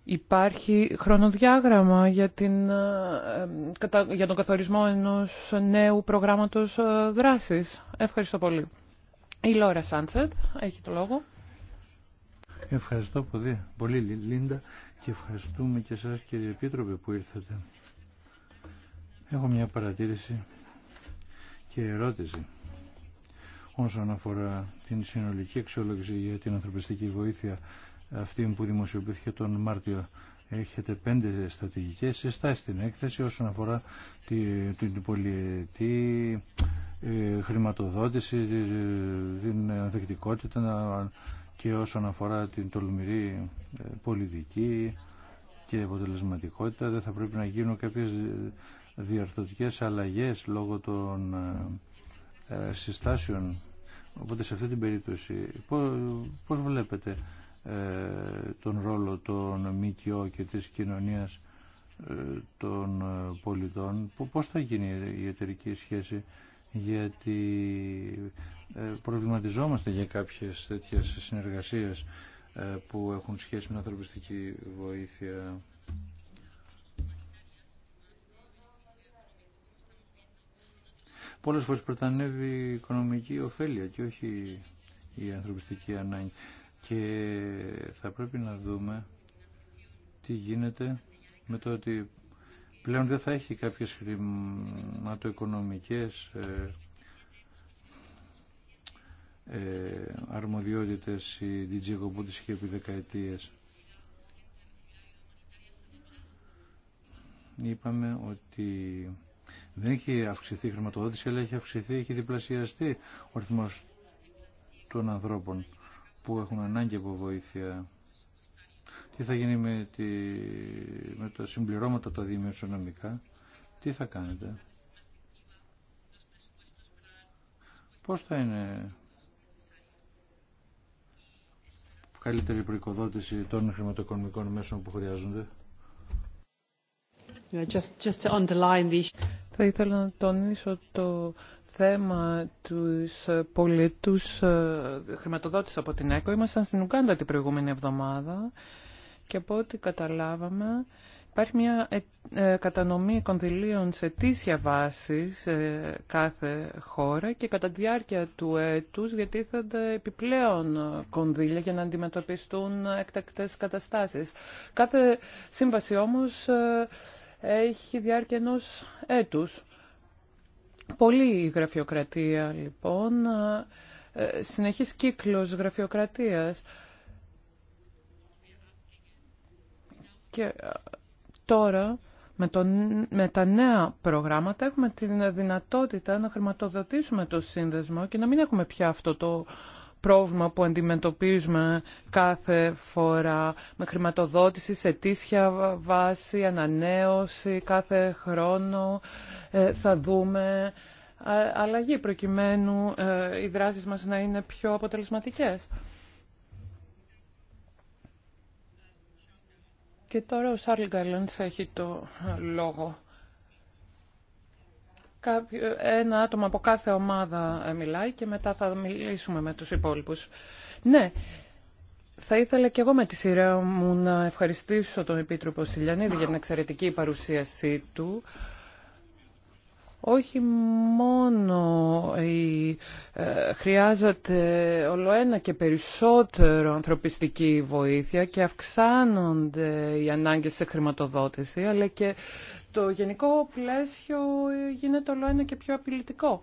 Υπάρχει χρονοδιάγραμμα για, την, για τον καθορισμό ενός νέου προγράμματος δράσης. Ευχαριστώ πολύ. Η Λόρα Σάντσετ έχει το λόγο. Ευχαριστώ πολύ, πολύ Λίντα και ευχαριστούμε και εσάς κύριε Επίτροπε που ήρθατε. Έχω μια παρατήρηση και ερώτηση όσον αφορά την συνολική αξιολόγηση για την ανθρωπιστική βοήθεια αυτή που δημοσιοποιήθηκε τον Μάρτιο. Έχετε πέντε στρατηγικές συστάσεις στην έκθεση όσον αφορά την πολιετή ε, χρηματοδότηση, την ανθεκτικότητα και όσον αφορά την τολμηρή ε, πολιτική και αποτελεσματικότητα. Δεν θα πρέπει να γίνουν κάποιες διαρθρωτικές αλλαγές λόγω των ε, ε, συστάσεων. Οπότε σε αυτή την περίπτωση πώς βλέπετε ε, τον ρόλο των ΜΚΟ και της κοινωνίας των πολιτών πώς θα γίνει η εταιρική σχέση γιατί προβληματιζόμαστε για κάποιες τέτοιες συνεργασίες που έχουν σχέση με ανθρωπιστική βοήθεια πολλές φορέ πρετανεύει η οικονομική ωφέλεια και όχι η ανθρωπιστική ανάγκη. Και θα πρέπει να δούμε τι γίνεται με το ότι πλέον δεν θα έχει κάποιες χρηματοοικονομικές ε, ε αρμοδιότητες η DG που τις είχε επί δεκαετίες. Είπαμε ότι δεν έχει αυξηθεί η χρηματοδότηση, αλλά έχει αυξηθεί, έχει διπλασιαστεί ο αριθμό των ανθρώπων που έχουν ανάγκη από βοήθεια. Τι θα γίνει με, τη, με τα συμπληρώματα τα δημοσιονομικά, τι θα κάνετε. Πώς θα είναι καλύτερη προοικοδότηση των χρηματοοικονομικών μέσων που χρειάζονται. Just, just to underline the... Θα ήθελα να τονίσω το θέμα τους ε, πολίτους ε, χρηματοδότης από την ΕΚΟ. Ήμασταν στην Ουγκάντα την προηγούμενη εβδομάδα και από ό,τι καταλάβαμε υπάρχει μια ε, κατανομή κονδυλίων σε τήσια βάση σε κάθε χώρα και κατά τη διάρκεια του έτους διατίθενται επιπλέον κονδύλια για να αντιμετωπιστούν εκτακτές καταστάσεις. Κάθε σύμβαση όμως έχει διάρκεια ενός έτους. Πολύ γραφειοκρατία λοιπόν, ε, συνεχής κύκλος γραφειοκρατίας. Και ε, τώρα με, το, με τα νέα προγράμματα έχουμε την δυνατότητα να χρηματοδοτήσουμε το σύνδεσμο και να μην έχουμε πια αυτό το πρόβλημα που αντιμετωπίζουμε κάθε φορά με χρηματοδότηση σε τίσια βάση, ανανέωση κάθε χρόνο. Ε, θα δούμε αλλαγή προκειμένου ε, οι δράσεις μας να είναι πιο αποτελεσματικές. Και τώρα ο Σάρλ έχει το λόγο ένα άτομο από κάθε ομάδα μιλάει και μετά θα μιλήσουμε με τους υπόλοιπους. Ναι, θα ήθελα και εγώ με τη σειρά μου να ευχαριστήσω τον Επίτροπο Σιλιανίδη για την εξαιρετική παρουσίασή του. Όχι μόνο η, ε, χρειάζεται ολοένα και περισσότερο ανθρωπιστική βοήθεια και αυξάνονται οι ανάγκες σε χρηματοδότηση, αλλά και το γενικό πλαίσιο γίνεται όλο ένα και πιο απειλητικό.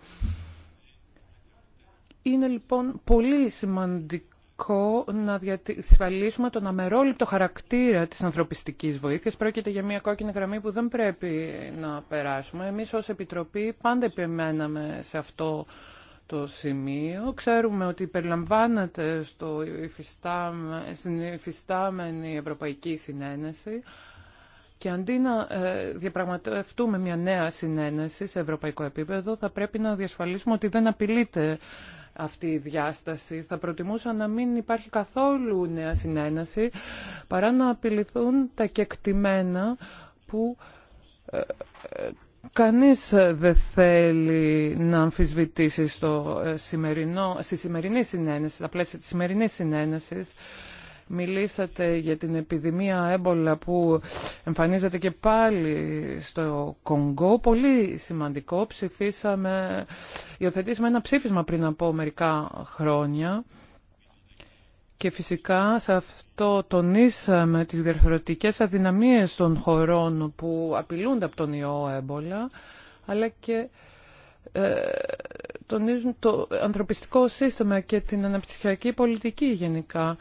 Είναι λοιπόν πολύ σημαντικό να διασφαλίσουμε τον αμερόληπτο χαρακτήρα της ανθρωπιστικής βοήθειας. Πρόκειται για μια κόκκινη γραμμή που δεν πρέπει να περάσουμε. Εμείς ως Επιτροπή πάντα επιμέναμε σε αυτό το σημείο. Ξέρουμε ότι περιλαμβάνεται στην υφιστάμενη Ευρωπαϊκή Συνένεση. Και αντί να ε, διαπραγματευτούμε μια νέα συνένεση σε ευρωπαϊκό επίπεδο, θα πρέπει να διασφαλίσουμε ότι δεν απειλείται αυτή η διάσταση. Θα προτιμούσα να μην υπάρχει καθόλου νέα συνένεση, παρά να απειληθούν τα κεκτημένα που ε, ε, κανείς δεν θέλει να αμφισβητήσει στο σημερινό, στη σημερινή συνένεση, στα πλαίσια της σημερινής Μιλήσατε για την επιδημία έμπολα που εμφανίζεται και πάλι στο Κονγκό. Πολύ σημαντικό. Ψηφίσαμε, υιοθετήσαμε ένα ψήφισμα πριν από μερικά χρόνια. Και φυσικά σε αυτό τονίσαμε τις διαρθρωτικές αδυναμίες των χωρών που απειλούνται από τον ιό έμπολα, αλλά και ε, τονίζουν το ανθρωπιστικό σύστημα και την αναπτυχιακή πολιτική γενικά.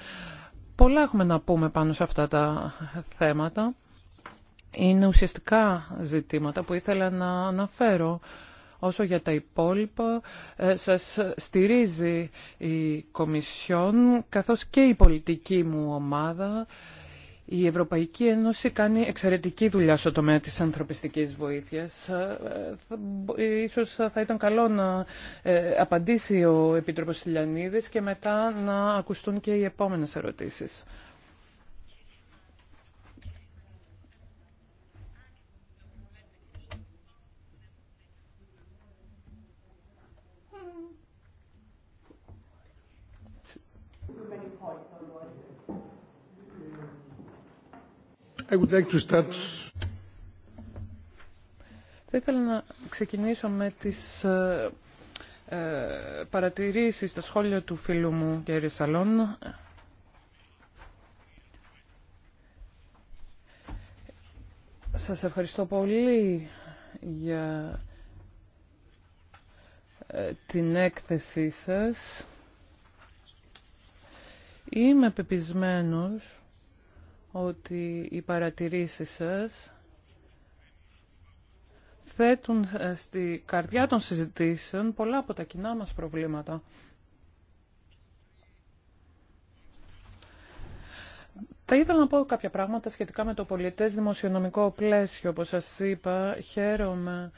Πολλά έχουμε να πούμε πάνω σε αυτά τα θέματα. Είναι ουσιαστικά ζητήματα που ήθελα να αναφέρω. Όσο για τα υπόλοιπα, ε, σας στηρίζει η Κομισιόν, καθώς και η πολιτική μου ομάδα. Η Ευρωπαϊκή Ένωση κάνει εξαιρετική δουλειά στο τομέα της ανθρωπιστικής βοήθειας. Ε, ίσως θα ήταν καλό να ε, απαντήσει ο Επίτροπος και μετά να ακουστούν και οι επόμενες ερωτήσεις. Θα ήθελα να ξεκινήσω με τις ε, ε παρατηρήσεις, τα σχόλια του φίλου μου, κ. Σαλόν. Σας ευχαριστώ πολύ για ε, την έκθεσή σας. Είμαι πεπισμένος ότι οι παρατηρήσεις σας θέτουν ε, στη καρδιά των συζητήσεων πολλά από τα κοινά μας προβλήματα. Θα ήθελα να πω κάποια πράγματα σχετικά με το πολιτές δημοσιονομικό πλαίσιο, όπως σας είπα. Χαίρομαι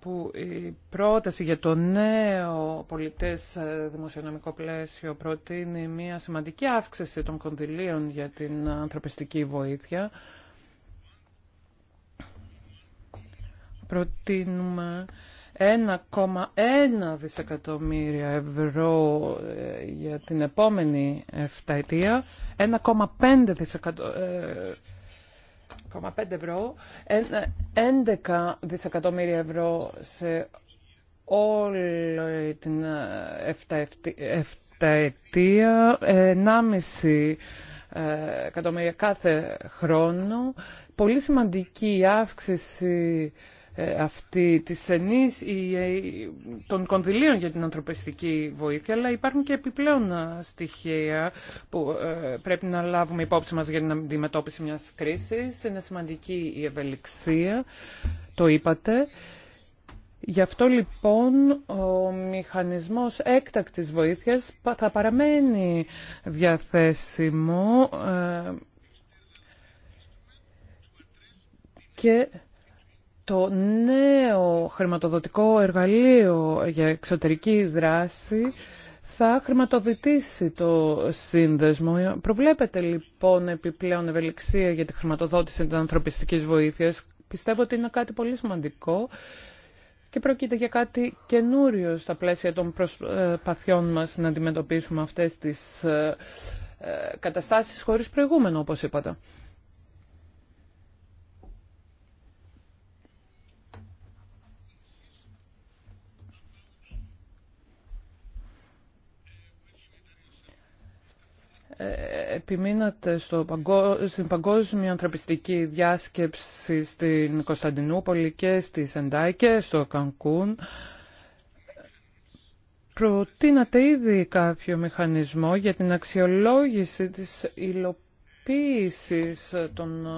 που η πρόταση για το νέο πολιτές ε, δημοσιονομικό πλαίσιο προτείνει μια σημαντική αύξηση των κονδυλίων για την ανθρωπιστική βοήθεια. Προτείνουμε 1,1 δισεκατομμύρια ευρώ ε, για την επόμενη 7 1,5 δισεκατομμύρια 11,5 ευρώ, 11 δισεκατομμύρια ευρώ σε όλη την 7 ε, 1,5 ε, εκατομμύρια κάθε χρόνο. Πολύ σημαντική αύξηση ε, αυτή της ενής, των κονδυλίων για την ανθρωπιστική βοήθεια, αλλά υπάρχουν και επιπλέον ε, στοιχεία που ε, πρέπει να λάβουμε υπόψη μας για την αντιμετώπιση μιας κρίσης. Είναι σημαντική η ευελιξία, το είπατε. Γι' αυτό λοιπόν ο μηχανισμός έκτακτης βοήθειας θα παραμένει διαθέσιμο και το νέο χρηματοδοτικό εργαλείο για εξωτερική δράση θα χρηματοδοτήσει το σύνδεσμο. Προβλέπετε λοιπόν επιπλέον ευελιξία για τη χρηματοδότηση της ανθρωπιστικής βοήθειας. Πιστεύω ότι είναι κάτι πολύ σημαντικό και πρόκειται για κάτι καινούριο στα πλαίσια των προσπαθειών μας να αντιμετωπίσουμε αυτές τις ε, ε, καταστάσεις χωρίς προηγούμενο, όπως είπατε. επιμείνατε στο παγκο... στην παγκόσμια ανθρωπιστική διάσκεψη στην Κωνσταντινούπολη και στη Σεντάι και στο Κανκούν. Προτείνατε ήδη κάποιο μηχανισμό για την αξιολόγηση της υλοποίησης των ε,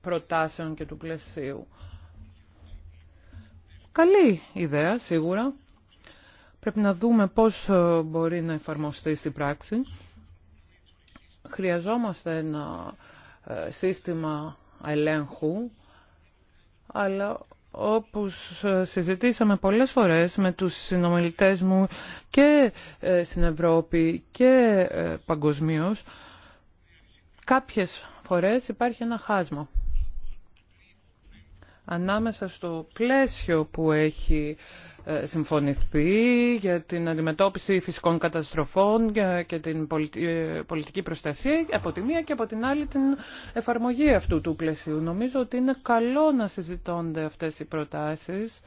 προτάσεων και του πλαισίου. Καλή ιδέα, σίγουρα. Πρέπει να δούμε πώς ε, μπορεί να εφαρμοστεί στην πράξη. Χρειαζόμαστε ένα ε, σύστημα ελέγχου, αλλά όπως ε, συζητήσαμε πολλές φορές με τους συνομιλητές μου και ε, στην Ευρώπη και παγκοσμίως, κάποιες φορές υπάρχει ένα χάσμα ανάμεσα στο πλαίσιο που έχει ε, συμφωνηθεί για την αντιμετώπιση φυσικών καταστροφών και την ε, πολιτική προστασία από τη μία και από την άλλη την εφαρμογή αυτού του πλαισίου. Νομίζω ότι είναι καλό να συζητώνται αυτές οι προτάσεις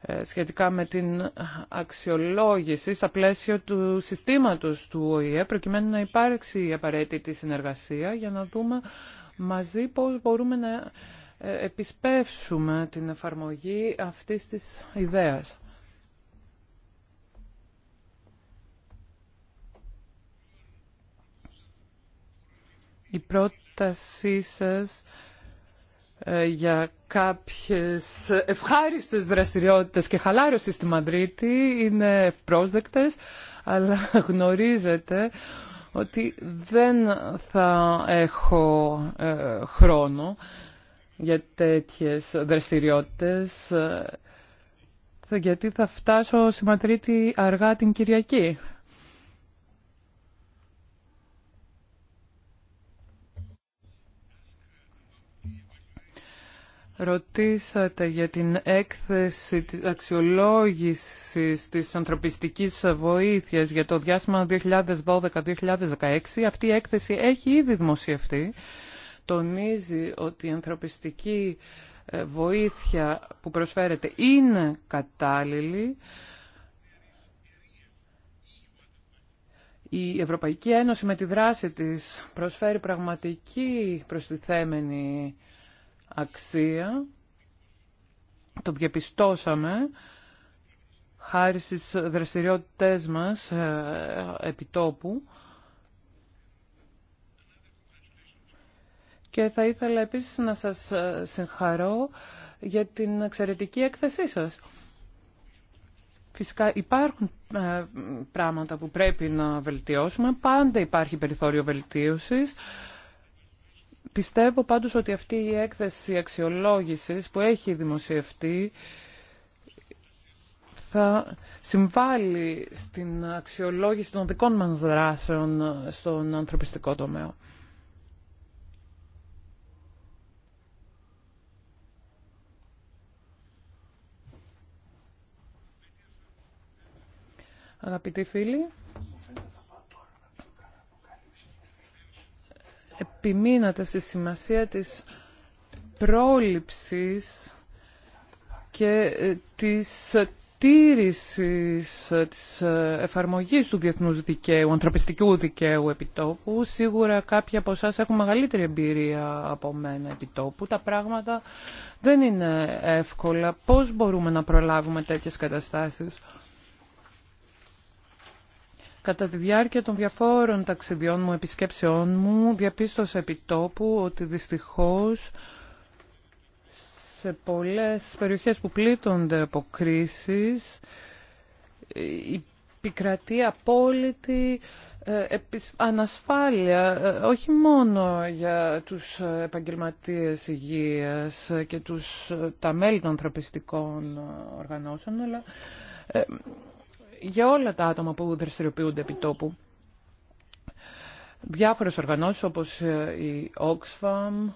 ε, σχετικά με την αξιολόγηση στα πλαίσια του συστήματος του ΟΗΕ προκειμένου να υπάρξει η απαραίτητη συνεργασία για να δούμε μαζί πώς μπορούμε να ε, επισπεύσουμε την εφαρμογή αυτής της ιδέας. Η πρότασή σας ε, για κάποιες ευχάριστες δραστηριότητες και χαλάρωση στη Μαδρίτη είναι ευπρόσδεκτες, αλλά γνωρίζετε ότι δεν θα έχω ε, χρόνο για τέτοιες δραστηριότητες, ε, γιατί θα φτάσω στη Μαδρίτη αργά την Κυριακή. Ρωτήσατε για την έκθεση της αξιολόγησης της ανθρωπιστικής βοήθειας για το διάστημα 2012-2016. Αυτή η έκθεση έχει ήδη δημοσιευτεί τονίζει ότι η ανθρωπιστική ε, βοήθεια που προσφέρεται είναι κατάλληλη, η Ευρωπαϊκή Ένωση με τη δράση της προσφέρει πραγματική προστιθέμενη αξία. Το διαπιστώσαμε χάρη στις δραστηριότητές μας ε, επιτόπου. Και θα ήθελα επίσης να σας ε, συγχαρώ για την εξαιρετική έκθεσή σας. Φυσικά υπάρχουν ε, πράγματα που πρέπει να βελτιώσουμε. Πάντα υπάρχει περιθώριο βελτίωσης. Πιστεύω πάντως ότι αυτή η έκθεση αξιολόγησης που έχει δημοσιευτεί θα συμβάλλει στην αξιολόγηση των δικών μας δράσεων στον ανθρωπιστικό τομέα. Αγαπητοί φίλοι, επιμείνατε στη σημασία της πρόληψης και ε, της τήρησης ε, της ε, εφαρμογής του διεθνούς δικαίου, ανθρωπιστικού δικαίου επιτόπου. Σίγουρα κάποιοι από εσά έχουν μεγαλύτερη εμπειρία από μένα επιτόπου. Τα πράγματα δεν είναι εύκολα. Πώς μπορούμε να προλάβουμε τέτοιες καταστάσεις. Κατά τη διάρκεια των διαφόρων ταξιδιών μου, επισκέψεών μου, διαπίστωσα επιτόπου ότι δυστυχώς σε πολλές περιοχές που πλήττονται από κρίσεις επικρατεί απόλυτη ε, ανασφάλεια ε, όχι μόνο για τους επαγγελματίες υγείας και τους, ε, τα μέλη των ανθρωπιστικών οργανώσεων αλλά για όλα τα άτομα που δραστηριοποιούνται επί τόπου. Διάφορες οργανώσεις όπως ε, η Oxfam,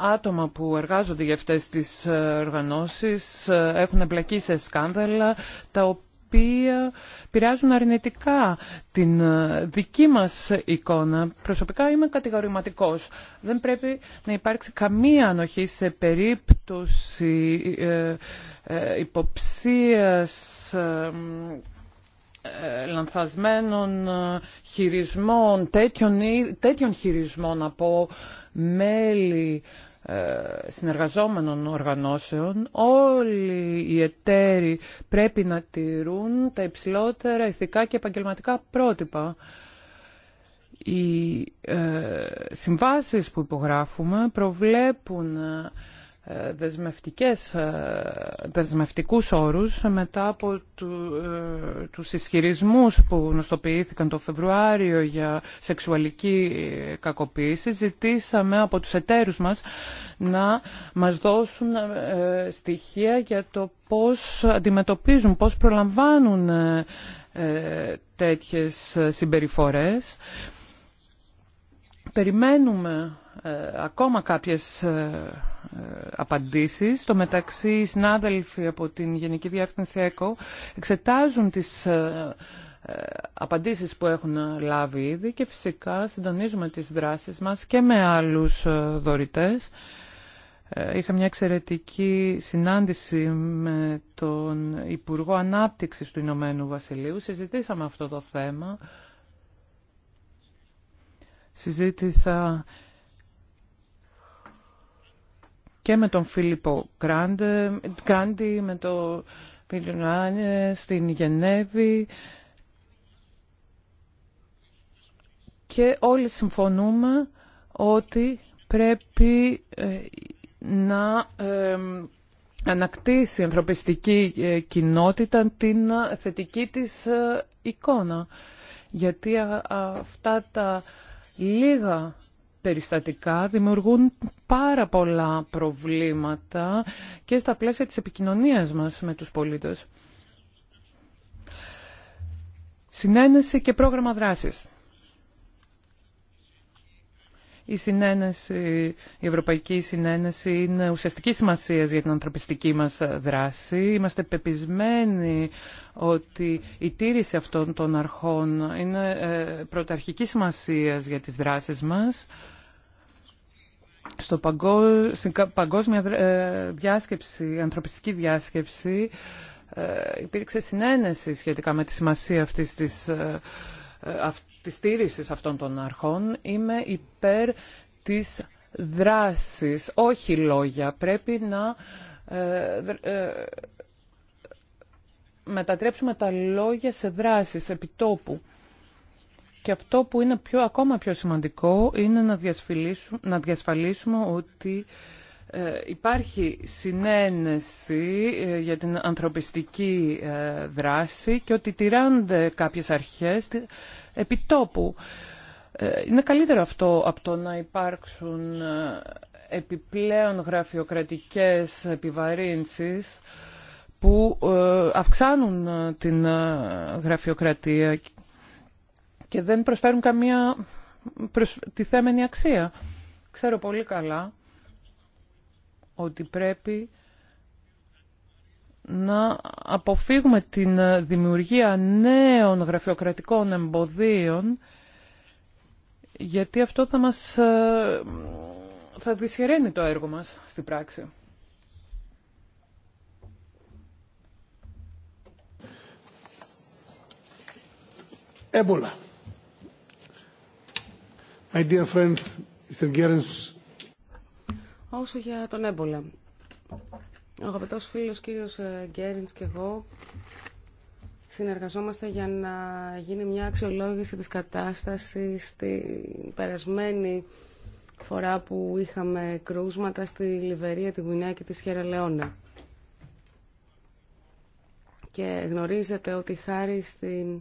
άτομα που εργάζονται για αυτές τις ε, οργανώσεις ε, έχουν εμπλακεί σε σκάνδαλα τα οποία οποία πειράζουν αρνητικά την ε, δική μας εικόνα. Προσωπικά είμαι κατηγορηματικός. Δεν πρέπει να υπάρξει καμία ανοχή σε περίπτωση ε, ε, υποψίας λανθασμένων χειρισμών, τέτοιων, τέτοιων χειρισμών από μέλη ε, συνεργαζόμενων οργανώσεων, όλοι οι εταίροι πρέπει να τηρούν τα υψηλότερα ηθικά και επαγγελματικά πρότυπα. Οι ε, συμβάσεις που υπογράφουμε προβλέπουν ε, δεσμευτικές, ε, δεσμευτικούς όρους μετά από του, ε, τους ισχυρισμούς που γνωστοποιήθηκαν το Φεβρουάριο για σεξουαλική κακοποίηση ζητήσαμε από τους εταίρους μας να μας δώσουν ε, στοιχεία για το πώς αντιμετωπίζουν, πώς προλαμβάνουν ε, τέτοιες συμπεριφορές. Περιμένουμε ε, ακόμα κάποιες ε, ε, απαντήσεις. Στο μεταξύ, οι συνάδελφοι από την Γενική Διεύθυνση ΕΚΟ εξετάζουν τις απαντήσεις που έχουν λάβει ήδη και φυσικά συντονίζουμε τις δράσεις μας και με άλλους δωρητές. Είχα μια εξαιρετική συνάντηση με τον Υπουργό Ανάπτυξης του Ηνωμένου Βασιλείου. Συζητήσαμε αυτό το θέμα. Συζήτησα και με τον Φίλιππο Γκάντι, με τον Πιλιουνάνε στην Γενέβη και όλοι συμφωνούμε ότι πρέπει ε, να ανακτήσει η ανθρωπιστική ε, κοινότητα την ε, θετική της εικόνα. Γιατί αυτά τα λίγα περιστατικά δημιουργούν πάρα πολλά προβλήματα και στα πλαίσια της επικοινωνίας μας με τους πολίτες. Συνένεση και πρόγραμμα δράσης. Η συνένεση, η Ευρωπαϊκή Συνένεση είναι ουσιαστική σημασία για την ανθρωπιστική μας δράση. Είμαστε πεπισμένοι ότι η τήρηση αυτών των αρχών είναι ε, πρωταρχική σημασία για τις δράσεις μας στο στην παγκόσμια ε, διάσκεψη, ανθρωπιστική διάσκεψη ε, υπήρξε συνένεση σχετικά με τη σημασία αυτής της, ε, της στήριξης αυτών των αρχών. Είμαι υπέρ της δράσης, όχι λόγια. Πρέπει να μετατρέψουμε τα λόγια σε δράσεις επιτόπου. Και αυτό που είναι πιο, ακόμα πιο σημαντικό είναι να διασφαλίσουμε, να διασφαλίσουμε ότι ε, υπάρχει συνένεση ε, για την ανθρωπιστική ε, δράση και ότι τηράνται κάποιες αρχές επιτόπου. Είναι καλύτερο αυτό από το να υπάρξουν επιπλέον γραφειοκρατικές επιβαρύνσεις που αυξάνουν την γραφειοκρατία και δεν προσφέρουν καμία προστιθέμενη αξία. Ξέρω πολύ καλά ότι πρέπει να αποφύγουμε την δημιουργία νέων γραφειοκρατικών εμποδίων γιατί αυτό θα μας ε, θα δυσχεραίνει το έργο μας στην πράξη. Έμπολα. My Όσο για τον έμπολα. Ο αγαπητός φίλος κύριος Γκέριντς ε, και εγώ συνεργαζόμαστε για να γίνει μια αξιολόγηση της κατάστασης στην περασμένη φορά που είχαμε κρούσματα στη Λιβερία, τη Γουινέα και τη Σιέρα Λεόνα. Και γνωρίζετε ότι χάρη στην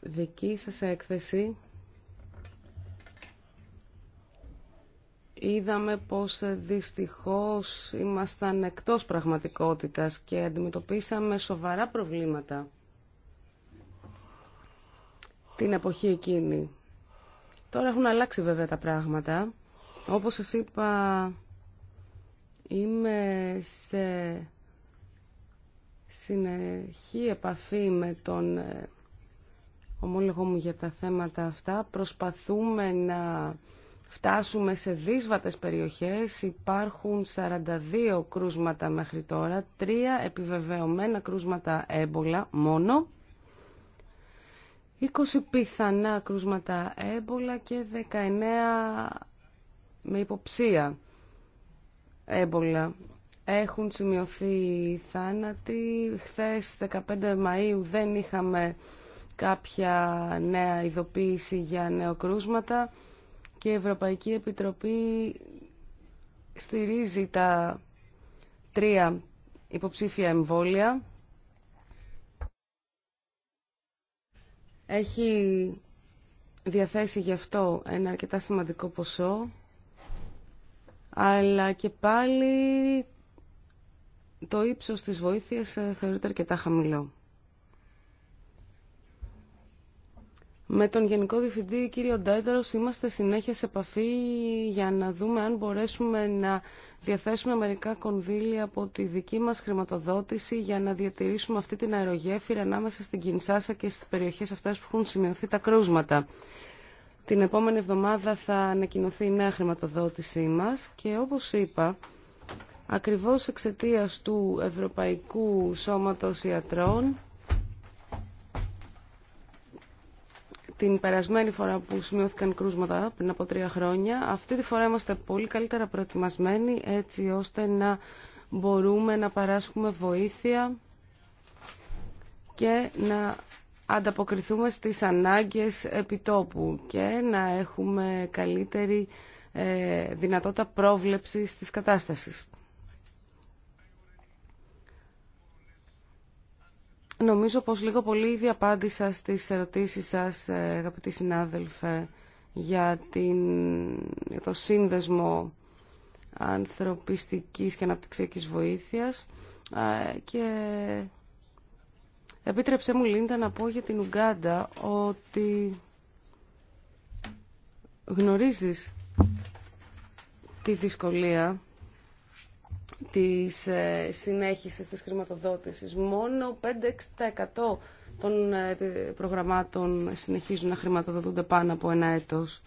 δική σας έκθεση είδαμε πως ε, δυστυχώς ήμασταν εκτός πραγματικότητας και αντιμετωπίσαμε σοβαρά προβλήματα την εποχή εκείνη. Τώρα έχουν αλλάξει βέβαια τα πράγματα. Όπως σας είπα, είμαι σε συνεχή επαφή με τον ε, ομόλογο μου για τα θέματα αυτά. Προσπαθούμε να φτάσουμε σε δύσβατες περιοχές. Υπάρχουν 42 κρούσματα μέχρι τώρα, τρία επιβεβαιωμένα κρούσματα έμπολα μόνο, 20 πιθανά κρούσματα έμπολα και 19 με υποψία έμπολα. Έχουν σημειωθεί θάνατοι. Χθες 15 Μαΐου δεν είχαμε κάποια νέα ειδοποίηση για νεοκρούσματα. κρούσματα και η Ευρωπαϊκή Επιτροπή στηρίζει τα τρία υποψήφια εμβόλια. Έχει διαθέσει γι' αυτό ένα αρκετά σημαντικό ποσό, αλλά και πάλι το ύψος της βοήθειας ε, θεωρείται αρκετά χαμηλό. Με τον Γενικό Διευθυντή κύριο Ντέδρος, είμαστε συνέχεια σε επαφή για να δούμε αν μπορέσουμε να διαθέσουμε μερικά κονδύλια από τη δική μας χρηματοδότηση για να διατηρήσουμε αυτή την αερογέφυρα ανάμεσα στην Κινσάσα και στις περιοχές αυτές που έχουν σημειωθεί τα κρούσματα. Την επόμενη εβδομάδα θα ανακοινωθεί η νέα χρηματοδότησή μας και όπως είπα, ακριβώς εξαιτίας του Ευρωπαϊκού Σώματος Ιατρών την περασμένη φορά που σημειώθηκαν κρούσματα πριν από τρία χρόνια. Αυτή τη φορά είμαστε πολύ καλύτερα προετοιμασμένοι έτσι ώστε να μπορούμε να παράσχουμε βοήθεια και να ανταποκριθούμε στις ανάγκες επιτόπου και να έχουμε καλύτερη ε, δυνατότητα πρόβλεψης της κατάστασης. Νομίζω πως λίγο πολύ ήδη απάντησα στις ερωτήσεις σας, ε, αγαπητοί συνάδελφε, για, την, το σύνδεσμο ανθρωπιστικής και αναπτυξιακής βοήθειας και επίτρεψέ μου Λίντα να πω για την Ουγκάντα ότι γνωρίζεις τη δυσκολία της ε, συνέχισης της χρηματοδότησης. Μόνο 5-6% των ε, προγραμμάτων συνεχίζουν να χρηματοδοτούνται πάνω από ένα έτος.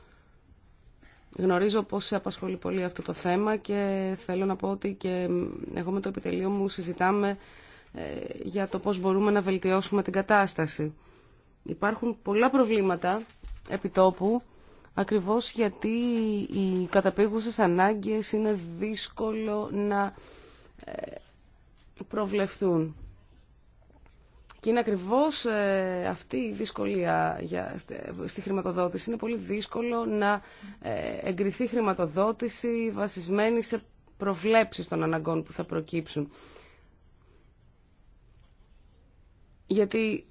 Γνωρίζω πως σε απασχολεί πολύ αυτό το θέμα και θέλω να πω ότι και εγώ με το επιτελείο μου συζητάμε ε, για το πώς μπορούμε να βελτιώσουμε την κατάσταση. Υπάρχουν πολλά προβλήματα επιτόπου ακριβώς γιατί οι καταπήγουσες ανάγκες είναι δύσκολο να ε, προβλεφθούν. Και είναι ακριβώς ε, αυτή η δυσκολία για, στη χρηματοδότηση. Είναι πολύ δύσκολο να ε, εγκριθεί χρηματοδότηση βασισμένη σε προβλέψεις των αναγκών που θα προκύψουν. Γιατί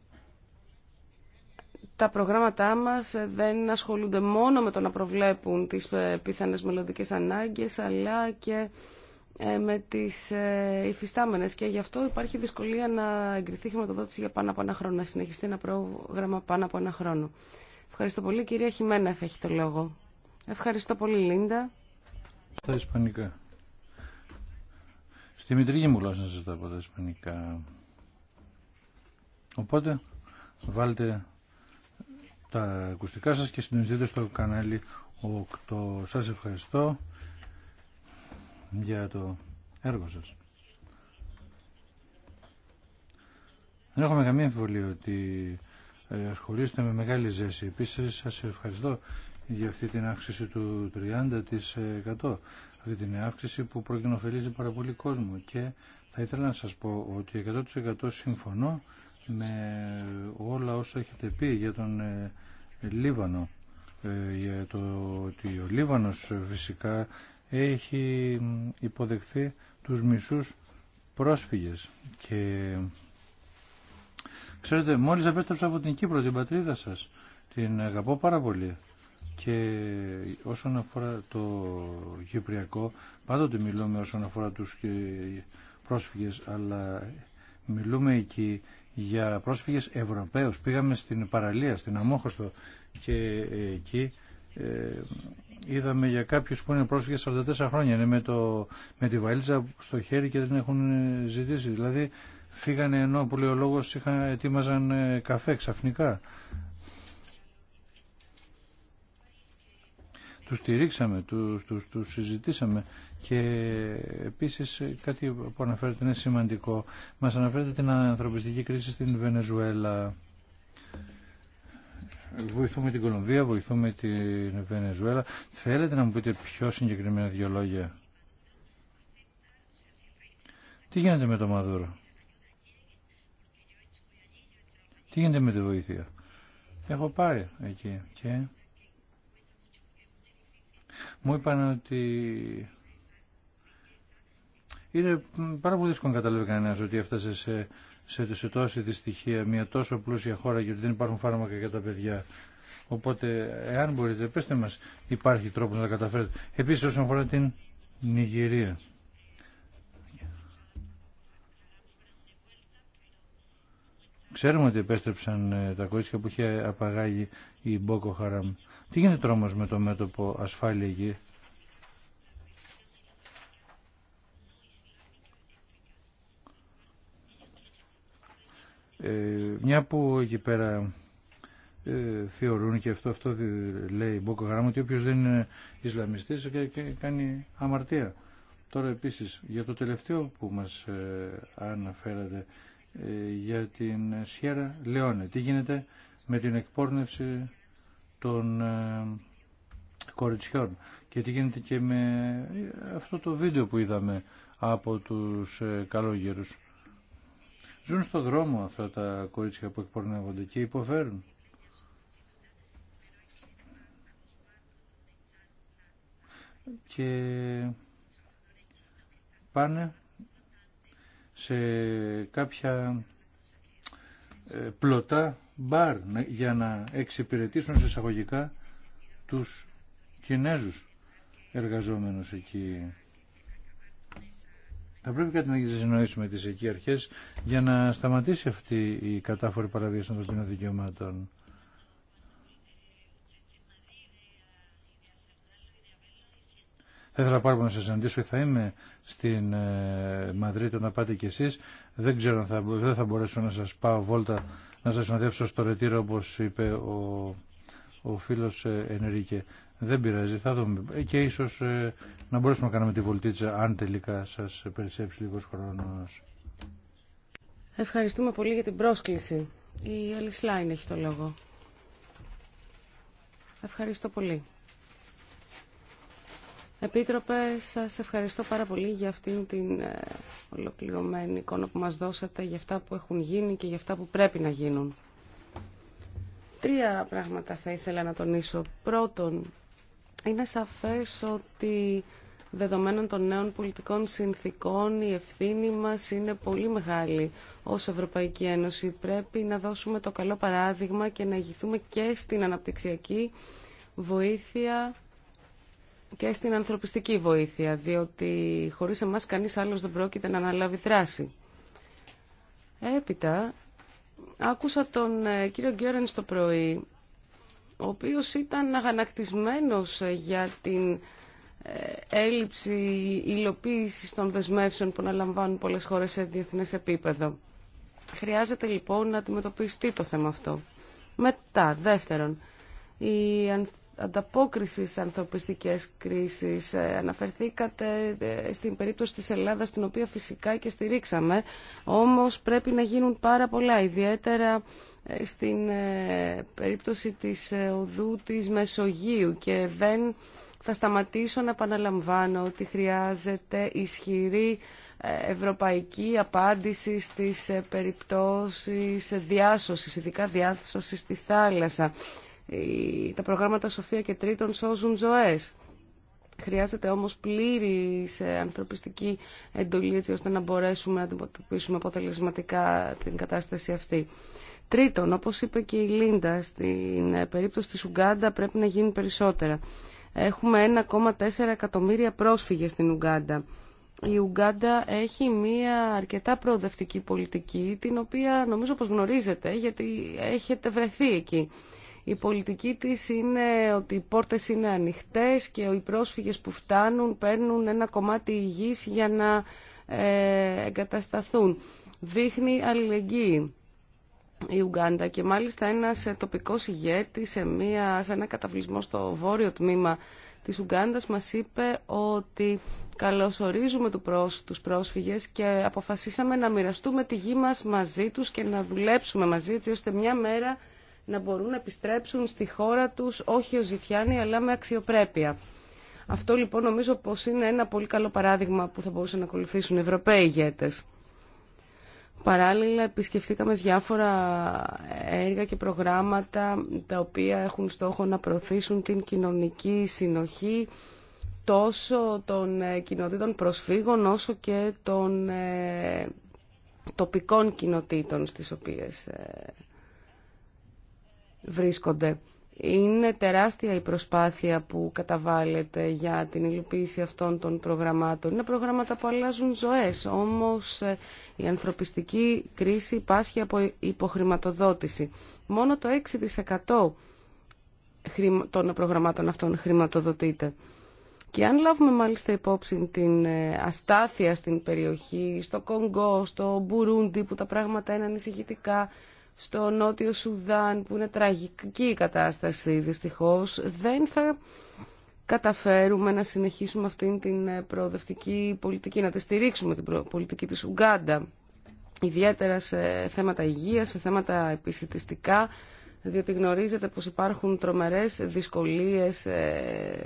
τα προγράμματά μας δεν ασχολούνται μόνο με το να προβλέπουν τις ε, πιθανές μελλοντικές ανάγκες, αλλά και ε, με τις ε, υφιστάμενες και γι' αυτό υπάρχει δυσκολία να εγκριθεί χρηματοδότηση για πάνω από ένα χρόνο, να συνεχιστεί ένα πρόγραμμα πάνω από ένα χρόνο. Ευχαριστώ πολύ. Κυρία Χιμένα θα έχει το λόγο. Ευχαριστώ πολύ, Λίντα. Στα Ισπανικά. Στη μητρική μου σας τα από τα Ισπανικά. Οπότε βάλτε τα ακουστικά σας και συντονιστείτε στο κανάλι 8. Σας ευχαριστώ για το έργο σας. Δεν έχουμε καμία εμφιβολή ότι ε, ασχολείστε με μεγάλη ζέση. Επίσης σας ευχαριστώ για αυτή την αύξηση του 30%. Αυτή την αύξηση που προκεινοφελίζει πάρα πολύ κόσμο και θα ήθελα να σας πω ότι 100% συμφωνώ με όλα όσα έχετε πει για τον ε, Λίβανο. Ε, για το ότι ο Λίβανος ε, φυσικά έχει υποδεχθεί τους μισούς πρόσφυγες και ξέρετε μόλις επέστρεψα από την Κύπρο την πατρίδα σας την αγαπώ πάρα πολύ και όσον αφορά το Κυπριακό πάντοτε μιλούμε όσον αφορά τους πρόσφυγες αλλά μιλούμε εκεί για πρόσφυγες Ευρωπαίους. Πήγαμε στην παραλία, στην Αμόχωστο και εκεί ε, είδαμε για κάποιους που είναι πρόσφυγες 44 χρόνια, είναι με, το, με τη βαλίτσα στο χέρι και δεν έχουν ε, ζητήσει. Δηλαδή φύγανε ενώ ο λόγος είχα, ετοίμαζαν ε, καφέ ξαφνικά. Τους στηρίξαμε, τους, τους, τους συζητήσαμε και επίσης κάτι που αναφέρεται είναι σημαντικό. Μας αναφέρεται την ανθρωπιστική κρίση στην Βενεζουέλα. Βοηθούμε την Κολομβία, βοηθούμε την Βενεζουέλα. Θέλετε να μου πείτε πιο συγκεκριμένα δύο λόγια. Τι γίνεται με το Μαδούρο. Τι γίνεται με τη βοήθεια. Έχω πάει εκεί και μου είπαν ότι είναι πάρα πολύ δύσκολο να καταλάβει κανένα ότι έφτασε σε, σε, σε τόση δυστυχία μια τόσο πλούσια χώρα γιατί δεν υπάρχουν φάρμακα για τα παιδιά. Οπότε, εάν μπορείτε, πέστε μας, υπάρχει τρόπος να τα καταφέρετε. Επίσης, όσον αφορά την Νιγηρία. Ξέρουμε ότι επέστρεψαν ε, τα κορίτσια που είχε απαγάγει η Μπόκο Χαράμ. Τι γίνεται τρόμος με το μέτωπο ασφάλεια εκεί. Ε, μια που εκεί πέρα ε, θεωρούν και αυτό, αυτό λέει η Μπόκο Χαράμ ότι όποιος δεν είναι Ισλαμιστής και, κάνει αμαρτία. Τώρα επίσης για το τελευταίο που μας ε, αναφέρατε ε, για την Σιέρα Λεόνε. Τι γίνεται με την εκπόρνευση των κοριτσιών και τι γίνεται και με αυτό το βίντεο που είδαμε από τους καλόγερους. Ζουν στο δρόμο αυτά τα κορίτσια που εκπορνεύονται και υποφέρουν. Και πάνε σε κάποια ε, πλωτά μπαρ για να εξυπηρετήσουν σε εισαγωγικά τους Κινέζους εργαζόμενους εκεί. Θα πρέπει κάτι να συνοήσουμε τις εκεί αρχές για να σταματήσει αυτή η κατάφορη παραβίαση των ανθρωπίνων δικαιωμάτων. Θα ήθελα πάρα πολύ να σας συναντήσω θα είμαι στην ε, Μαδρίτη να πάτε κι εσείς. Δεν ξέρω θα, δεν θα μπορέσω να σας πάω βόλτα να σας συνοδεύσω στο ρετήρο όπως είπε ο, ο φίλος ε, Ενρίκε. Δεν πειράζει, θα δούμε. Και ίσως ε, να μπορέσουμε να κάνουμε τη βολτίτσα αν τελικά σας περισσέψει λίγος χρόνος. Ευχαριστούμε πολύ για την πρόσκληση. Η Αλισλάιν έχει το λόγο. Ευχαριστώ πολύ. Επίτροπε, σας ευχαριστώ πάρα πολύ για αυτήν την ε, ολοκληρωμένη εικόνα που μας δώσατε, για αυτά που έχουν γίνει και για αυτά που πρέπει να γίνουν. Τρία πράγματα θα ήθελα να τονίσω. Πρώτον, είναι σαφές ότι δεδομένων των νέων πολιτικών συνθήκων η ευθύνη μας είναι πολύ μεγάλη ως Ευρωπαϊκή Ένωση. Πρέπει να δώσουμε το καλό παράδειγμα και να ηγηθούμε και στην αναπτυξιακή βοήθεια και στην ανθρωπιστική βοήθεια, διότι χωρίς εμάς κανείς άλλος δεν πρόκειται να αναλάβει δράση. Έπειτα, άκουσα τον ε, κύριο Γκέρεν το πρωί ο οποίος ήταν αγανακτισμένος για την ε, έλλειψη υλοποίησης των δεσμεύσεων που αναλαμβάνουν πολλές χώρες σε διεθνές επίπεδο. Χρειάζεται λοιπόν να αντιμετωπιστεί το θέμα αυτό. Μετά, δεύτερον, η ανταπόκριση σε ανθρωπιστικές κρίσεις. Ε, αναφερθήκατε ε, στην περίπτωση της Ελλάδας, την οποία φυσικά και στηρίξαμε, όμως πρέπει να γίνουν πάρα πολλά, ιδιαίτερα ε, στην περίπτωση της οδού της Μεσογείου και δεν θα σταματήσω να επαναλαμβάνω ότι χρειάζεται ισχυρή ευρωπαϊκή απάντηση στις περιπτώσεις διάσωσης, ειδικά διάσωσης στη θάλασσα τα προγράμματα Σοφία και Τρίτον σώζουν ζωές. Χρειάζεται όμως πλήρη σε ανθρωπιστική εντολή έτσι ώστε να μπορέσουμε να αντιμετωπίσουμε αποτελεσματικά την κατάσταση αυτή. Τρίτον, όπως είπε και η Λίντα, στην ε, περίπτωση της Ουγκάντα πρέπει να γίνει περισσότερα. Έχουμε 1,4 εκατομμύρια πρόσφυγες στην Ουγκάντα. Η Ουγκάντα έχει μία αρκετά προοδευτική πολιτική, την οποία νομίζω πως γνωρίζετε, γιατί έχετε βρεθεί εκεί. Η πολιτική της είναι ότι οι πόρτες είναι ανοιχτές και οι πρόσφυγες που φτάνουν παίρνουν ένα κομμάτι γης για να ε, εγκατασταθούν. Δείχνει αλληλεγγύη η Ουγγάντα και μάλιστα ένας ε, τοπικός ηγέτης σε, μια, ένα καταβλισμό στο βόρειο τμήμα της Ουγγάντας μας είπε ότι καλωσορίζουμε τους πρόσφυγες και αποφασίσαμε να μοιραστούμε τη γη μας μαζί τους και να δουλέψουμε μαζί έτσι ώστε μια μέρα να μπορούν να επιστρέψουν στη χώρα τους όχι ως ζητιάνοι αλλά με αξιοπρέπεια. Αυτό λοιπόν νομίζω πως είναι ένα πολύ καλό παράδειγμα που θα μπορούσαν να ακολουθήσουν οι Ευρωπαίοι ηγέτες. Παράλληλα επισκεφθήκαμε διάφορα έργα και προγράμματα τα οποία έχουν στόχο να προωθήσουν την κοινωνική συνοχή τόσο των ε, κοινοτήτων προσφύγων όσο και των ε, τοπικών κοινοτήτων στις οποίες ε, βρίσκονται. Είναι τεράστια η προσπάθεια που καταβάλλεται για την υλοποίηση αυτών των προγραμμάτων. Είναι προγράμματα που αλλάζουν ζωές, όμως ε, η ανθρωπιστική κρίση πάσχει από υποχρηματοδότηση. Μόνο το 6% των προγραμμάτων αυτών χρηματοδοτείται. Και αν λάβουμε μάλιστα υπόψη την ε, αστάθεια στην περιοχή, στο Κονγκό, στο Μπουρούντι που τα πράγματα είναι ανησυχητικά, στο Νότιο Σουδάν που είναι τραγική η κατάσταση δυστυχώς δεν θα καταφέρουμε να συνεχίσουμε αυτήν την ε, προοδευτική πολιτική, να τη στηρίξουμε την πολιτική της Ουγκάντα ιδιαίτερα σε θέματα υγείας, σε θέματα επιστημιστικά, διότι γνωρίζετε πως υπάρχουν τρομερές δυσκολίες ε,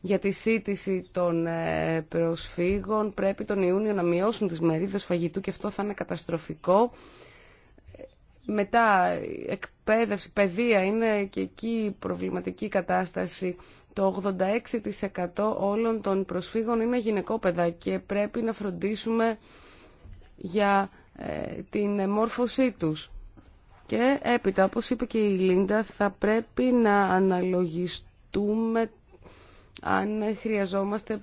για τη σύντηση των ε, προσφύγων. Πρέπει τον Ιούνιο να μειώσουν τις μερίδες φαγητού και αυτό θα είναι καταστροφικό μετά εκπαίδευση, παιδεία είναι και εκεί προβληματική κατάσταση. Το 86% όλων των προσφύγων είναι γυναικόπαιδα και πρέπει να φροντίσουμε για ε, την μόρφωσή τους. Και έπειτα, όπως είπε και η Λίντα, θα πρέπει να αναλογιστούμε αν χρειαζόμαστε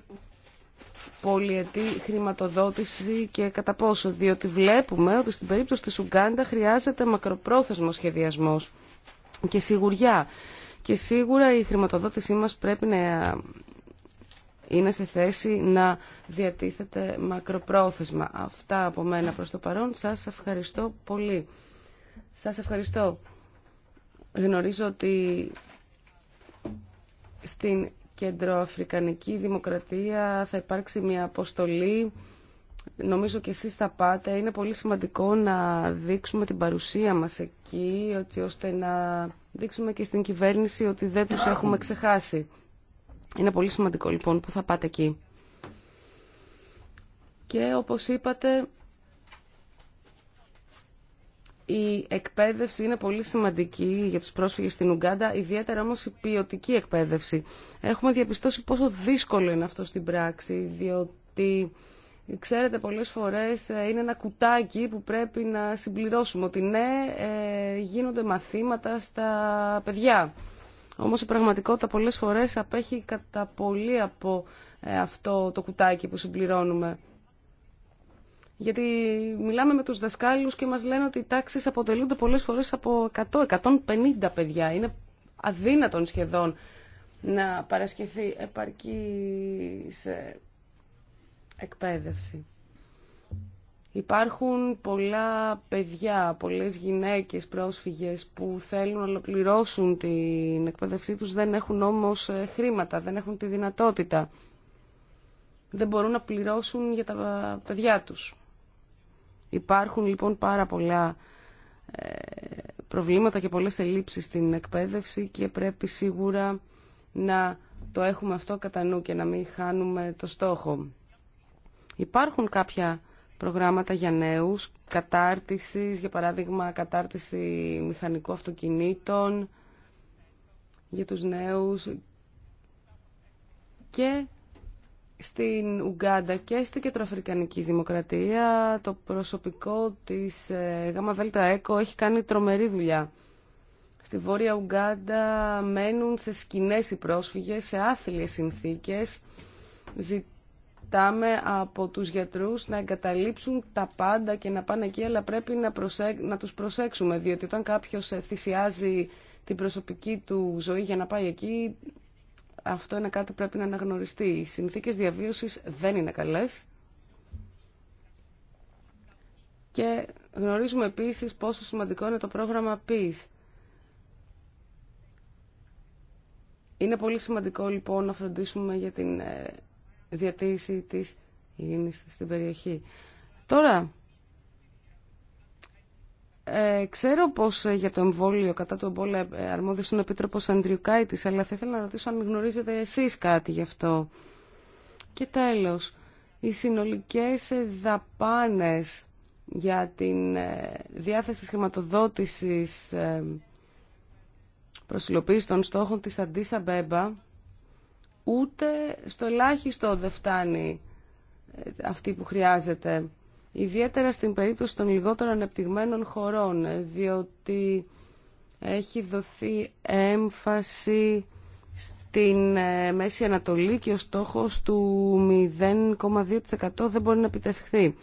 πολιετή χρηματοδότηση και κατά πόσο, διότι βλέπουμε ότι στην περίπτωση της Ουγκάντα χρειάζεται μακροπρόθεσμο σχεδιασμός και σιγουριά. Και σίγουρα η χρηματοδότησή μας πρέπει να είναι σε θέση να διατίθεται μακροπρόθεσμα. Αυτά από μένα προς το παρόν. Σας ευχαριστώ πολύ. Σας ευχαριστώ. Γνωρίζω ότι στην Κεντροαφρικανική Δημοκρατία, θα υπάρξει μια αποστολή. Νομίζω και εσείς θα πάτε. Είναι πολύ σημαντικό να δείξουμε την παρουσία μας εκεί, έτσι ώστε να δείξουμε και στην κυβέρνηση ότι δεν τους έχουμε ξεχάσει. Είναι πολύ σημαντικό λοιπόν που θα πάτε εκεί. Και όπως είπατε, η εκπαίδευση είναι πολύ σημαντική για τους πρόσφυγες στην Ουγκάντα, ιδιαίτερα όμως η ποιοτική εκπαίδευση. Έχουμε διαπιστώσει πόσο δύσκολο είναι αυτό στην πράξη, διότι ξέρετε πολλές φορές ε, είναι ένα κουτάκι που πρέπει να συμπληρώσουμε, ότι ναι ε, γίνονται μαθήματα στα παιδιά. Όμως η πραγματικότητα πολλές φορές απέχει κατά πολύ από ε, αυτό το κουτάκι που συμπληρώνουμε. Γιατί μιλάμε με τους δασκάλους και μας λένε ότι οι τάξεις αποτελούνται πολλές φορές από 100-150 παιδιά. Είναι αδύνατον σχεδόν να παρασκευθεί επαρκή εκπαίδευση. Υπάρχουν πολλά παιδιά, πολλές γυναίκες πρόσφυγες που θέλουν να ολοκληρώσουν την εκπαίδευσή τους, δεν έχουν όμως ε, χρήματα, δεν έχουν τη δυνατότητα. Δεν μπορούν να πληρώσουν για τα παιδιά τους. Υπάρχουν λοιπόν πάρα πολλά ε, προβλήματα και πολλές ελλείψεις στην εκπαίδευση και πρέπει σίγουρα να το έχουμε αυτό κατά νου και να μην χάνουμε το στόχο. Υπάρχουν κάποια προγράμματα για νέους, κατάρτισης, για παράδειγμα κατάρτιση μηχανικού αυτοκινήτων για τους νέους και στην Ουγκάντα και στην Κεντροαφρικανική Δημοκρατία το προσωπικό της ε, ΓΔ ΕΚΟ έχει κάνει τρομερή δουλειά. Στη Βόρεια Ουγγάντα μένουν σε σκηνές οι πρόσφυγες, σε άθλιες συνθήκες. Ζητάμε από τους γιατρούς να εγκαταλείψουν τα πάντα και να πάνε εκεί, αλλά πρέπει να, του να τους προσέξουμε, διότι όταν κάποιος ε, θυσιάζει την προσωπική του ζωή για να πάει εκεί, αυτό είναι κάτι που πρέπει να αναγνωριστεί. Οι συνθήκες διαβίωσης δεν είναι καλές. Και γνωρίζουμε επίσης πόσο σημαντικό είναι το πρόγραμμα PIS. Είναι πολύ σημαντικό λοιπόν να φροντίσουμε για την ε, διατήρηση της ειρήνης στην περιοχή. Τώρα, ε, ξέρω πως ε, για το εμβόλιο κατά το εμπόλα ε, αρμόδιος είναι ο Επίτροπος Αντριουκάητη, αλλά θα ήθελα να ρωτήσω αν γνωρίζετε εσεί κάτι γι' αυτό. Και τέλος, οι συνολικές δαπάνε για την διάθεση χρηματοδότησης προσυλλοποίηση των στόχων της Αντίσα Μπέμπα, ούτε στο ελάχιστο δεν φτάνει αυτή που χρειάζεται ιδιαίτερα στην περίπτωση των λιγότερων ανεπτυγμένων χωρών, διότι έχει δοθεί έμφαση στην ε, Μέση Ανατολή και ο στόχος του 0,2% δεν μπορεί να επιτευχθεί.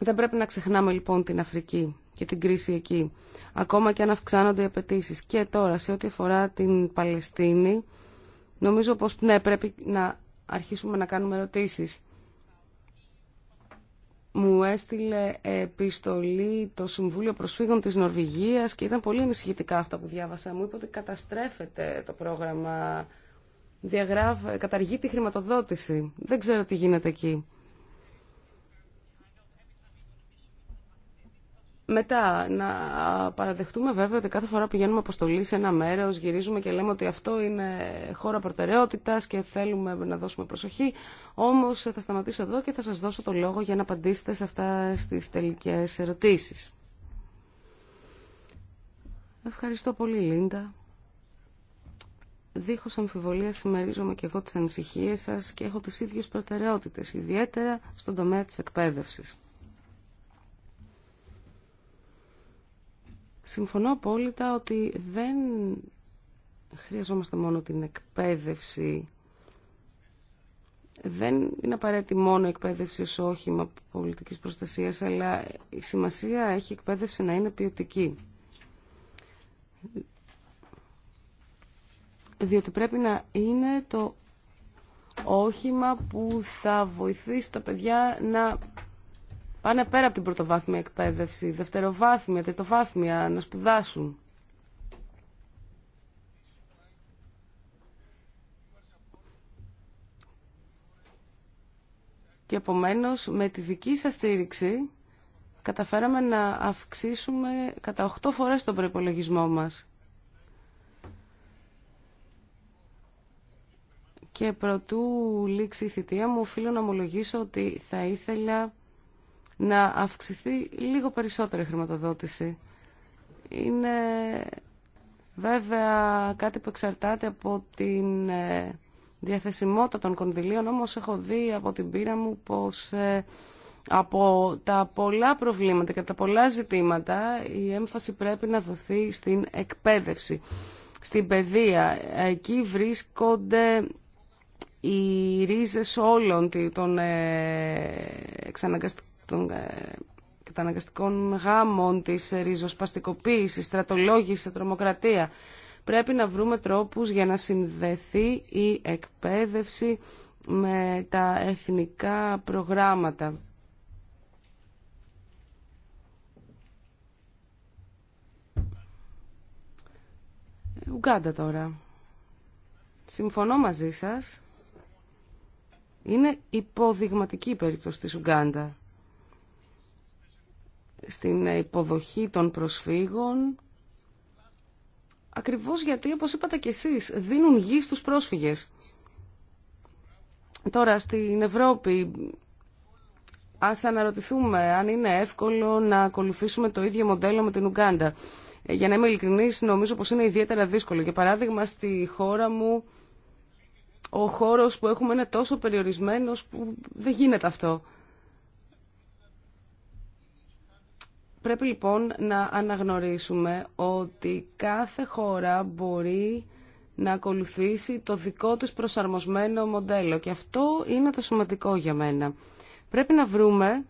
Δεν πρέπει να ξεχνάμε λοιπόν την Αφρική και την κρίση εκεί, ακόμα και αν αυξάνονται οι απαιτήσει. Και τώρα, σε ό,τι αφορά την Παλαιστίνη, νομίζω πως ναι, πρέπει να αρχίσουμε να κάνουμε ερωτήσεις μου έστειλε επιστολή το Συμβούλιο Προσφύγων της Νορβηγίας και ήταν πολύ ενισχυτικά αυτά που διάβασα. Μου είπε ότι καταστρέφεται το πρόγραμμα, καταργεί τη χρηματοδότηση. Δεν ξέρω τι γίνεται εκεί. Μετά, να παραδεχτούμε βέβαια ότι κάθε φορά πηγαίνουμε αποστολή σε ένα μέρο γυρίζουμε και λέμε ότι αυτό είναι χώρα προτεραιότητας και θέλουμε να δώσουμε προσοχή. Όμως θα σταματήσω εδώ και θα σας δώσω το λόγο για να απαντήσετε σε αυτά στις τελικές ερωτήσεις. Ευχαριστώ πολύ Λίντα. Δίχως αμφιβολία συμμερίζομαι και εγώ τις ανησυχίες σας και έχω τις ίδιες προτεραιότητες, ιδιαίτερα στον τομέα της εκπαίδευσης. Συμφωνώ απόλυτα ότι δεν χρειαζόμαστε μόνο την εκπαίδευση. Δεν είναι απαραίτητη μόνο η εκπαίδευση ως όχημα πολιτικής προστασίας, αλλά η σημασία έχει η εκπαίδευση να είναι ποιοτική. Διότι πρέπει να είναι το όχημα που θα βοηθήσει τα παιδιά να πάνε πέρα από την πρωτοβάθμια εκπαίδευση, δευτεροβάθμια, τριτοβάθμια, να σπουδάσουν. Και επομένω, με τη δική σας στήριξη καταφέραμε να αυξήσουμε κατά 8 φορές τον προϋπολογισμό μας. Και προτού λήξει η θητεία μου, οφείλω να ομολογήσω ότι θα ήθελα να αυξηθεί λίγο περισσότερη χρηματοδότηση. Είναι βέβαια κάτι που εξαρτάται από την ε, διαθεσιμότητα των κονδυλίων, όμως έχω δει από την πείρα μου πως ε, από τα πολλά προβλήματα και από τα πολλά ζητήματα η έμφαση πρέπει να δοθεί στην εκπαίδευση, στην παιδεία. Εκεί βρίσκονται οι ρίζες όλων των ε, εξαναγκαστικών των ε, καταναγκαστικών γάμων, της ε, ριζοσπαστικοποίησης, στρατολόγηση, τρομοκρατία. Πρέπει να βρούμε τρόπους για να συνδεθεί η εκπαίδευση με τα εθνικά προγράμματα. Ουγκάντα τώρα. Συμφωνώ μαζί σας. Είναι υποδειγματική η περίπτωση της Ουγκάντα στην υποδοχή των προσφύγων, ακριβώς γιατί, όπως είπατε και εσείς, δίνουν γη στους πρόσφυγες. Τώρα, στην Ευρώπη, ας αναρωτηθούμε αν είναι εύκολο να ακολουθήσουμε το ίδιο μοντέλο με την Ουγκάντα. Ε, για να είμαι ειλικρινής, νομίζω πως είναι ιδιαίτερα δύσκολο. Για παράδειγμα, στη χώρα μου, ο χώρος που έχουμε είναι τόσο περιορισμένος που δεν γίνεται αυτό. Πρέπει λοιπόν να αναγνωρίσουμε ότι κάθε χώρα μπορεί να ακολουθήσει το δικό της προσαρμοσμένο μοντέλο και αυτό είναι το σημαντικό για μένα. Πρέπει να βρούμε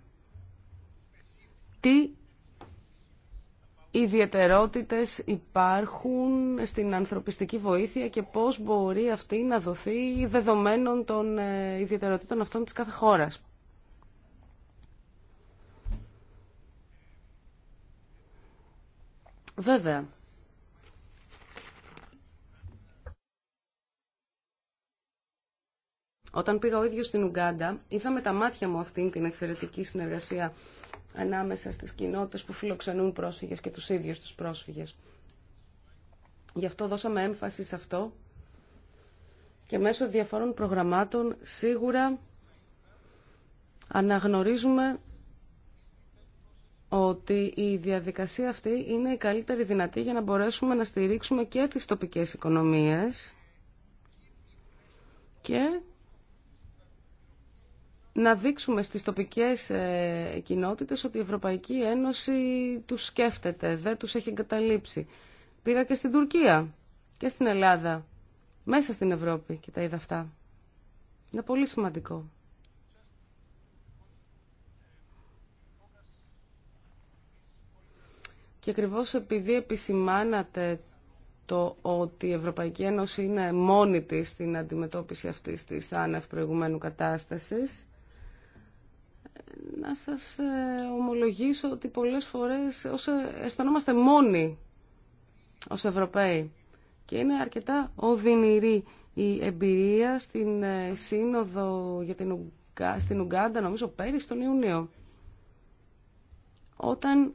τι ιδιαιτερότητες υπάρχουν στην ανθρωπιστική βοήθεια και πώς μπορεί αυτή να δοθεί δεδομένων των ε, ιδιαιτερότητων αυτών της κάθε χώρας. Βέβαια. Όταν πήγα ο ίδιος στην Ουγκάντα, είδα με τα μάτια μου αυτήν την εξαιρετική συνεργασία ανάμεσα στις κοινότητες που φιλοξενούν πρόσφυγες και τους ίδιους τους πρόσφυγες. Γι' αυτό δώσαμε έμφαση σε αυτό και μέσω διαφόρων προγραμμάτων σίγουρα αναγνωρίζουμε ότι η διαδικασία αυτή είναι η καλύτερη δυνατή για να μπορέσουμε να στηρίξουμε και τις τοπικές οικονομίες και να δείξουμε στις τοπικές ε, κοινότητες ότι η Ευρωπαϊκή Ένωση τους σκέφτεται, δεν τους έχει εγκαταλείψει. Πήγα και στην Τουρκία και στην Ελλάδα, μέσα στην Ευρώπη και τα είδα αυτά. Είναι πολύ σημαντικό. Και ακριβώ επειδή επισημάνατε το ότι η Ευρωπαϊκή Ένωση είναι μόνη της στην αντιμετώπιση αυτής της άνευ προηγουμένου κατάστασης, να σας ε, ομολογήσω ότι πολλές φορές αισθανόμαστε μόνοι ως Ευρωπαίοι και είναι αρκετά οδυνηρή η εμπειρία στην ε, σύνοδο για την στην Ουγγάντα, νομίζω πέρυσι τον Ιούνιο, όταν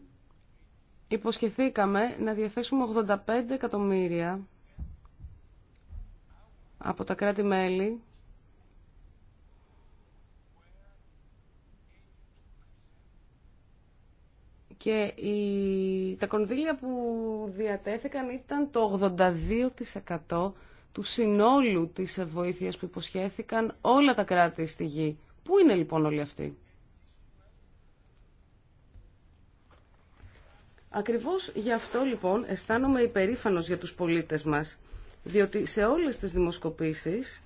υποσχεθήκαμε να διαθέσουμε 85 εκατομμύρια από τα κράτη-μέλη και η... τα κονδύλια που διατέθηκαν ήταν το 82% του συνόλου της βοήθειας που υποσχέθηκαν όλα τα κράτη στη γη. Πού είναι λοιπόν όλοι αυτοί. Ακριβώς γι' αυτό λοιπόν αισθάνομαι υπερήφανος για τους πολίτες μας, διότι σε όλες τις δημοσκοπήσεις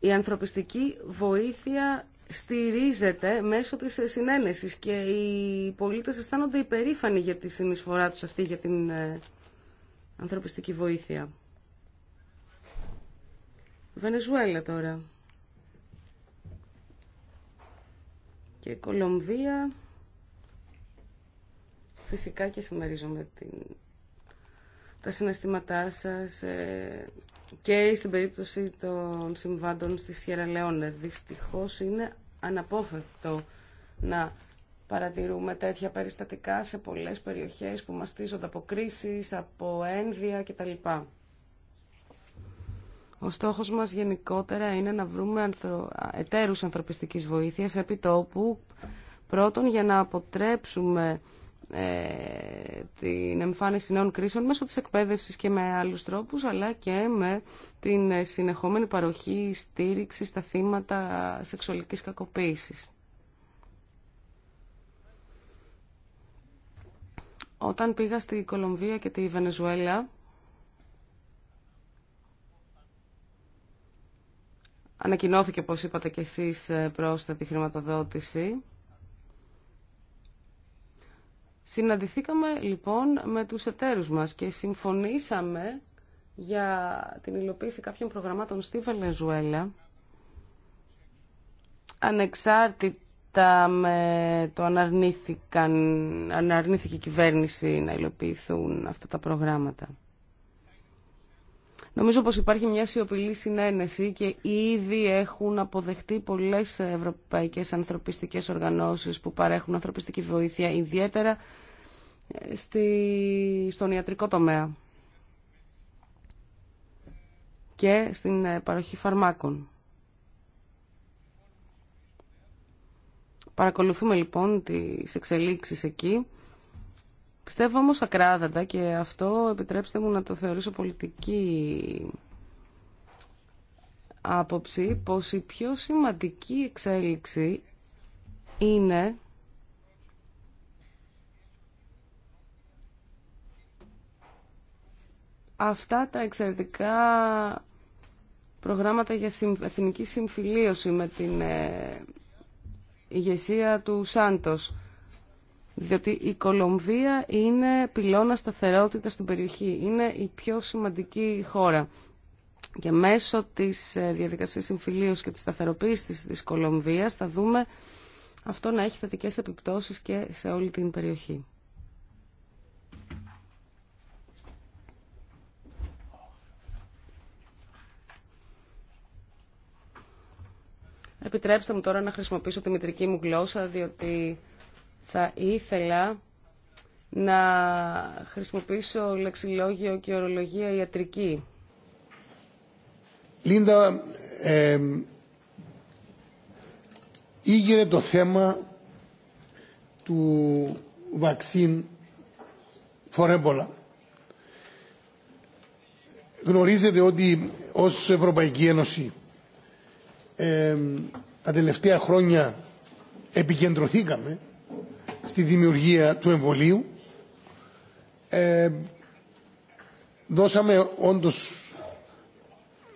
η ανθρωπιστική βοήθεια στηρίζεται μέσω της συνένεσης και οι πολίτες αισθάνονται υπερήφανοι για τη συνεισφορά τους αυτή για την ε, ανθρωπιστική βοήθεια. Βενεζουέλα τώρα. και Κολομβία. Φυσικά και συμμερίζομαι την... τα συναισθήματά σας ε, και στην περίπτωση των συμβάντων στη Σιέρα Λεόνε. Δυστυχώς είναι αναπόφευκτο να παρατηρούμε τέτοια περιστατικά σε πολλές περιοχές που μαστίζονται από κρίσεις, από ένδια κτλ. Ο στόχος μας γενικότερα είναι να βρούμε ανθρω... εταίρους ανθρωπιστικής βοήθειας επί τόπου, πρώτον για να αποτρέψουμε ε, την εμφάνιση νέων κρίσεων μέσω της εκπαίδευσης και με άλλους τρόπους, αλλά και με την συνεχόμενη παροχή στήριξη στα θύματα σεξουαλικής κακοποίησης. Όταν πήγα στη Κολομβία και τη Βενεζουέλα, Ανακοινώθηκε, όπως είπατε και εσείς, ε, πρόσθετη χρηματοδότηση. Συναντηθήκαμε λοιπόν με τους εταίρους μας και συμφωνήσαμε για την υλοποίηση κάποιων προγραμμάτων στη Βελεζουέλα ανεξάρτητα με το αν, αρνήθηκε η κυβέρνηση να υλοποιηθούν αυτά τα προγράμματα. Νομίζω πως υπάρχει μια σιωπηλή συνένεση και ήδη έχουν αποδεχτεί πολλές ευρωπαϊκές ανθρωπιστικές οργανώσεις που παρέχουν ανθρωπιστική βοήθεια, ιδιαίτερα ε, στη... στον ιατρικό τομέα και στην ε, παροχή φαρμάκων. Παρακολουθούμε λοιπόν τις εξελίξεις εκεί Πιστεύω όμως ακράδαντα και αυτό επιτρέψτε μου να το θεωρήσω πολιτική άποψη πως η πιο σημαντική εξέλιξη είναι αυτά τα εξαιρετικά προγράμματα για εθνική συμφιλίωση με την ε, ηγεσία του Σάντος διότι η Κολομβία είναι πυλώνα σταθερότητα στην περιοχή. Είναι η πιο σημαντική χώρα. Και μέσω της ε, διαδικασίας συμφιλίωσης και της σταθεροποίησης της Κολομβίας θα δούμε αυτό να έχει θετικές επιπτώσεις και σε όλη την περιοχή. Επιτρέψτε μου τώρα να χρησιμοποιήσω τη μητρική μου γλώσσα, διότι θα ήθελα να χρησιμοποιήσω λεξιλόγιο και ορολογία ιατρική. Λίντα, ε, το θέμα του βαξίν φορέμπολα. Γνωρίζετε ότι ως Ευρωπαϊκή Ένωση τα τελευταία χρόνια επικεντρωθήκαμε στη δημιουργία του εμβολίου. Ε, δώσαμε όντως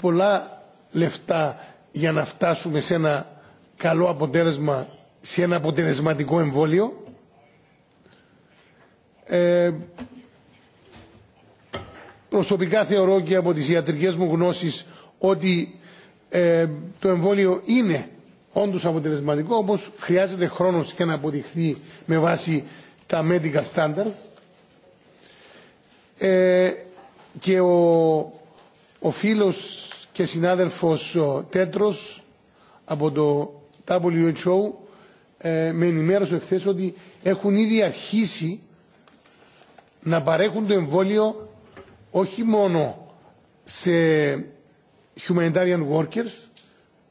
πολλά λεφτά για να φτάσουμε σε ένα καλό αποτέλεσμα, σε ένα αποτελεσματικό εμβόλιο. Ε, προσωπικά θεωρώ και από τις ιατρικές μου γνώσεις ότι ε, το εμβόλιο είναι Όντω αποτελεσματικό, όπως χρειάζεται χρόνο και να αποδειχθεί με βάση τα medical standards. Ε, και ο, ο φίλος και συνάδελφος ο Τέτρος από το WHO ε, με ενημέρωσε εχθές ότι έχουν ήδη αρχίσει να παρέχουν το εμβόλιο όχι μόνο σε humanitarian workers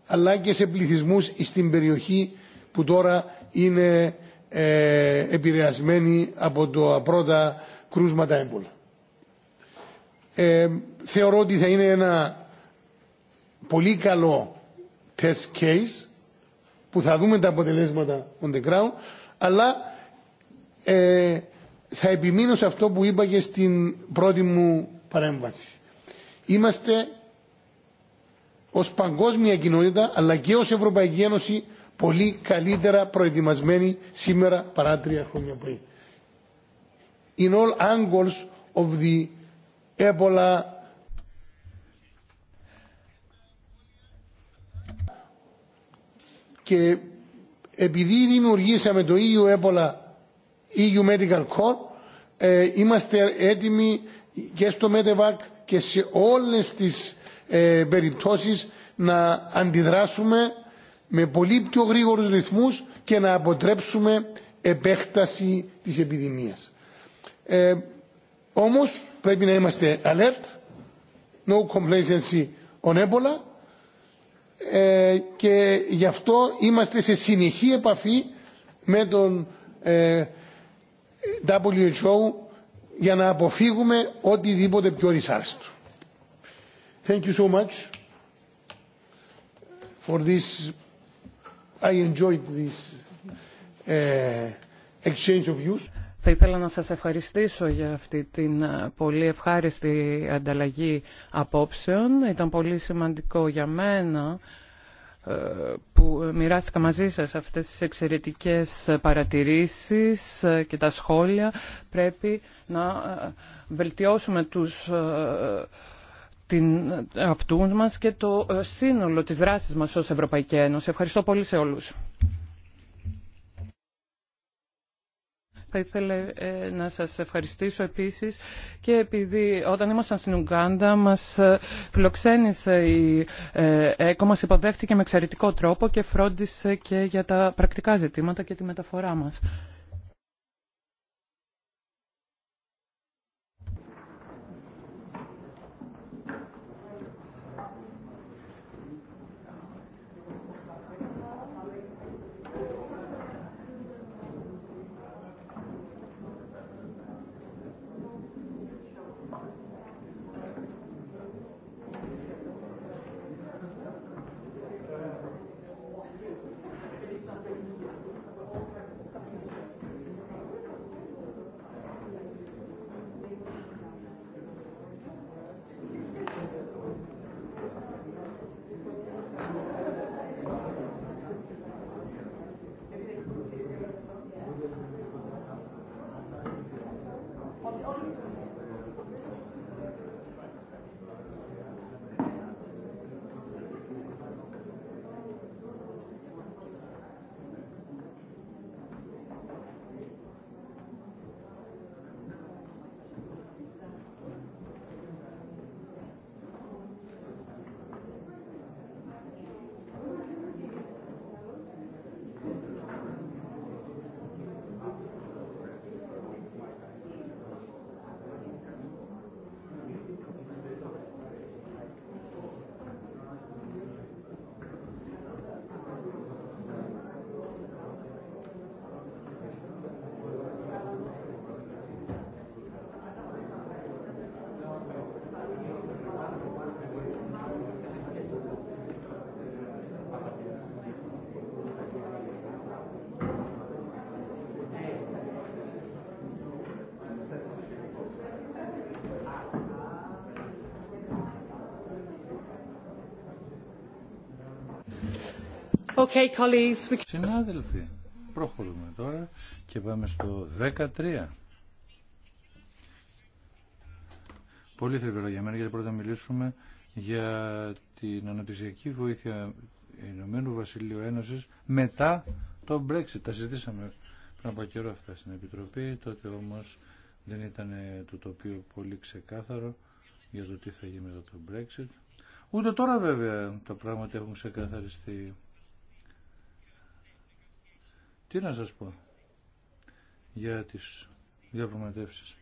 αλλά και σε πληθυσμούς στην περιοχή που τώρα είναι ε, επηρεασμένοι από τα πρώτα κρούσματα έμπολα. Ε, θεωρώ ότι θα είναι ένα πολύ καλό test case που θα δούμε τα αποτελέσματα on the ground αλλά ε, θα επιμείνω σε αυτό που είπα και στην πρώτη μου παρέμβαση. Είμαστε ως παγκόσμια κοινότητα αλλά και ως Ευρωπαϊκή Ένωση πολύ καλύτερα προετοιμασμένη σήμερα παρά τρία χρόνια πριν. In all angles of the Ebola και επειδή δημιουργήσαμε το EU Ebola EU Medical Corps ε, είμαστε έτοιμοι και στο ΜΕΤΕΒΑΚ και σε όλες τις ε, περιπτώσεις να αντιδράσουμε με πολύ πιο γρήγορους ρυθμούς και να αποτρέψουμε επέκταση της επιδημίας. Ε, όμως πρέπει να είμαστε alert, no complacency on Ebola ε, και γι' αυτό είμαστε σε συνεχή επαφή με τον ε, WHO για να αποφύγουμε οτιδήποτε πιο δυσάρεστο. Thank you so much uh, Θα ήθελα να σας ευχαριστήσω για αυτή την ε, πολύ ευχάριστη ανταλλαγή απόψεων. Ήταν πολύ σημαντικό για μένα ε, που μοιράστηκα μαζί σας αυτές τις εξαιρετικές παρατηρήσεις ε, και τα σχόλια. Πρέπει να βελτιώσουμε τους την, αυτού μας και το ε, σύνολο της δράσης μας ως Ευρωπαϊκή Ένωση. Ευχαριστώ πολύ σε όλους. Θα ήθελα ε, να σας ευχαριστήσω επίσης και επειδή όταν ήμασταν στην Ουγγάντα μας ε, φιλοξένησε η ΕΚΟ, μας υποδέχτηκε με εξαιρετικό τρόπο και φρόντισε και για τα πρακτικά ζητήματα και τη μεταφορά μας. Συνάδελφοι, προχωρούμε τώρα και πάμε στο 13. Πολύ θρυβερό για μένα γιατί πρώτα μιλήσουμε για την αναπτυξιακή βοήθεια Ηνωμένου Βασιλείου Ένωση μετά το Brexit. Τα συζητήσαμε πριν από καιρό αυτά στην Επιτροπή, τότε όμω δεν ήταν το τοπίο πολύ ξεκάθαρο για το τι θα γίνει μετά το Brexit. Ούτε τώρα βέβαια τα πράγματα έχουν ξεκαθαριστεί. Τι να σας πω για τις διαπραγματεύσεις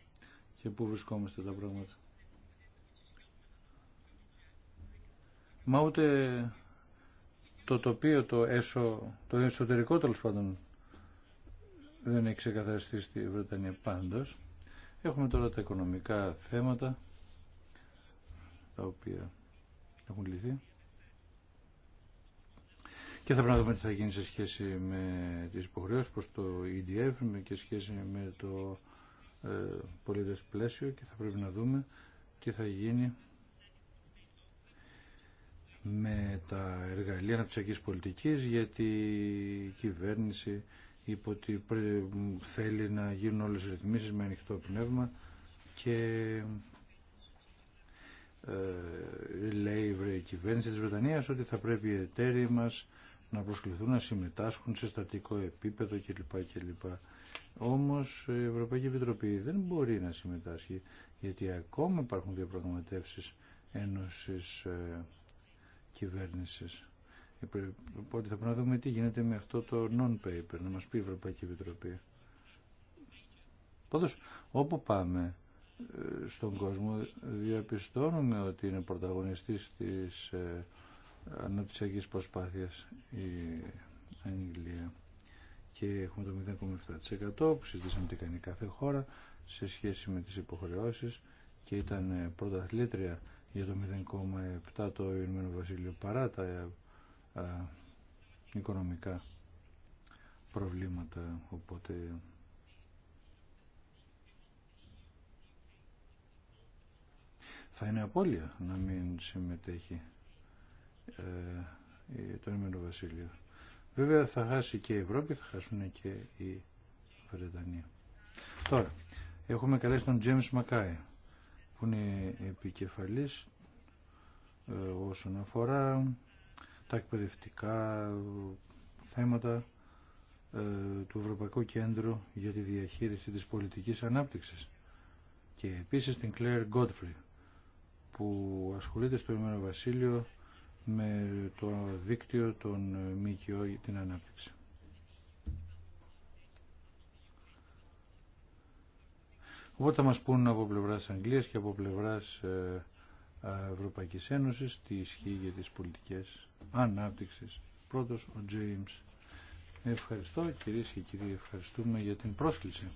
και πού βρισκόμαστε τα πράγματα. Μα ούτε το τοπίο, το, έσω, το εσωτερικό τέλο πάντων δεν έχει ξεκαθαριστεί στη Βρετανία πάντως. Έχουμε τώρα τα οικονομικά θέματα τα οποία έχουν λυθεί. Και θα πρέπει να δούμε τι θα γίνει σε σχέση με τις υποχρεώσεις προς το EDF και σχέση με το ε, πλαίσιο και θα πρέπει να δούμε τι θα γίνει με τα εργαλεία αναπτυξιακής πολιτικής γιατί η κυβέρνηση είπε ότι θέλει να γίνουν όλες οι ρυθμίσεις με ανοιχτό πνεύμα και ε, λέει η κυβέρνηση της Βρετανίας ότι θα πρέπει οι εταίροι μας να προσκληθούν να συμμετάσχουν σε στατικό επίπεδο κλπ. κλπ. Όμως η Ευρωπαϊκή Επιτροπή δεν μπορεί να συμμετάσχει γιατί ακόμα υπάρχουν διαπραγματεύσεις ένωσης ε, κυβέρνησης. Οπότε θα πρέπει να δούμε τι γίνεται με αυτό το non-paper, να μας πει η Ευρωπαϊκή Επιτροπή. Πάντως, όπου πάμε ε, στον κόσμο διαπιστώνουμε ότι είναι πρωταγωνιστής της ε, ανάπτυξης προσπάθειας η Αγγλία και έχουμε το 0,7% που συζητήσαμε τι κάνει κάθε χώρα σε σχέση με τις υποχρεώσεις και ήταν πρωταθλήτρια για το 0,7% το Ηνωμένο Βασίλειο παρά τα οικονομικά προβλήματα οπότε θα είναι απώλεια να μην συμμετέχει ε, ε, το Ηνωμένο Βασίλειο. Βέβαια θα χάσει και η Ευρώπη, θα χάσουν και η Βρετανία. Τώρα, έχουμε καλέσει τον James Μακάι, που είναι επικεφαλής ε, όσον αφορά τα εκπαιδευτικά θέματα του Ευρωπαϊκού Κέντρου για τη διαχείριση της πολιτικής ανάπτυξης και επίσης την Κλέρ Godfrey που ασχολείται στο Ηνωμένο Βασίλειο με το δίκτυο των ΜΚΟ για την ανάπτυξη. Οπότε θα μας πούν από πλευράς Αγγλίας και από πλευράς ε, Ευρωπαϊκής Ένωσης τι ισχύει για τις πολιτικές ανάπτυξης. Πρώτος ο Τζέιμς Ευχαριστώ κυρίες και κύριοι, ευχαριστούμε για την πρόσκληση.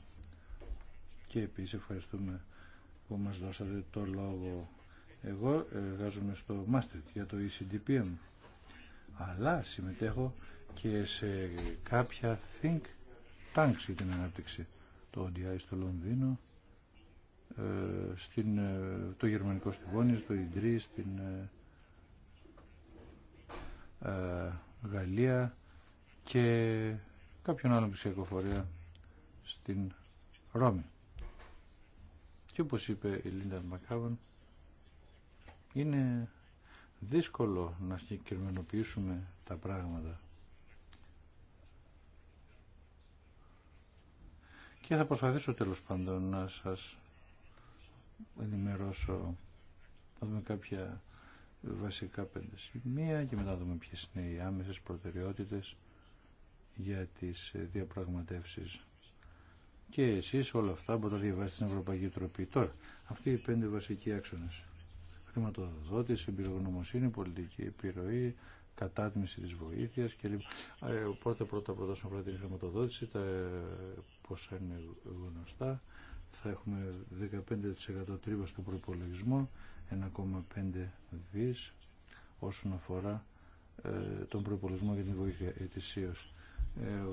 Και επίσης ευχαριστούμε που μας δώσατε το λόγο εγώ εργάζομαι στο Μάστριτ για το ECDPM, αλλά συμμετέχω και σε κάποια think tanks για την ανάπτυξη. Το ODI στο Λονδίνο, ε, στην, ε, το γερμανικό στη Βόνη, το Ιντρί, στην ε, ε, Γαλλία και κάποιον άλλον ψηφιακό στην Ρώμη. Και όπως είπε η Λίντα Μακάβαν, είναι δύσκολο να συγκεκριμενοποιήσουμε τα πράγματα. Και θα προσπαθήσω τέλος πάντων να σας ενημερώσω, να δούμε κάποια βασικά πέντε σημεία και μετά δούμε ποιες είναι οι άμεσες προτεραιότητες για τις διαπραγματεύσεις. Και εσείς όλα αυτά μπορείτε να διαβάσετε στην Ευρωπαϊκή Τροπή. Τώρα, αυτοί οι πέντε βασικοί άξονες χρηματοδότηση, εμπειρογνωμοσύνη, πολιτική επιρροή, κατάτμιση της βοήθειας και ε, οπότε πρώτα πρώτα όσον αφορά την χρηματοδότηση τα πόσα είναι γνωστά θα έχουμε 15% τρίβα στον προπολογισμό 1,5 δις όσον αφορά ε, τον προπολογισμό για την βοήθεια ετησίως ε,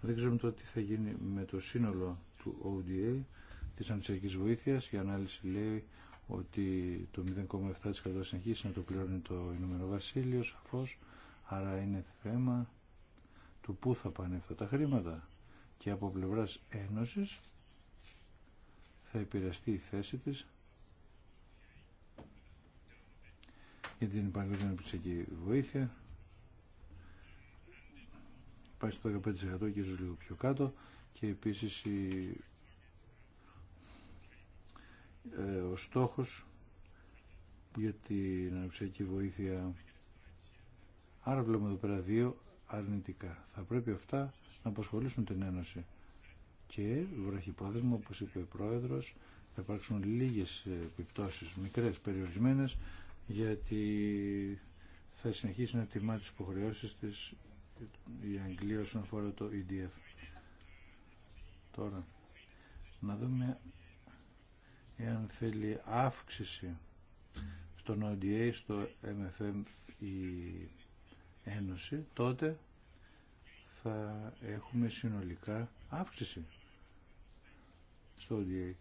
δεν ξέρουμε τώρα τι θα γίνει με το σύνολο του ODA της αντισιακής βοήθειας η ανάλυση λέει ότι το 0,7% συνεχίσει να το πληρώνει το Ηνωμένο Βασίλειο σαφώς, άρα είναι θέμα του πού θα πάνε αυτά τα χρήματα και από πλευράς Ένωσης θα επηρεαστεί η θέση της για την παγκόσμια ψυχική βοήθεια πάει στο 15% και ίσω λίγο πιο κάτω και επίσης η ε, ο στόχος για την αναψυχιακή βοήθεια. Άρα βλέπουμε εδώ πέρα δύο αρνητικά. Θα πρέπει αυτά να απασχολήσουν την Ένωση. Και βραχυπρόθεσμα, όπως είπε ο Πρόεδρος, θα υπάρξουν λίγες επιπτώσεις, μικρές, περιορισμένες, γιατί θα συνεχίσει να τιμά τις υποχρεώσεις της η Αγγλία όσον αφορά το EDF. Τώρα, να δούμε εάν θέλει αύξηση στον ODA, στο MFM η Ένωση, τότε θα έχουμε συνολικά αύξηση στο ODA.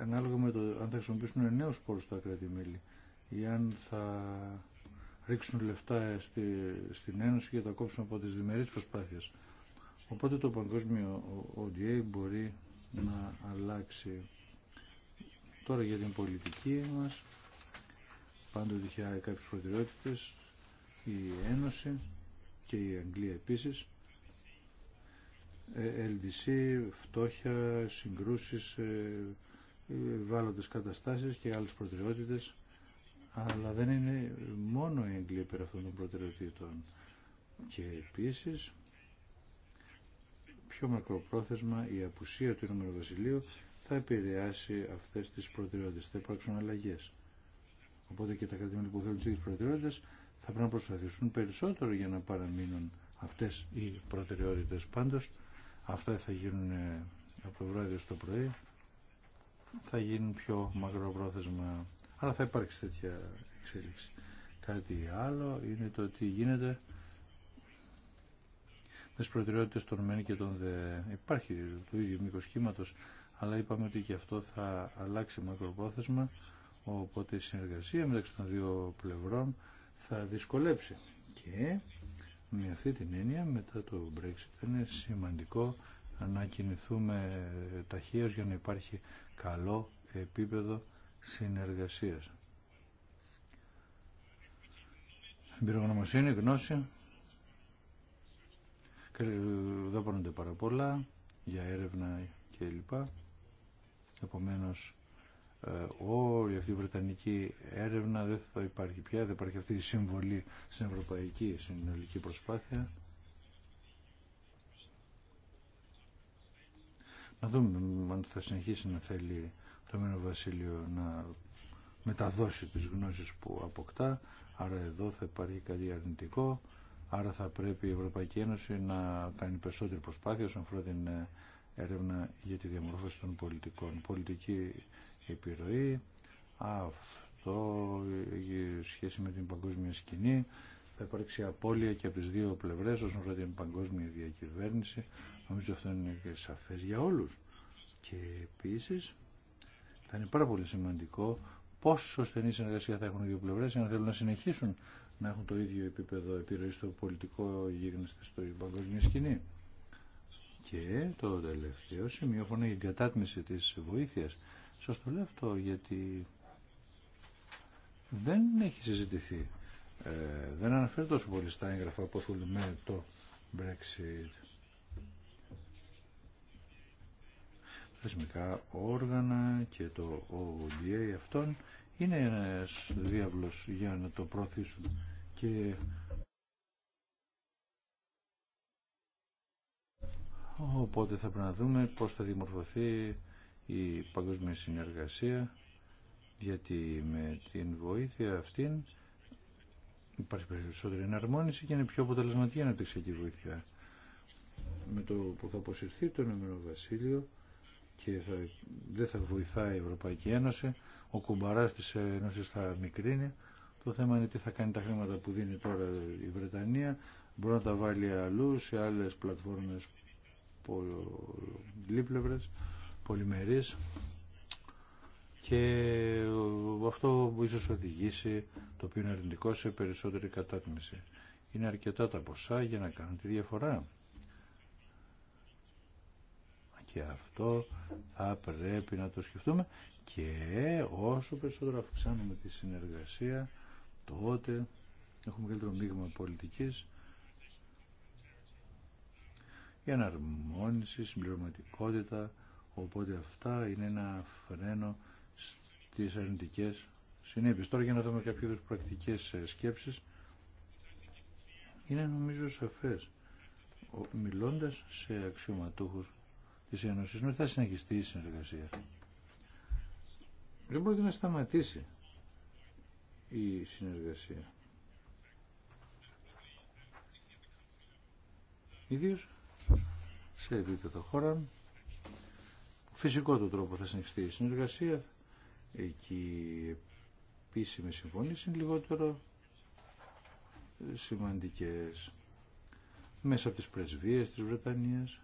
Ανάλογα με το αν θα χρησιμοποιήσουν νέους πόρους τα κράτη-μέλη ή αν θα ρίξουν λεφτά στη, στην Ένωση για τα κόψουν από τις διμερείς προσπάθειες. Οπότε το παγκόσμιο ODA μπορεί να αλλάξει Τώρα για την πολιτική μας, πάντοτε είχε κάποιες προτεραιότητες, η Ένωση και η Αγγλία επίσης. Ε, LDC, φτώχεια, συγκρούσεις, βάλλοντες ε, καταστάσεις και άλλες προτεραιότητες. Αλλά δεν είναι μόνο η Αγγλία πέρα αυτών των προτεραιοτήτων. Και επίσης, πιο μακροπρόθεσμα η απουσία του Ηνωμένου Βασιλείου θα επηρεάσει αυτέ τι προτεραιότητε, θα υπάρξουν αλλαγέ. Οπότε και τα κρατημέρια που θέλουν ίδιε προτεραιότητες θα πρέπει να προσπαθήσουν περισσότερο για να παραμείνουν αυτέ οι προτεραιότητες. πάντω. αυτά θα γίνουν ε, από το βράδυ στο πρωί, θα γίνουν πιο μακροπρόθεσμα, αλλά θα υπάρξει τέτοια εξέλιξη. Κάτι άλλο είναι το τι γίνεται με τι προτεραιότητε των ΜΕΝ και των ΔΕ. Υπάρχει το ίδιο μήκο κύματο αλλά είπαμε ότι και αυτό θα αλλάξει μακροπρόθεσμα, οπότε η συνεργασία μεταξύ των δύο πλευρών θα δυσκολέψει. Και με αυτή την έννοια μετά το Brexit είναι σημαντικό να κινηθούμε ταχύως για να υπάρχει καλό επίπεδο συνεργασίας. Εμπειρογνωμοσύνη, γνώση, δαπανούνται πάρα πολλά για έρευνα και κλπ. Επομένως ε, όλη αυτή η βρετανική έρευνα δεν θα υπάρχει πια, δεν υπάρχει αυτή η συμβολή στην ευρωπαϊκή συνολική προσπάθεια. Να δούμε αν θα συνεχίσει να θέλει το Μένο Βασίλειο να μεταδώσει τις γνώσεις που αποκτά, άρα εδώ θα υπάρχει κάτι αρνητικό, άρα θα πρέπει η Ευρωπαϊκή Ένωση να κάνει περισσότερη προσπάθεια όσον αφορά την ε, έρευνα για τη διαμορφώση των πολιτικών. Πολιτική επιρροή, αυτό σχέση με την παγκόσμια σκηνή, θα υπάρξει απώλεια και από τις δύο πλευρές όσον αφορά την παγκόσμια διακυβέρνηση. Νομίζω αυτό είναι και σαφές για όλους. Και επίσης θα είναι πάρα πολύ σημαντικό πόσο στενή συνεργασία θα έχουν οι δύο πλευρές αν θέλουν να συνεχίσουν να έχουν το ίδιο επίπεδο επιρροή στο πολιτικό γίγνεσθε στο παγκόσμιο σκηνή. Και το τελευταίο σημείο που είναι η εγκατάτμιση της βοήθειας. Σας το λέω αυτό γιατί δεν έχει συζητηθεί. Ε, δεν αναφέρει τόσο πολύ στα έγγραφα που ασχολούν με το Brexit. Θεσμικά όργανα και το ODA αυτών είναι ένας διάβλος για να το προωθήσουν και Οπότε θα πρέπει να δούμε πώς θα δημορφωθεί η παγκόσμια συνεργασία γιατί με την βοήθεια αυτήν υπάρχει περισσότερη εναρμόνιση και είναι πιο αποτελεσματική η αναπτυξιακή βοήθεια. Με το που θα αποσυρθεί το Ηνωμένο Βασίλειο και θα, δεν θα βοηθάει η Ευρωπαϊκή Ένωση, ο κουμπαράς της Ένωσης θα μικρύνει. Το θέμα είναι τι θα κάνει τα χρήματα που δίνει τώρα η Βρετανία, μπορεί να τα βάλει αλλού σε άλλες πλατφόρμες πολύπλευρες, πολυμερείς και αυτό που ίσως οδηγήσει το οποίο είναι αρνητικό σε περισσότερη κατάτμιση. Είναι αρκετά τα ποσά για να κάνουν τη διαφορά. Και αυτό θα πρέπει να το σκεφτούμε και όσο περισσότερο αυξάνουμε τη συνεργασία τότε έχουμε καλύτερο μείγμα πολιτικής η αναρμόνιση, η συμπληρωματικότητα, οπότε αυτά είναι ένα φρένο στις αρνητικές συνέπειες. Τώρα για να δούμε κάποιες πρακτικέ πρακτικές ε, σκέψεις, είναι νομίζω σαφές, μιλώντας σε αξιωματούχους της Ένωσης, θα συνεχιστεί η συνεργασία. Δεν μπορεί να σταματήσει η συνεργασία. Ιδίως σε επίπεδο χώρα. Φυσικό του τρόπο θα συνεχιστεί η συνεργασία. Εκεί οι επίσημε συμφωνίε είναι λιγότερο σημαντικές μέσα από τις πρεσβείες της Βρετανίας.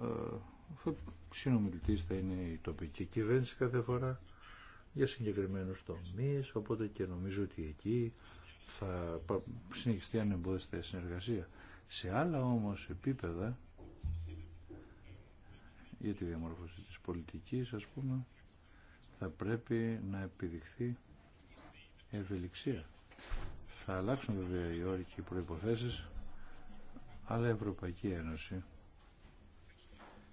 Ε, ο συνομιλητής θα είναι η τοπική κυβέρνηση κάθε φορά για συγκεκριμένους τομείς, οπότε και νομίζω ότι εκεί θα συνεχιστεί ανεμπόδιστα η συνεργασία. Σε άλλα όμως επίπεδα για τη διαμόρφωση της πολιτικής ας πούμε θα πρέπει να επιδειχθεί ευελιξία. Θα αλλάξουν βέβαια οι όροι και προϋποθέσεις αλλά η Ευρωπαϊκή Ένωση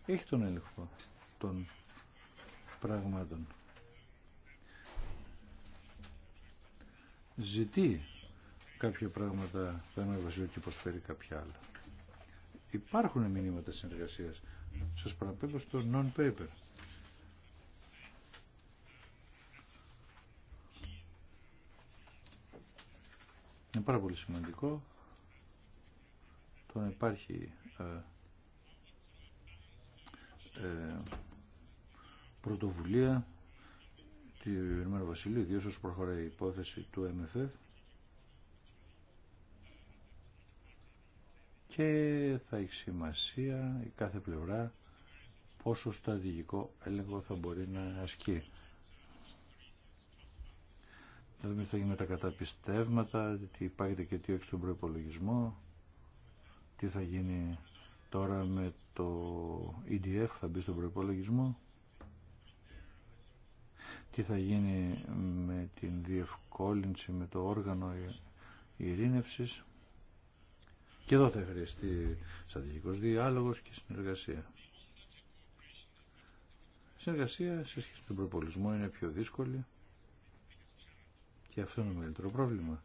έχει τον έλεγχο των πραγμάτων. Ζητεί κάποια πράγματα θα ένα βασίλειο και προσφέρει κάποια άλλα. Υπάρχουν μηνύματα συνεργασία. Σα παραπέμπω στο non-paper. Είναι πάρα πολύ σημαντικό το να υπάρχει ε, ε, πρωτοβουλία του Ηνωμένου Βασιλείου, ιδίω όσο προχωράει η υπόθεση του MFF, και θα έχει σημασία η κάθε πλευρά πόσο στρατηγικό έλεγχο θα μπορεί να ασκεί. Θα δούμε τι θα γίνει με τα καταπιστεύματα, τι υπάρχει και τι έχει στον προπολογισμό, τι θα γίνει τώρα με το EDF θα μπει στον προπολογισμό, τι θα γίνει με την διευκόλυνση, με το όργανο ειρήνευσης. Και εδώ θα χρειαστεί στρατηγικό διάλογο και συνεργασία. συνεργασία σε σχέση με τον προπολισμό είναι πιο δύσκολη και αυτό είναι το μεγαλύτερο πρόβλημα.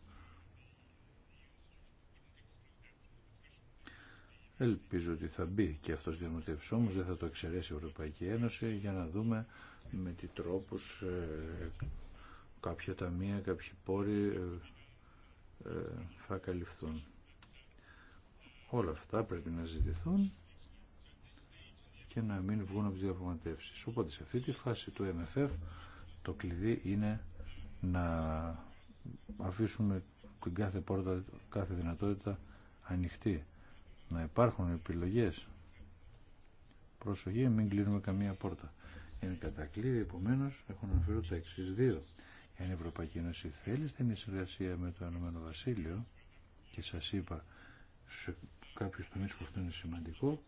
Ελπίζω ότι θα μπει και αυτός διαμορφεύσει όμως, δεν θα το εξαιρέσει η Ευρωπαϊκή Ένωση για να δούμε με τι τρόπους ε, κάποια ταμεία, κάποιοι πόροι ε, ε, θα καλυφθούν. Όλα αυτά πρέπει να ζητηθούν και να μην βγουν από τις διαπραγματεύσεις. Οπότε σε αυτή τη φάση του MFF το κλειδί είναι να αφήσουμε την κάθε πόρτα, κάθε δυνατότητα ανοιχτή. Να υπάρχουν επιλογές. Προσοχή, μην κλείνουμε καμία πόρτα. Είναι κατακλείδη, επομένω έχω αναφέρω τα εξή δύο. Εάν η Ευρωπαϊκή Ένωση θέλει στην συνεργασία με το Ηνωμένο Βασίλειο, και σας είπα κάποιους τομείς που αυτό είναι σημαντικό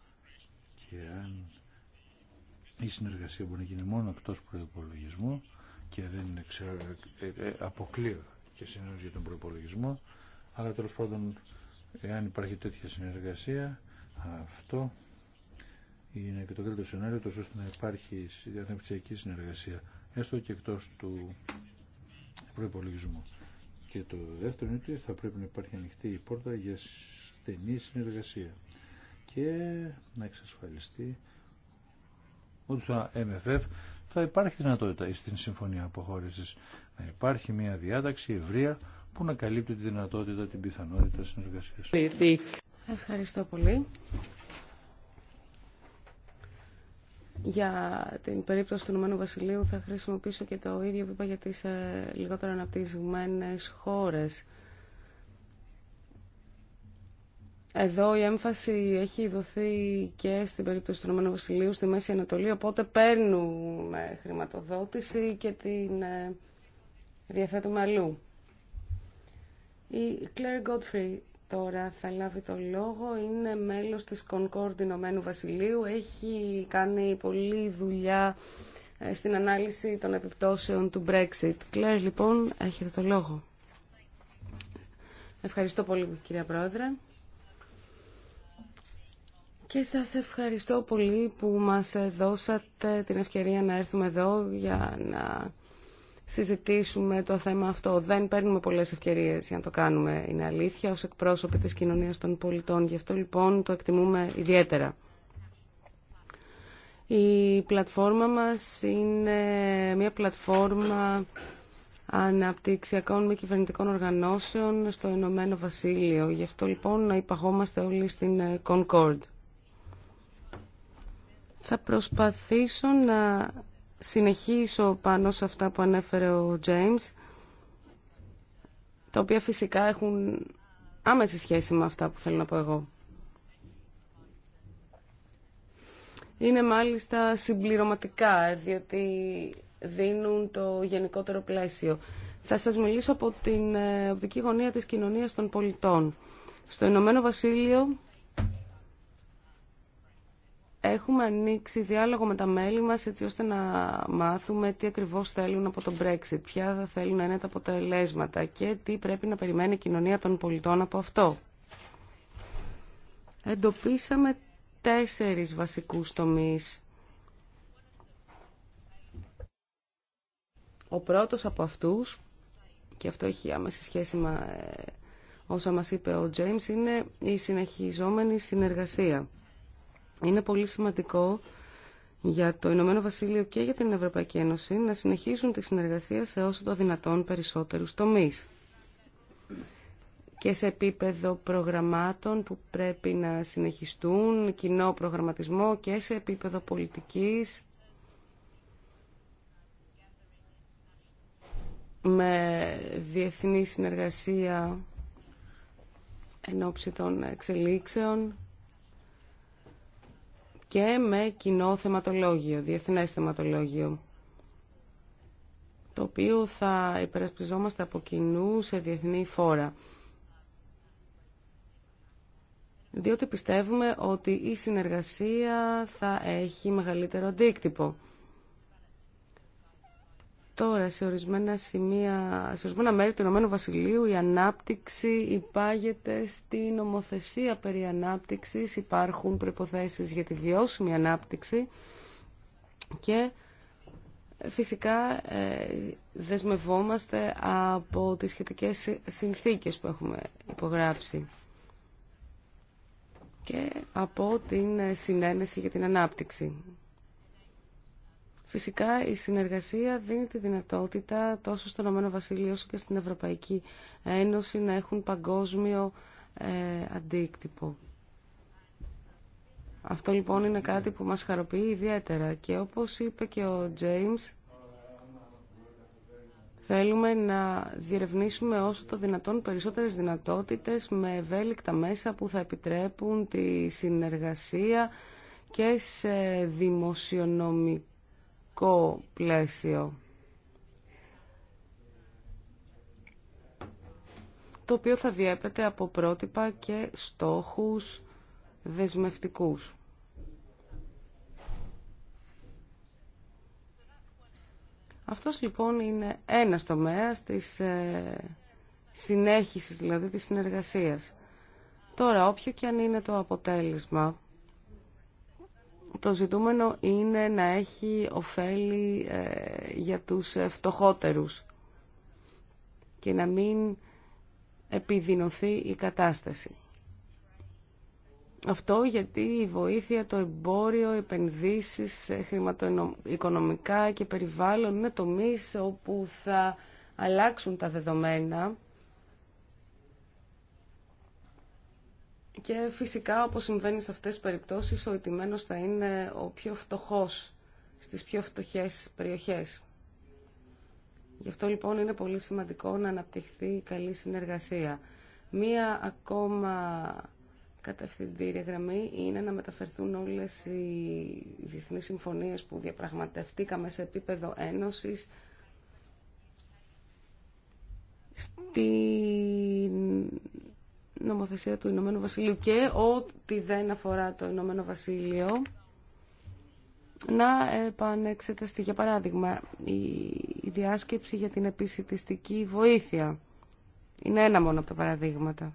και αν η συνεργασία μπορεί να γίνει μόνο εκτός προϋπολογισμού και δεν ε, ε, είναι ξέρω, και συνεργασία για τον προϋπολογισμό αλλά τέλος πάντων εάν υπάρχει τέτοια συνεργασία αυτό είναι και το καλύτερο σενάριο τόσο ώστε να υπάρχει διαθεμψιακή συνεργασία έστω και εκτός του προϋπολογισμού. Και το δεύτερο είναι ότι θα πρέπει να υπάρχει ανοιχτή η πόρτα για στενή συνεργασία και να εξασφαλιστεί ότι στο MFF θα υπάρχει δυνατότητα στην Συμφωνία Αποχώρησης να υπάρχει μια διάταξη ευρεία που να καλύπτει τη δυνατότητα, την πιθανότητα συνεργασίας. Ευχαριστώ πολύ. Για την περίπτωση του Ηνωμένου Βασιλείου θα χρησιμοποιήσω και το ίδιο που είπα για τις ε, λιγότερο αναπτυσσμένες χώρες. Εδώ η έμφαση έχει δοθεί και στην περίπτωση του Ηνωμένου Βασιλείου στη Μέση Ανατολή, οπότε παίρνουμε χρηματοδότηση και την ε, διαθέτουμε αλλού. Η Claire Godfrey τώρα θα λάβει το λόγο, είναι μέλος της Concord Ηνωμένου Βασιλείου, έχει κάνει πολλή δουλειά ε, στην ανάλυση των επιπτώσεων του Brexit. Claire, λοιπόν, έχετε το λόγο. Ευχαριστώ πολύ, κυρία Πρόεδρε. Και σας ευχαριστώ πολύ που μας δώσατε την ευκαιρία να έρθουμε εδώ για να συζητήσουμε το θέμα αυτό. Δεν παίρνουμε πολλές ευκαιρίες για να το κάνουμε, είναι αλήθεια, ως εκπρόσωποι της κοινωνίας των πολιτών. Γι' αυτό λοιπόν το εκτιμούμε ιδιαίτερα. Η πλατφόρμα μας είναι μια πλατφόρμα αναπτυξιακών μη κυβερνητικών οργανώσεων στο Ηνωμένο Βασίλειο. Γι' αυτό λοιπόν υπαγόμαστε όλοι στην Concord. Θα προσπαθήσω να συνεχίσω πάνω σε αυτά που ανέφερε ο James, τα οποία φυσικά έχουν άμεση σχέση με αυτά που θέλω να πω εγώ. Είναι μάλιστα συμπληρωματικά, ε, διότι δίνουν το γενικότερο πλαίσιο. Θα σας μιλήσω από την ε, οπτική γωνία της κοινωνίας των πολιτών. Στο Ηνωμένο Βασίλειο Έχουμε ανοίξει διάλογο με τα μέλη μας έτσι ώστε να μάθουμε τι ακριβώς θέλουν από το Brexit, ποια θα θέλουν να είναι τα αποτελέσματα και τι πρέπει να περιμένει η κοινωνία των πολιτών από αυτό. Εντοπίσαμε τέσσερις βασικούς τομείς. Ο πρώτος από αυτούς, και αυτό έχει άμεση σχέση με ε, όσα μας είπε ο Τζέιμς, είναι η συνεχιζόμενη συνεργασία. Είναι πολύ σημαντικό για το Ηνωμένο Βασίλειο και για την Ευρωπαϊκή Ένωση να συνεχίσουν τη συνεργασία σε όσο το δυνατόν περισσότερους τομείς και σε επίπεδο προγραμμάτων που πρέπει να συνεχιστούν, κοινό προγραμματισμό και σε επίπεδο πολιτικής με διεθνή συνεργασία εν ώψη των εξελίξεων και με κοινό θεματολόγιο, διεθνές θεματολόγιο το οποίο θα υπερασπιζόμαστε από κοινού σε διεθνή φόρα. Διότι πιστεύουμε ότι η συνεργασία θα έχει μεγαλύτερο αντίκτυπο. Τώρα, σε ορισμένα, σημεία, σε ορισμένα μέρη του Ηνωμένου Βασιλείου η ανάπτυξη υπάγεται στη νομοθεσία περί ανάπτυξης, υπάρχουν προϋποθέσεις για τη βιώσιμη ανάπτυξη και φυσικά ε, δεσμευόμαστε από τις σχετικές συνθήκες που έχουμε υπογράψει και από την συνένεση για την ανάπτυξη. Φυσικά η συνεργασία δίνει τη δυνατότητα τόσο στον Ηνωμένο Βασίλειο όσο και στην Ευρωπαϊκή Ένωση να έχουν παγκόσμιο ε, αντίκτυπο. Αυτό λοιπόν είναι κάτι που μας χαροποιεί ιδιαίτερα και όπως είπε και ο Τζέιμς θέλουμε να διερευνήσουμε όσο το δυνατόν περισσότερες δυνατότητες με ευέλικτα μέσα που θα επιτρέπουν τη συνεργασία και σε δημοσιονομικό το οποίο θα διέπεται από πρότυπα και στόχους δεσμευτικούς. Αυτός λοιπόν είναι ένας τομέας της ε, συνέχισης, δηλαδή της συνεργασίας. Τώρα, όποιο και αν είναι το αποτέλεσμα, το ζητούμενο είναι να έχει ωφέλη ε, για τους ε, φτωχότερους και να μην επιδεινωθεί η κατάσταση. Αυτό γιατί η βοήθεια, το εμπόριο, οι επενδύσεις, ε, χρηματοοικονομικά και περιβάλλον είναι τομείς όπου θα αλλάξουν τα δεδομένα Και φυσικά, όπως συμβαίνει σε αυτές τις περιπτώσεις, ο ιτημένος θα είναι ο πιο φτωχός στις πιο φτωχές περιοχές. Γι' αυτό λοιπόν είναι πολύ σημαντικό να αναπτυχθεί η καλή συνεργασία. Μία ακόμα κατευθυντήρια γραμμή είναι να μεταφερθούν όλες οι διεθνείς συμφωνίες που διαπραγματευτήκαμε σε επίπεδο ένωσης στην νομοθεσία του Ηνωμένου Βασιλείου και ό,τι δεν αφορά το Ηνωμένο Βασίλειο να επανεξεταστεί. Για παράδειγμα, η διάσκεψη για την επισητιστική βοήθεια είναι ένα μόνο από τα παραδείγματα.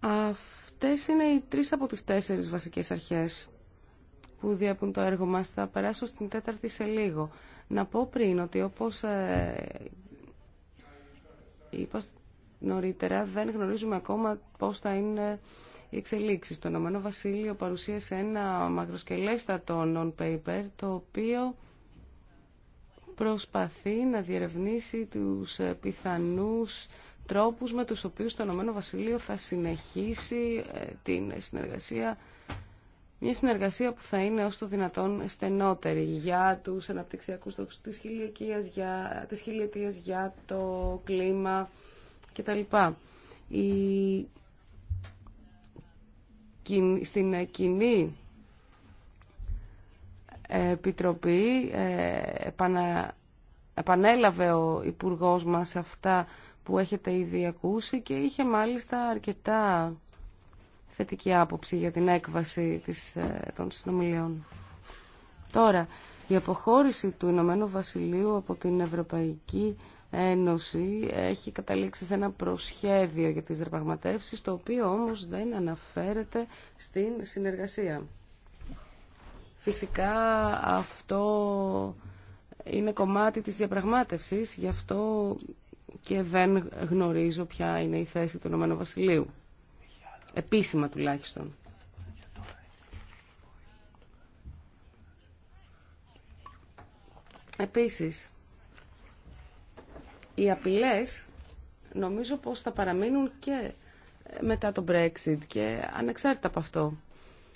Αυτές είναι οι τρεις από τις τέσσερις βασικές αρχές που διαπούν το έργο μας. Θα περάσω στην τέταρτη σε λίγο. Να πω πριν ότι όπως ε, είπα νωρίτερα, δεν γνωρίζουμε ακόμα πώς θα είναι οι εξελίξεις. Το Ηνωμένο Βασίλειο παρουσίασε ένα μακροσκελέστατο non-paper, το οποίο προσπαθεί να διερευνήσει τους ε, πιθανούς τρόπους με τους οποίους το Ηνωμένο Βασίλειο θα συνεχίσει ε, την συνεργασία μια συνεργασία που θα είναι ως το δυνατόν στενότερη για τους αναπτυξιακούς στόχους της χιλιετίας, για, της για το κλίμα, κτλ. Η... Στην κοινή επιτροπή ε, επανέλαβε ο Υπουργός μας αυτά που έχετε ήδη ακούσει και είχε μάλιστα αρκετά θετική άποψη για την έκβαση της, ε, των συνομιλιών. Τώρα, η αποχώρηση του Ηνωμένου Βασιλείου από την Ευρωπαϊκή Ένωση έχει καταλήξει σε ένα προσχέδιο για τις διαπραγματεύσεις, το οποίο όμως δεν αναφέρεται στην συνεργασία. Φυσικά αυτό είναι κομμάτι της διαπραγμάτευσης, γι' αυτό και δεν γνωρίζω ποια είναι η θέση του Ηνωμένου Βασιλείου. Επίσημα τουλάχιστον. Επίσης, οι απειλές νομίζω πως θα παραμείνουν και μετά το Brexit και ανεξάρτητα από αυτό.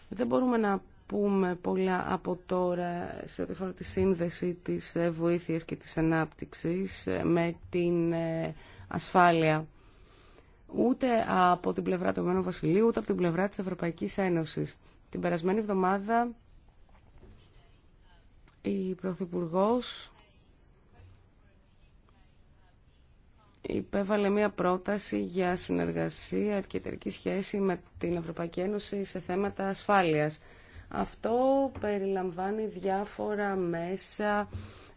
Δεν μπορούμε να πούμε πολλά από τώρα σε ό,τι αφορά τη σύνδεση της ε, βοήθειας και της ανάπτυξης ε, με την ε, ασφάλεια. Ούτε από την πλευρά του Εμένου Βασιλείου, ούτε από την πλευρά της Ευρωπαϊκής Ένωσης. Την περασμένη εβδομάδα η Πρωθυπουργός υπέβαλε μια πρόταση για συνεργασία και εταιρική σχέση με την Ευρωπαϊκή Ένωση σε θέματα ασφάλειας. Αυτό περιλαμβάνει διάφορα μέσα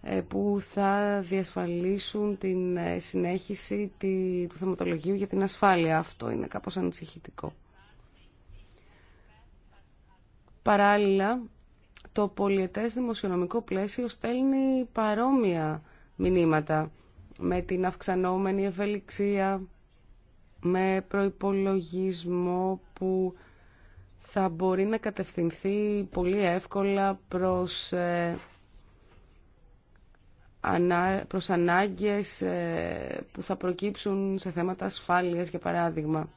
ε, που θα διασφαλίσουν την ε, συνέχιση του θεματολογίου για την ασφάλεια. Αυτό είναι κάπως ανησυχητικό. Παράλληλα, το πολιετές δημοσιονομικό πλαίσιο στέλνει παρόμοια μηνύματα με την αυξανόμενη ευελιξία, με προϋπολογισμό που θα μπορεί να κατευθυνθεί πολύ εύκολα προς, ε, ανά, προς ανάγκες ε, που θα προκύψουν σε θέματα ασφάλειας, για παράδειγμα.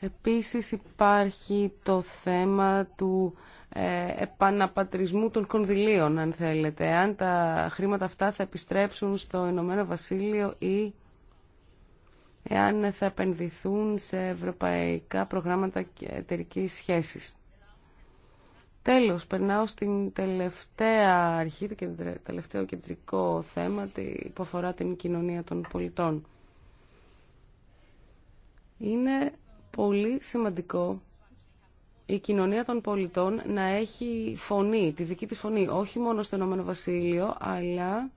Επίσης υπάρχει το θέμα του ε, επαναπατρισμού των κονδυλίων, αν θέλετε. Αν τα χρήματα αυτά θα επιστρέψουν στο Ηνωμένο Βασίλειο ή εάν θα επενδυθούν σε ευρωπαϊκά προγράμματα εταιρική σχέσης. Τέλος, περνάω στην τελευταία αρχή, το τελευταίο κεντρικό θέμα που αφορά την κοινωνία των πολιτών. Είναι πολύ σημαντικό η κοινωνία των πολιτών να έχει φωνή, τη δική της φωνή, όχι μόνο στο Ηνωμένο Βασίλειο, αλλά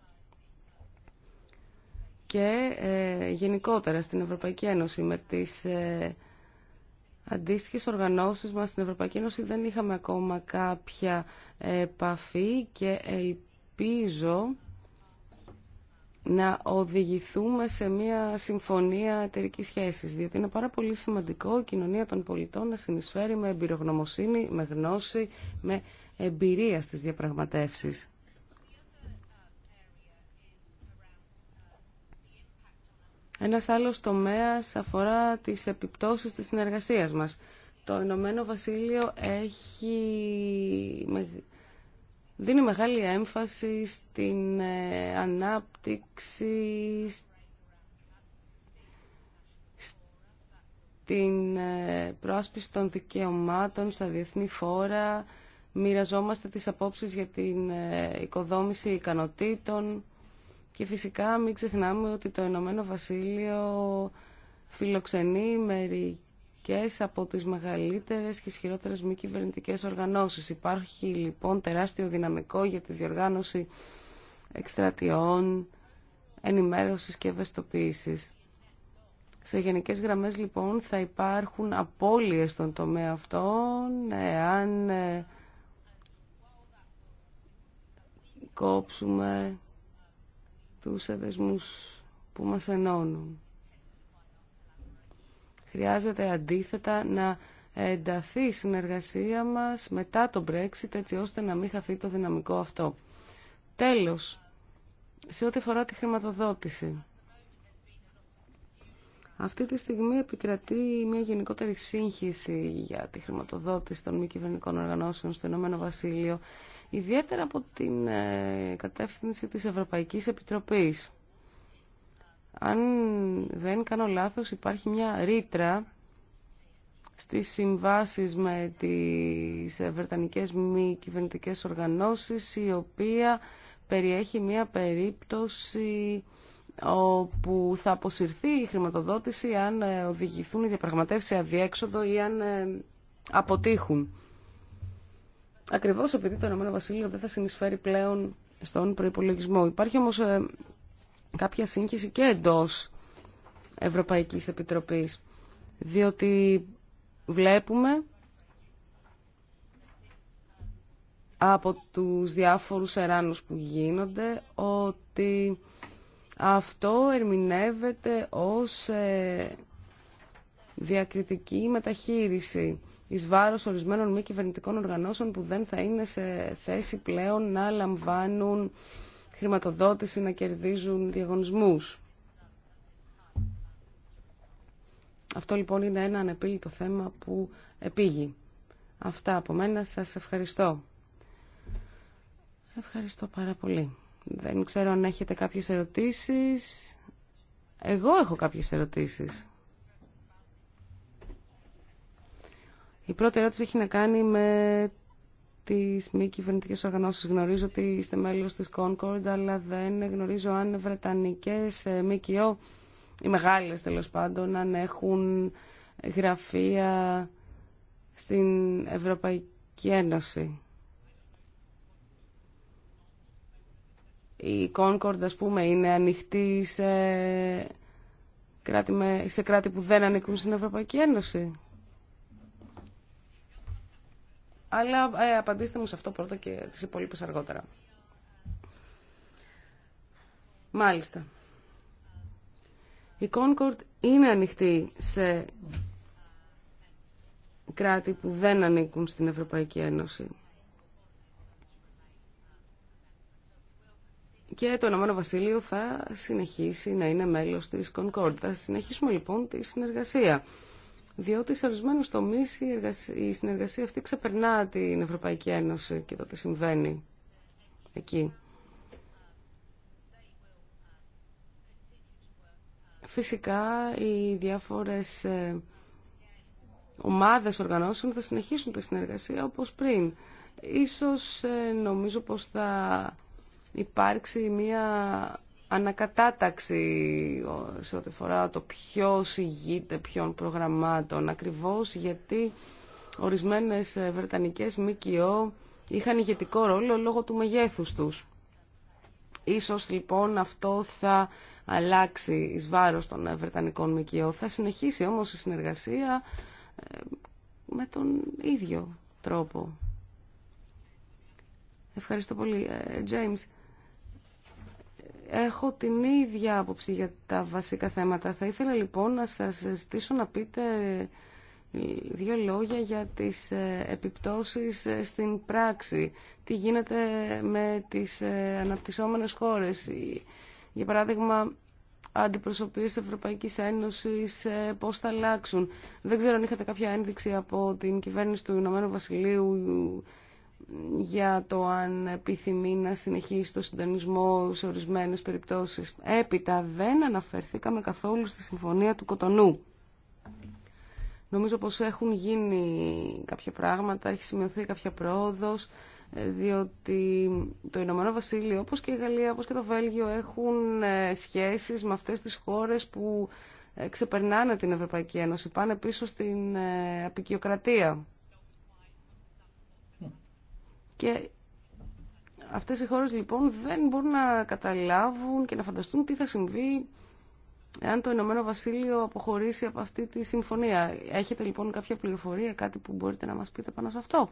και ε, γενικότερα στην Ευρωπαϊκή Ένωση. Με τις ε, αντίστοιχες οργανώσεις μας στην Ευρωπαϊκή Ένωση δεν είχαμε ακόμα κάποια ε, επαφή και ελπίζω να οδηγηθούμε σε μια συμφωνία εταιρική σχέση, διότι είναι πάρα πολύ σημαντικό η κοινωνία των πολιτών να συνεισφέρει με εμπειρογνωμοσύνη, με γνώση, με εμπειρία στις διαπραγματεύσεις. Ένας άλλος τομέας αφορά τις επιπτώσεις της συνεργασίας μας. Το Ηνωμένο Βασίλειο έχει δίνει μεγάλη έμφαση στην ε, ανάπτυξη, στην ε, πρόσπιση των δικαιωμάτων στα διεθνή φόρα, μοιραζόμαστε τις απόψεις για την ε, οικοδόμηση ικανοτήτων και φυσικά μην ξεχνάμε ότι το Ηνωμένο Βασίλειο φιλοξενεί μερικές από τις μεγαλύτερες και ισχυρότερες μη κυβερνητικέ οργανώσεις. Υπάρχει λοιπόν τεράστιο δυναμικό για τη διοργάνωση εκστρατιών, ενημέρωσης και ευαισθητοποίησης. Σε γενικές γραμμές λοιπόν θα υπάρχουν απώλειες στον τομέα αυτών εάν ε, κόψουμε τους εδεσμούς που μας ενώνουν. Χρειάζεται αντίθετα να ενταθεί η συνεργασία μας μετά το Brexit έτσι ώστε να μην χαθεί το δυναμικό αυτό. Τέλος, σε ό,τι αφορά τη χρηματοδότηση. Αυτή τη στιγμή επικρατεί μια γενικότερη σύγχυση για τη χρηματοδότηση των μη κυβερνικών οργανώσεων στο Ηνωμένο Βασίλειο, ιδιαίτερα από την ε, κατεύθυνση της Ευρωπαϊκής Επιτροπής. Αν δεν κάνω λάθος υπάρχει μια ρήτρα στις συμβάσεις με τις βρετανικές μη κυβερνητικές οργανώσεις η οποία περιέχει μια περίπτωση όπου θα αποσυρθεί η χρηματοδότηση αν ε, οδηγηθούν οι διαπραγματεύσεις σε αδιέξοδο ή αν ε, αποτύχουν. Ακριβώς επειδή το Ηνωμένο Βασίλειο δεν θα συνεισφέρει πλέον στον προϋπολογισμό. Υπάρχει όμως ε, κάποια σύγχυση και εντός Ευρωπαϊκής Επιτροπής, διότι βλέπουμε από τους διάφορους εράνους που γίνονται ότι αυτό ερμηνεύεται ως ε, διακριτική μεταχείριση εις βάρος ορισμένων μη κυβερνητικών οργανώσεων που δεν θα είναι σε θέση πλέον να λαμβάνουν χρηματοδότηση να κερδίζουν διαγωνισμούς. Αυτό λοιπόν είναι ένα ανεπίλητο θέμα που επήγει. Αυτά από μένα. Σας ευχαριστώ. Ευχαριστώ πάρα πολύ. Δεν ξέρω αν έχετε κάποιες ερωτήσεις. Εγώ έχω κάποιες ερωτήσεις. Η πρώτη ερώτηση έχει να κάνει με τις μη κυβερνητικέ οργανώσει. Γνωρίζω ότι είστε μέλο τη Concord, αλλά δεν γνωρίζω αν βρετανικέ ε, ΜΚΟ, οι μεγάλε τέλο πάντων, αν έχουν γραφεία στην Ευρωπαϊκή Ένωση. Η Concord, α πούμε, είναι ανοιχτή σε σε κράτη που δεν ανήκουν στην Ευρωπαϊκή Ένωση. Αλλά ε, απαντήστε μου σε αυτό πρώτα και τις υπόλοιπες αργότερα. Μάλιστα. Η Concord είναι ανοιχτή σε κράτη που δεν ανήκουν στην Ευρωπαϊκή Ένωση. Και το Ηνωμένο Βασίλειο θα συνεχίσει να είναι μέλος της Concord. Θα συνεχίσουμε λοιπόν τη συνεργασία διότι σε ορισμένου τομεί η, συνεργασία αυτή ξεπερνά την Ευρωπαϊκή Ένωση και το τι συμβαίνει εκεί. Φυσικά οι διάφορες ε, ομάδες οργανώσεων θα συνεχίσουν τη συνεργασία όπως πριν. Ίσως ε, νομίζω πως θα υπάρξει μια ανακατάταξη σε ό,τι φορά το ποιο ηγείται ποιων προγραμμάτων, ακριβώς γιατί ορισμένες βρετανικές ΜΚΟ είχαν ηγετικό ρόλο λόγω του μεγέθους τους. Ίσως λοιπόν αυτό θα αλλάξει εις βάρος των Βρετανικών ΜΚΟ. Θα συνεχίσει όμως η συνεργασία ε, με τον ίδιο τρόπο. Ευχαριστώ πολύ, ε, James έχω την ίδια άποψη για τα βασικά θέματα. Θα ήθελα λοιπόν να σας ζητήσω να πείτε ε, δύο λόγια για τις ε, επιπτώσεις ε, στην πράξη. Τι γίνεται με τις αναπτυσσόμενες χώρες. Για παράδειγμα, αντιπροσωπείες Ευρωπαϊκής Ένωσης, πώς θα αλλάξουν. Δεν ξέρω αν είχατε κάποια ένδειξη από την κυβέρνηση του Ηνωμένου Βασιλείου για το αν επιθυμεί να συνεχίσει το συντονισμό σε ορισμένες περιπτώσεις. Έπειτα δεν αναφέρθηκαμε καθόλου στη Συμφωνία του Κοτονού. Νομίζω πως έχουν γίνει κάποια πράγματα, έχει σημειωθεί κάποια πρόοδος, ε, διότι το Ηνωμένο Βασίλειο, όπως και η Γαλλία, όπως και το Βέλγιο, έχουν ε, σχέσεις με αυτές τις χώρες που ε, ξεπερνάνε την Ευρωπαϊκή Ένωση, πάνε πίσω στην απεικιοκρατία. Και αυτές οι χώρες λοιπόν δεν μπορούν να καταλάβουν και να φανταστούν τι θα συμβεί εάν το Ηνωμένο Βασίλειο αποχωρήσει από αυτή τη συμφωνία. Έχετε λοιπόν κάποια πληροφορία, κάτι που μπορείτε να μας πείτε πάνω σε αυτό.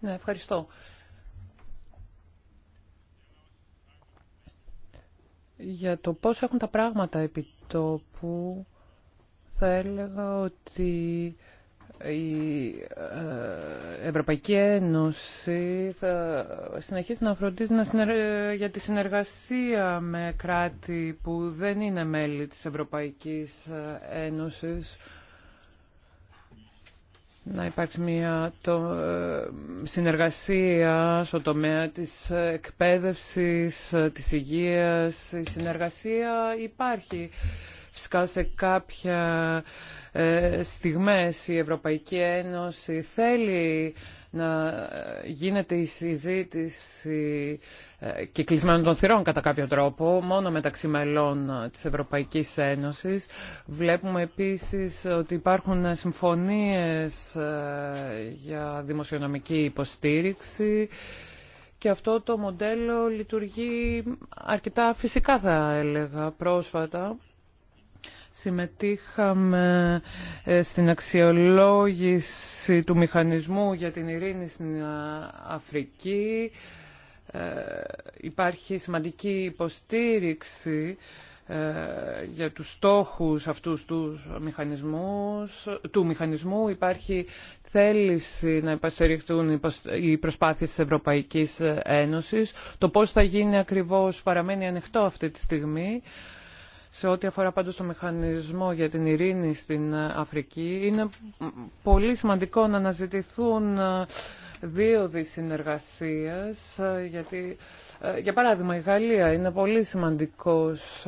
Ναι, ευχαριστώ. Για το πώς έχουν τα πράγματα επί τόπου θα έλεγα ότι η ε, Ευρωπαϊκή Ένωση θα συνεχίσει να φροντίζει να για τη συνεργασία με κράτη που δεν είναι μέλη της Ευρωπαϊκής Ένωσης να υπάρξει μια το, ε, συνεργασία στο τομέα της εκπαίδευσης, της υγείας. Η συνεργασία υπάρχει. Φυσικά σε κάποια ε, στιγμές η Ευρωπαϊκή Ένωση θέλει να ε, γίνεται η συζήτηση ε, και κλεισμένων των θυρών κατά κάποιο τρόπο, μόνο μεταξύ μελών της Ευρωπαϊκής Ένωσης. Βλέπουμε επίσης ότι υπάρχουν συμφωνίες για δημοσιονομική υποστήριξη και αυτό το μοντέλο λειτουργεί αρκετά φυσικά θα έλεγα πρόσφατα. Συμμετείχαμε ε, στην αξιολόγηση του μηχανισμού για την ειρήνη στην ε, Αφρική. Ε, υπάρχει σημαντική υποστήριξη για τους στόχους αυτούς του μηχανισμού, του μηχανισμού υπάρχει θέληση να υποστηριχθούν οι προσπάθειες της Ευρωπαϊκής Ένωσης. Το πώς θα γίνει ακριβώς παραμένει ανοιχτό αυτή τη στιγμή. Σε ό,τι αφορά πάντως το μηχανισμό για την ειρήνη στην Αφρική, είναι πολύ σημαντικό να αναζητηθούν ε, δύο συνεργασίας, ε, γιατί, ε, για παράδειγμα, η Γαλλία είναι πολύ σημαντικός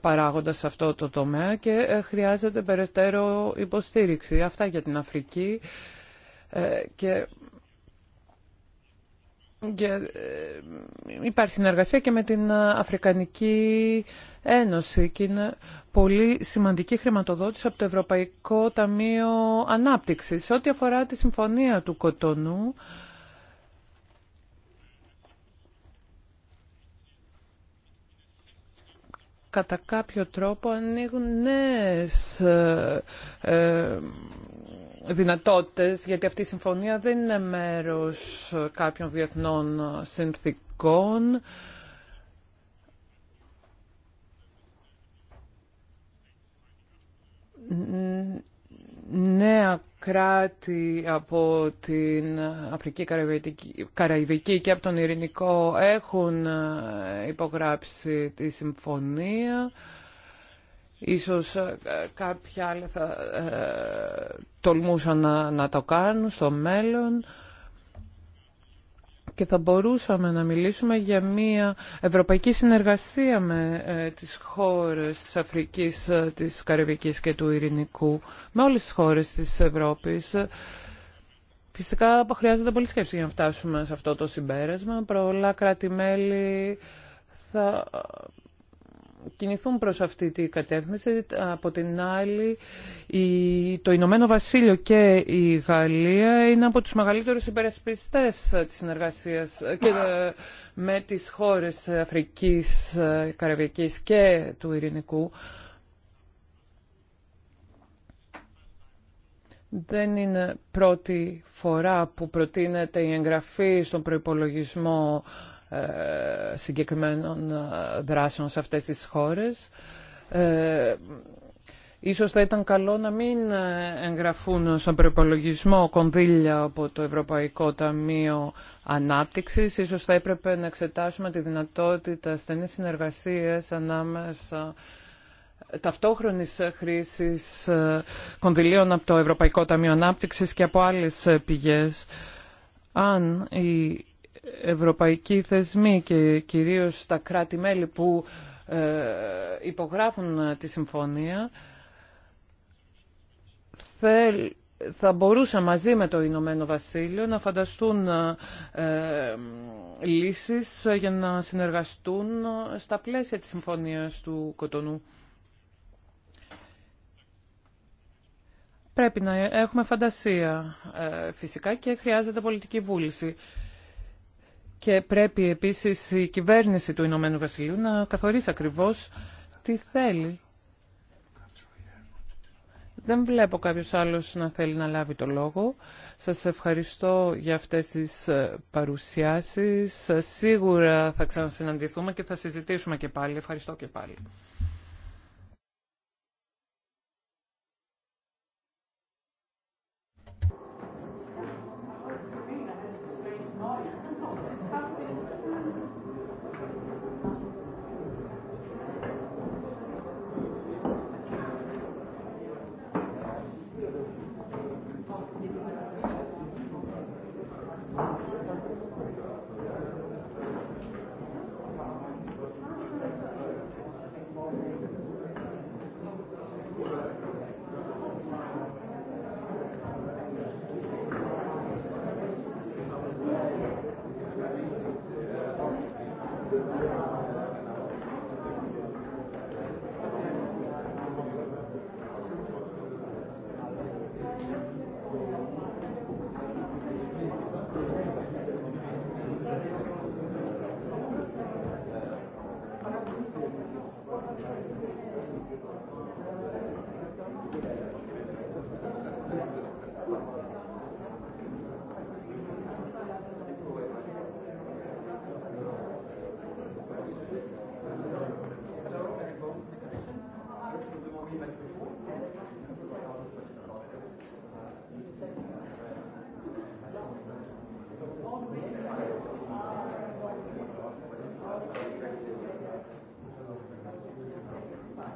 παράγοντας σε αυτό το τομέα και χρειάζεται περαιτέρω υποστήριξη. Αυτά για την Αφρική και ε, υπάρχει συνεργασία και με την ε, Αφρικανική Ένωση και είναι πολύ σημαντική χρηματοδότηση από το Ευρωπαϊκό Ταμείο Ανάπτυξης. ό,τι αφορά τη Συμφωνία του Κοτονού, κατά κάποιο τρόπο ανοίγουν νέες ε, δυνατότητες, γιατί αυτή η συμφωνία δεν είναι μέρος κάποιων διεθνών συνθήκων. Νέα κράτη από την Αφρική Καραϊβική και από τον Ειρηνικό έχουν ε, υπογράψει τη συμφωνία. Ίσως ε, κάποια άλλα θα ε, τολμούσαν να, να το κάνουν στο μέλλον και θα μπορούσαμε να μιλήσουμε για μια ευρωπαϊκή συνεργασία με ε, τις χώρες της Αφρικής, ε, της Καρυβικής και του Ειρηνικού, με όλες τις χώρες της Ευρώπης. Φυσικά χρειάζεται πολύ σκέψη για να φτάσουμε σε αυτό το συμπέρασμα. Προλά κράτη-μέλη θα κινηθούν προς αυτή την κατεύθυνση. Από την άλλη, το Ηνωμένο Βασίλειο και η Γαλλία είναι από τους μεγαλύτερους υπερασπιστές της συνεργασίας και ε, με τις χώρες Αφρικής, ε, Καραβιακής και του Ειρηνικού. Δεν είναι πρώτη φορά που προτείνεται η εγγραφή στον προϋπολογισμό ε, συγκεκριμένων ε, δράσεων σε αυτές τις χώρες. Ε, ίσως θα ήταν καλό να μην εγγραφούν στον προπολογισμό κονδύλια από το Ευρωπαϊκό Ταμείο Ανάπτυξης. Ίσως θα έπρεπε να εξετάσουμε τη δυνατότητα στενής συνεργασίας ανάμεσα ταυτόχρονης χρήσης κονδυλίων από το Ευρωπαϊκό Ταμείο Ανάπτυξης και από άλλες πηγές. Αν η ευρωπαϊκοί θεσμοί και κυρίως τα κράτη-μέλη που ε, υπογράφουν τη συμφωνία θα μπορούσαν μαζί με το Ηνωμένο Βασίλειο να φανταστούν ε, λύσεις για να συνεργαστούν στα πλαίσια της συμφωνίας του Κοτονού. Πρέπει να έχουμε φαντασία ε, φυσικά και χρειάζεται πολιτική βούληση. Και πρέπει επίσης η κυβέρνηση του Ηνωμένου Βασιλείου να καθορίσει ακριβώς τι θέλει. Δεν βλέπω κάποιος άλλος να θέλει να λάβει το λόγο. Σας ευχαριστώ για αυτές τις ε, παρουσιάσεις. Σίγουρα θα ξανασυναντηθούμε και θα συζητήσουμε και πάλι. Ευχαριστώ και πάλι.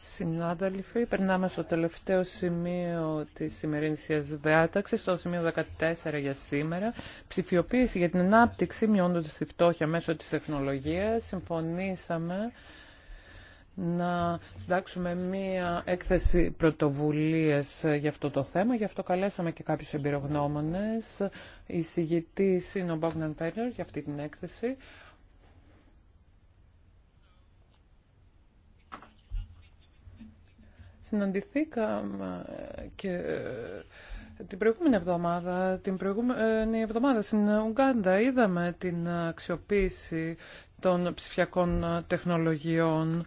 Συνάδελφοι, περνάμε στο τελευταίο σημείο τη σημερινή διάταξη, το σημείο 14 για σήμερα. Ψηφιοποίηση για την ανάπτυξη μειώνοντα τη φτώχεια μέσω τη τεχνολογία. Συμφωνήσαμε να συντάξουμε μία έκθεση πρωτοβουλίες για αυτό το θέμα. Γι' αυτό καλέσαμε και κάποιους εμπειρογνώμονες. Η συγητής είναι ο Μπόγναν για αυτή την έκθεση. Συναντηθήκαμε και ε, την προηγούμενη εβδομάδα, την προηγούμενη εβδομάδα στην Ουγγάντα είδαμε την αξιοποίηση των ψηφιακών τεχνολογιών.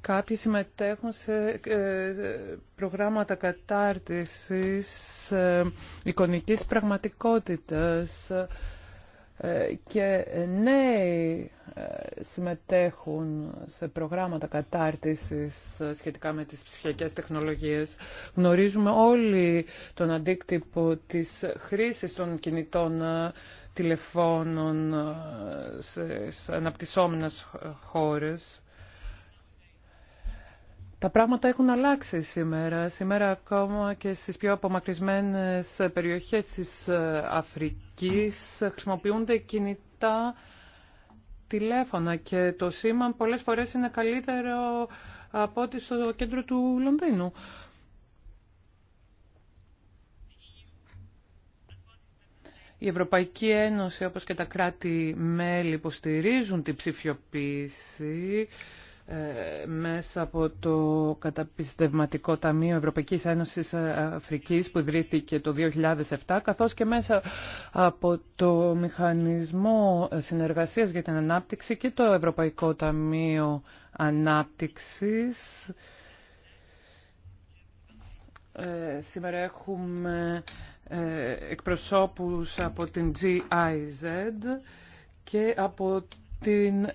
Κάποιοι συμμετέχουν σε ε, προγράμματα κατάρτισης ε, εικονικής πραγματικότητας. Ε, και νέοι ε, συμμετέχουν σε προγράμματα κατάρτισης ε, σχετικά με τις ψυχιακές τεχνολογίες. Γνωρίζουμε όλοι τον αντίκτυπο της χρήσης των κινητών τηλεφώνων σε αναπτυσσόμενες χώρες τα πράγματα έχουν αλλάξει σήμερα. Σήμερα ακόμα και στις πιο απομακρυσμένες περιοχές της ε, Αφρικής χρησιμοποιούνται κινητά τηλέφωνα και το σήμα πολλές φορές είναι καλύτερο από ό,τι στο κέντρο του Λονδίνου. Η Ευρωπαϊκή Ένωση, όπως και τα κράτη-μέλη υποστηρίζουν την ψηφιοποίηση, ε, μέσα από το καταπιστευματικό Ταμείο Ευρωπαϊκής Ένωσης ε, Αφρικής που ιδρύθηκε το 2007 καθώς και μέσα από το Μηχανισμό Συνεργασίας για την Ανάπτυξη και το Ευρωπαϊκό Ταμείο Ανάπτυξης. Ε, σήμερα έχουμε ε, εκπροσώπους από την GIZ και από την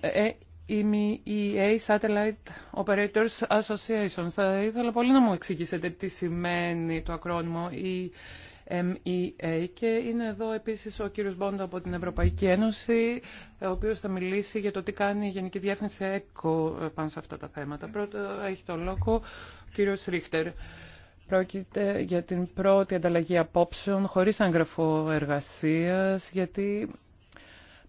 EMEA Satellite Operators Association. Θα ήθελα πολύ να μου εξηγήσετε τι σημαίνει το ακρόνιμο EMEA και είναι εδώ επίσης ο κύριος Μπόντο από την Ευρωπαϊκή Ένωση ο οποίος θα μιλήσει για το τι κάνει η Γενική Διεύθυνση ΕΚΟ πάνω σε αυτά τα θέματα. Πρώτο έχει το λόγο ο κύριος Ρίχτερ. Πρόκειται για την πρώτη ανταλλαγή απόψεων χωρίς έγγραφο εργασίας γιατί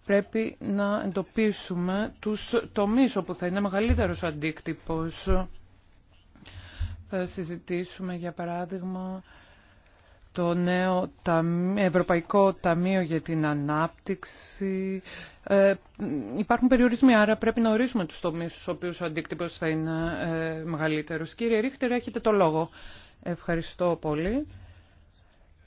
πρέπει να εντοπίσουμε τους τομείς όπου θα είναι μεγαλύτερος αντίκτυπος. Θα συζητήσουμε για παράδειγμα το νέο Ευρωπαϊκό Ταμείο για την Ανάπτυξη. Ε, υπάρχουν περιορισμοί, άρα πρέπει να ορίσουμε τους τομείς στους οποίους ο αντίκτυπος θα είναι ε, μεγαλύτερος. Κύριε Ρίχτερ, έχετε το λόγο. Ευχαριστώ πολύ.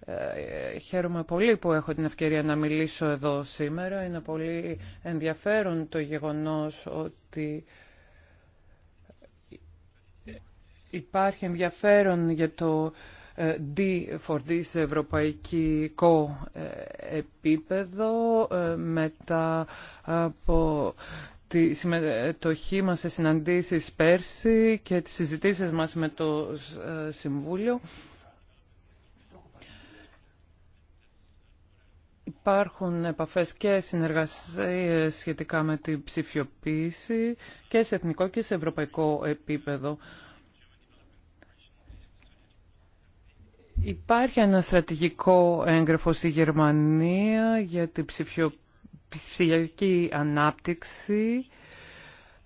Ε, χαίρομαι πολύ που έχω την ευκαιρία να μιλήσω εδώ σήμερα. Είναι πολύ ενδιαφέρον το γεγονός ότι υπάρχει ενδιαφέρον για το D4D ε, σε ευρωπαϊκό ε, επίπεδο μετά από τη συμμετοχή μας σε συναντήσεις πέρσι και τις συζητήσεις μας με το Συμβούλιο. Υπάρχουν επαφές και συνεργασίες σχετικά με την ψηφιοποίηση και σε εθνικό και σε ευρωπαϊκό επίπεδο. Υπάρχει ένα στρατηγικό έγγραφο στη Γερμανία για την ψηφιακή ανάπτυξη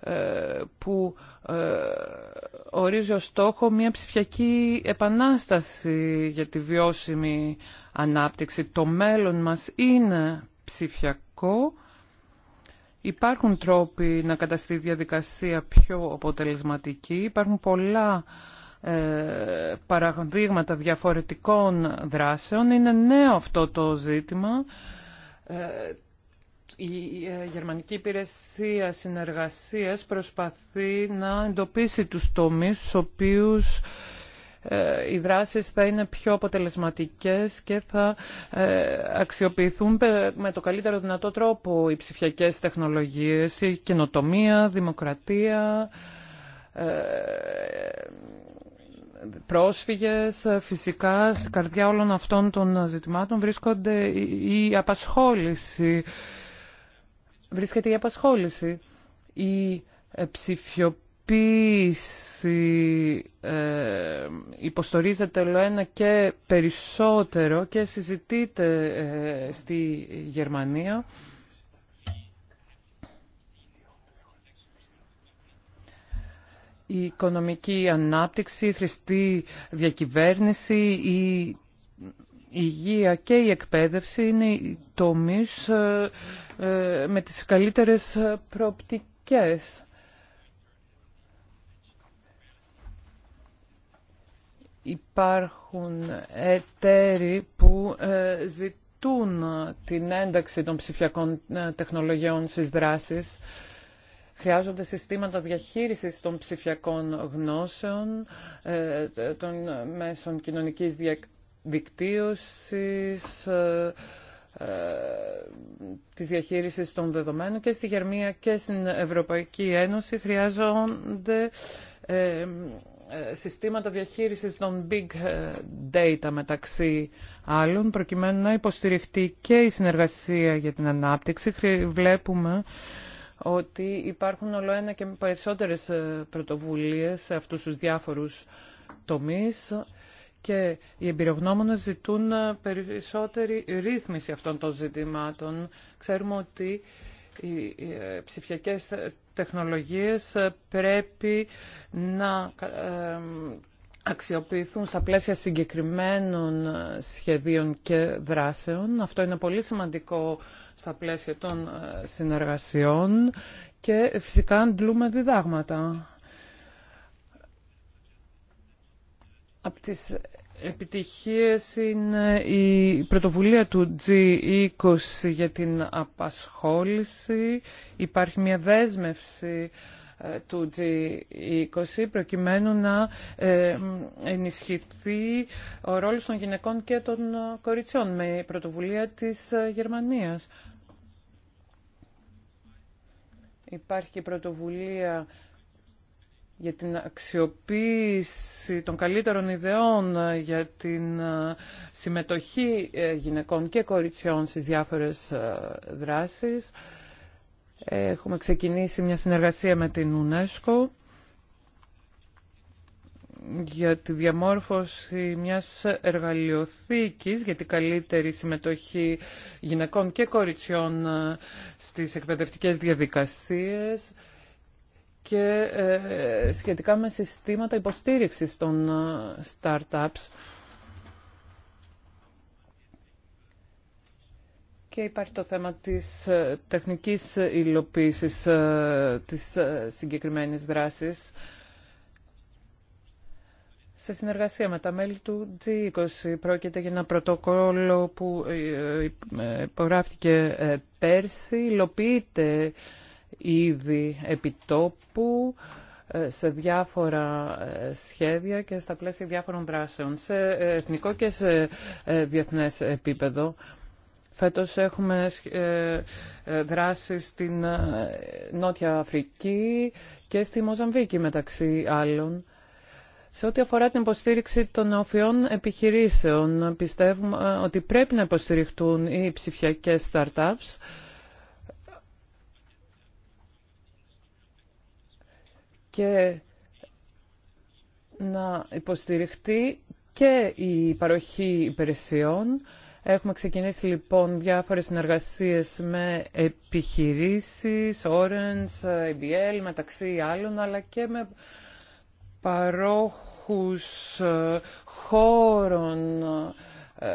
ε, που ε, ορίζει ως στόχο μια ψηφιακή επανάσταση για τη βιώσιμη ανάπτυξη. Το μέλλον μας είναι ψηφιακό. Υπάρχουν τρόποι να καταστεί η διαδικασία πιο αποτελεσματική. Υπάρχουν πολλά ε, παραδείγματα διαφορετικών δράσεων. Είναι νέο αυτό το ζήτημα. Ε, η ε, Γερμανική Υπηρεσία Συνεργασίας προσπαθεί να εντοπίσει τους τομείς στους οποίους ε, οι δράσεις θα είναι πιο αποτελεσματικές και θα ε, αξιοποιηθούν με το καλύτερο δυνατό τρόπο οι ψηφιακές τεχνολογίες, η καινοτομία, δημοκρατία, ε, πρόσφυγες φυσικά στην καρδιά όλων αυτών των ζητημάτων βρίσκονται η απασχόληση βρίσκεται η απασχόληση η ψηφιο επίση ε, υποστορίζεται όλο ένα και περισσότερο και συζητείται ε, στη Γερμανία. Η οικονομική ανάπτυξη, η χρηστή διακυβέρνηση, η υγεία και η εκπαίδευση είναι οι τομείς ε, ε, με τις καλύτερες προοπτικές. υπάρχουν εταίροι που ε, ζητούν την ένταξη των ψηφιακών ε, τεχνολογιών στις δράσεις. Χρειάζονται συστήματα διαχείρισης των ψηφιακών γνώσεων, ε, των μέσων κοινωνικής δικτύωσης, της διαχείρισης των δεδομένων και στη Γερμανία και στην Ευρωπαϊκή Ένωση χρειάζονται ε, συστήματα διαχείρισης των big ε, data μεταξύ άλλων, προκειμένου να υποστηριχτεί και η συνεργασία για την ανάπτυξη. Βλέπουμε ότι υπάρχουν όλο ένα και περισσότερες ε, πρωτοβουλίες σε αυτούς τους διάφορους τομείς και οι εμπειρογνώμονες ζητούν περισσότερη ρύθμιση αυτών των ζητημάτων. Ξέρουμε ότι οι ψηφιακές τεχνολογίες ε, πρέπει να ε, αξιοποιηθούν στα πλαίσια συγκεκριμένων ε, σχεδίων και δράσεων. Αυτό είναι πολύ σημαντικό στα πλαίσια των συνεργασιών και φυσικά αντλούμε διδάγματα. Από τις Επιτυχίες είναι η πρωτοβουλία του G20 για την απασχόληση. Υπάρχει μια δέσμευση ε, του G20 προκειμένου να ε, ενισχυθεί ο ρόλος των γυναικών και των ε, κοριτσιών με πρωτοβουλία της Γερμανίας. Υπάρχει και πρωτοβουλία για την αξιοποίηση των καλύτερων ιδεών ε, για την ε, συμμετοχή ε, γυναικών και κοριτσιών στις διάφορες δράσεις. Έχουμε ξεκινήσει μια συνεργασία με την UNESCO για τη διαμόρφωση μιας εργαλειοθήκης για την καλύτερη συμμετοχή γυναικών και κοριτσιών στις εκπαιδευτικές διαδικασίες και ε, ε, σχετικά με συστήματα υποστήριξης των ε, startups. Και υπάρχει το θέμα της τεχνικής υλοποίησης της συγκεκριμένης δράσης. Σε συνεργασία με τα μέλη του G20 πρόκειται για ένα πρωτοκόλλο που υπογράφηκε πέρσι, υλοποιείται ήδη επιτόπου ε, σε διάφορα ε, σχέδια και στα πλαίσια διάφορων δράσεων, σε ε, εθνικό και σε διεθνές επίπεδο. Φέτος έχουμε δράσει στην Νότια Αφρική και στη Μοζαμβίκη μεταξύ άλλων. Σε ό,τι αφορά την υποστήριξη των νεοφιών επιχειρήσεων, πιστεύουμε ότι πρέπει να υποστηριχτούν οι ψηφιακές startups και να υποστηριχτεί και η παροχή υπηρεσιών. Έχουμε ξεκινήσει λοιπόν διάφορες συνεργασίες με επιχειρήσεις, Orange, IBL, μεταξύ άλλων, αλλά και με παρόχους ε, χώρων ε,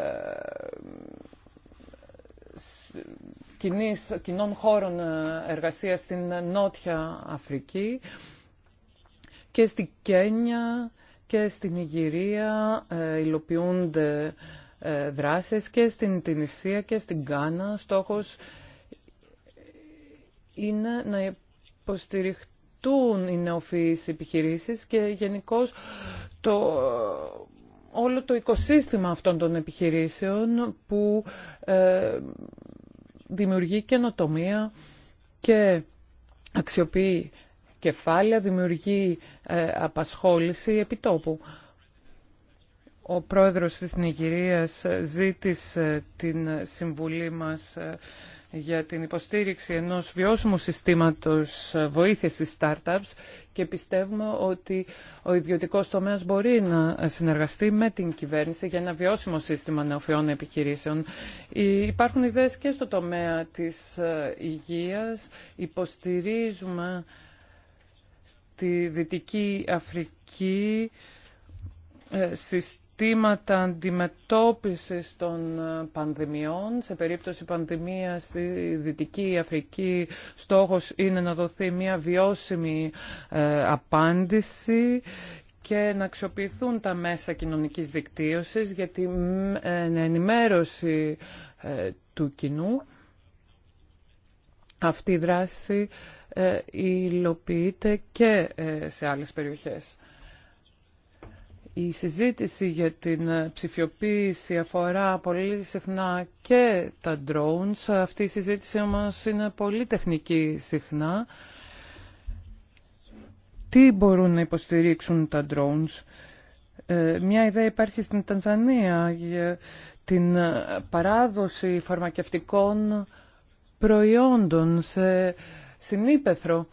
κοινών χώρων ε, εργασίας στην Νότια Αφρική. Και στην Κένια και στην Ιγυρία ε, υλοποιούνται ε, δράσεις και στην Τινησία και στην Κάνα. Στόχος είναι να υποστηριχτούν οι νεοφυείς επιχειρήσεις και γενικώ το, όλο το οικοσύστημα αυτών των επιχειρήσεων που ε, δημιουργεί καινοτομία και αξιοποιεί κεφάλαια, δημιουργεί ε, απασχόληση επιτόπου. Ο πρόεδρος της Νιγηρίας ε, ζήτησε ε, την συμβουλή μας για την υποστήριξη ενός βιώσιμου συστήματος βοήθειας στις startups και πιστεύουμε ότι ο ιδιωτικός τομέας μπορεί να συνεργαστεί με την κυβέρνηση για ένα βιώσιμο σύστημα νεοφιών επιχειρήσεων. Υπάρχουν ιδέες και στο τομέα της υγείας. Υποστηρίζουμε στη Δυτική Αφρική ε, συστήματα αντιμετώπισης των ε, πανδημιών. Σε περίπτωση πανδημίας στη Δυτική Αφρική στόχος είναι να δοθεί μια βιώσιμη ε, απάντηση και να αξιοποιηθούν τα μέσα κοινωνικής δικτύωσης για την ενημέρωση του κοινού. Αυτή η δράση ε, υλοποιείται και ε, σε άλλες περιοχές. Η συζήτηση για την ψηφιοποίηση αφορά πολύ συχνά και τα drones. Αυτή η συζήτηση όμως είναι πολύ τεχνική συχνά. Τι μπορούν να υποστηρίξουν τα drones. Ε, μια ιδέα υπάρχει στην Τανζανία για την παράδοση φαρμακευτικών προϊόντων σε στην Ήπεθρο.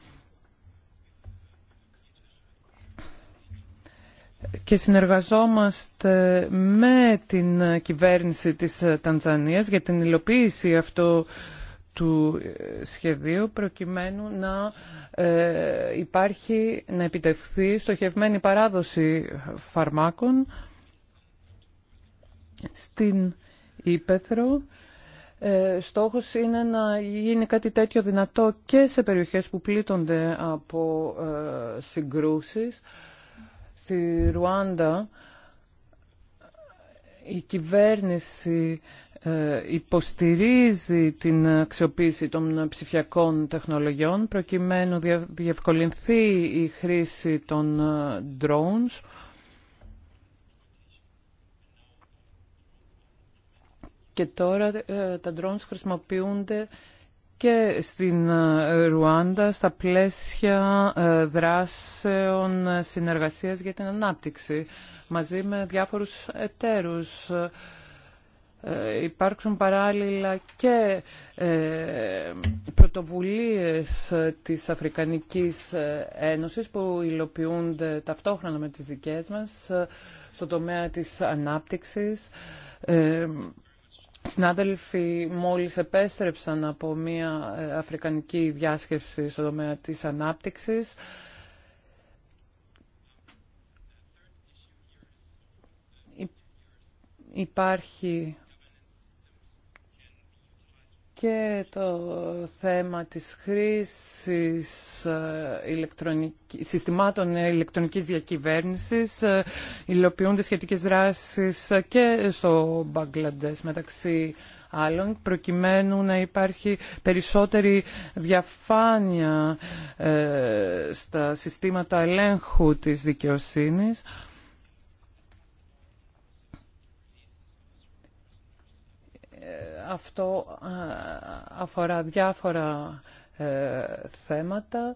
και συνεργαζόμαστε με την κυβέρνηση της Τανζανίας για την υλοποίηση αυτού του ε, σχεδίου προκειμένου να ε, υπάρχει, να επιτευχθεί στοχευμένη παράδοση φαρμάκων στην Ήπεθρο ε, στόχος είναι να γίνει κάτι τέτοιο δυνατό και σε περιοχές που πλήττονται από ε, συγκρούσεις. Στη Ρουάντα η κυβέρνηση ε, υποστηρίζει την αξιοποίηση των ψηφιακών τεχνολογιών προκειμένου διευκολυνθεί η χρήση των drones Και τώρα ε, τα drones χρησιμοποιούνται και στην ε, Ρουάντα στα πλαίσια ε, δράσεων συνεργασίας για την ανάπτυξη μαζί με διάφορους εταίρους. Υπάρχουν παράλληλα και πρωτοβουλίες της Αφρικανικής Ένωσης που υλοποιούνται ταυτόχρονα με τις δικές μας στο τομέα της ανάπτυξης Συνάδελφοι μόλις επέστρεψαν από μια ε, αφρικανική διάσκεψη στο τομέα της ανάπτυξης. Υπάρχει και το θέμα της χρήσης ε, συστημάτων ηλεκτρονικής διακυβέρνησης ε, υλοποιούνται σχετικές δράσεις ε, και στο Μπαγκλαντές μεταξύ άλλων προκειμένου να υπάρχει περισσότερη διαφάνεια στα συστήματα ελέγχου της δικαιοσύνης Αυτό ε, αφορά διάφορα ε, θέματα.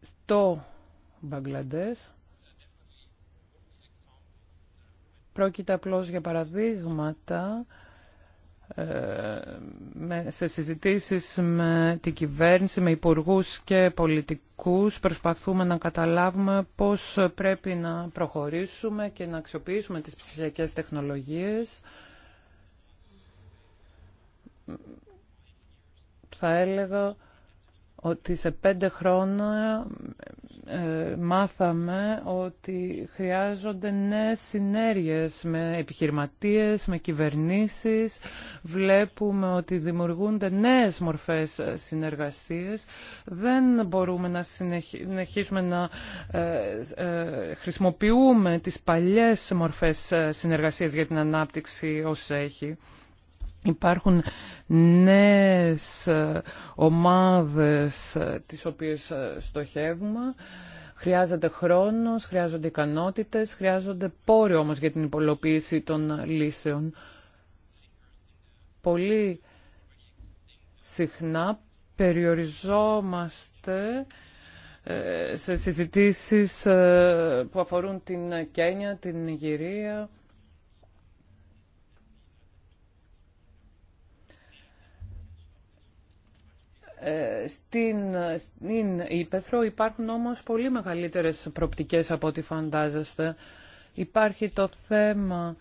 Στο Μπαγκλαντές πρόκειται απλώς για παραδείγματα ε, σε συζητήσεις με την κυβέρνηση, με υπουργούς και πολιτικούς προσπαθούμε να καταλάβουμε πώς πρέπει να προχωρήσουμε και να αξιοποιήσουμε τις ψηφιακές τεχνολογίες. Θα έλεγα ότι σε πέντε χρόνια ε, μάθαμε ότι χρειάζονται νέε συνέργειες με επιχειρηματίες, με κυβερνήσεις. Βλέπουμε ότι δημιουργούνται νέες μορφές ε, συνεργασίες. Δεν μπορούμε να συνεχίσουμε να ε, χρησιμοποιούμε τις παλιές μορφές συνεργασίες για την ανάπτυξη όσο έχει. Υπάρχουν νέες ε, ομάδες ε, τις οποίες ε, στοχεύουμε. Χρειάζεται χρόνος, χρειάζονται ικανότητες, χρειάζονται πόροι όμως για την υπολοποίηση των λύσεων. Πολύ συχνά περιοριζόμαστε σε συζητήσεις που αφορούν την Κένια, την Ιγυρία... Ε, στην, στην Ήπεθρο υπάρχουν όμως πολύ μεγαλύτερες προπτικές από ό,τι φαντάζεστε. Υπάρχει το θέμα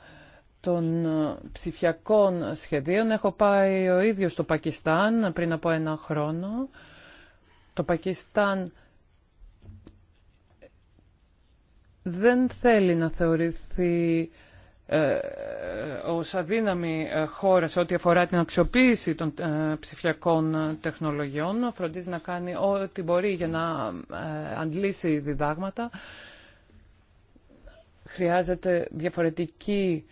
των ε, ψηφιακών σχεδίων. Έχω πάει ο ίδιος στο Πακιστάν πριν από ένα χρόνο. Το Πακιστάν δεν θέλει να θεωρηθεί ε, ε, ως αδύναμη ε, χώρα σε ό,τι αφορά την αξιοποίηση των ψηφιακών τεχνολογιών. Φροντίζει να κάνει ό,τι μπορεί για να αντλήσει διδάγματα. Χρειάζεται διαφορετική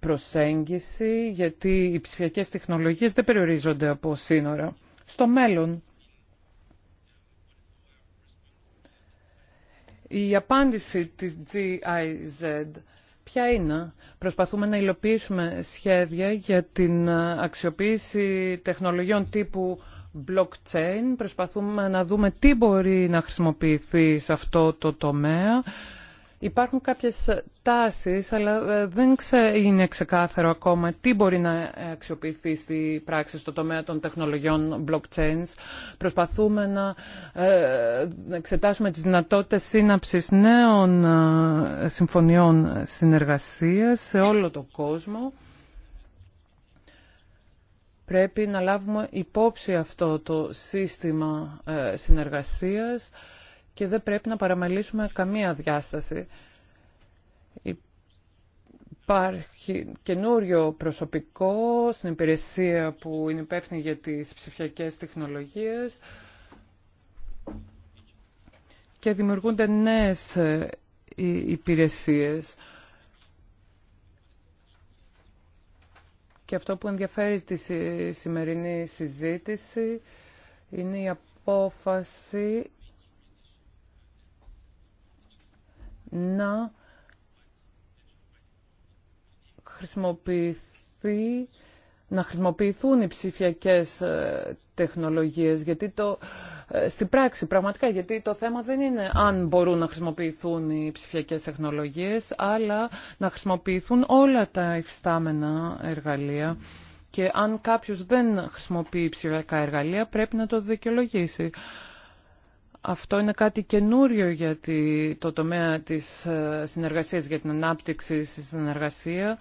προσέγγιση γιατί οι ψηφιακές τεχνολογίες δεν περιορίζονται από σύνορα. Στο μέλλον η απάντηση της GIZ ποια είναι. Προσπαθούμε να υλοποιήσουμε σχέδια για την αξιοποίηση τεχνολογιών τύπου blockchain. Προσπαθούμε να δούμε τι μπορεί να χρησιμοποιηθεί σε αυτό το τομέα. Υπάρχουν κάποιες ε, τάσεις, αλλά ε, δεν είναι ξεκάθαρο ακόμα τι μπορεί να ε, αξιοποιηθεί στη πράξη στο τομέα των τεχνολογιών blockchains. Προσπαθούμε να εξετάσουμε τις δυνατότητες σύναψης νέων συμφωνιών συνεργασίας σε όλο τον κόσμο. Πρέπει να λάβουμε υπόψη αυτό το σύστημα συνεργασίας και δεν πρέπει να παραμελήσουμε καμία διάσταση. Υπάρχει καινούριο προσωπικό στην υπηρεσία που είναι υπεύθυνη για τις ψηφιακές τεχνολογίες και δημιουργούνται νέες ε, υπηρεσίες. Και αυτό που ενδιαφέρει στη σημερινή συζήτηση είναι η απόφαση να χρησιμοποιηθεί να χρησιμοποιηθούν οι ψηφιακές ε, τεχνολογίες, γιατί το, ε, στην πράξη πραγματικά, γιατί το θέμα δεν είναι αν μπορούν να χρησιμοποιηθούν οι ψηφιακές τεχνολογίες, αλλά να χρησιμοποιηθούν όλα τα υφιστάμενα εργαλεία και αν κάποιος δεν χρησιμοποιεί ψηφιακά εργαλεία πρέπει να το δικαιολογήσει. Αυτό είναι κάτι καινούριο για το τομέα της ε, συνεργασίας για την ανάπτυξη στη συνεργασία.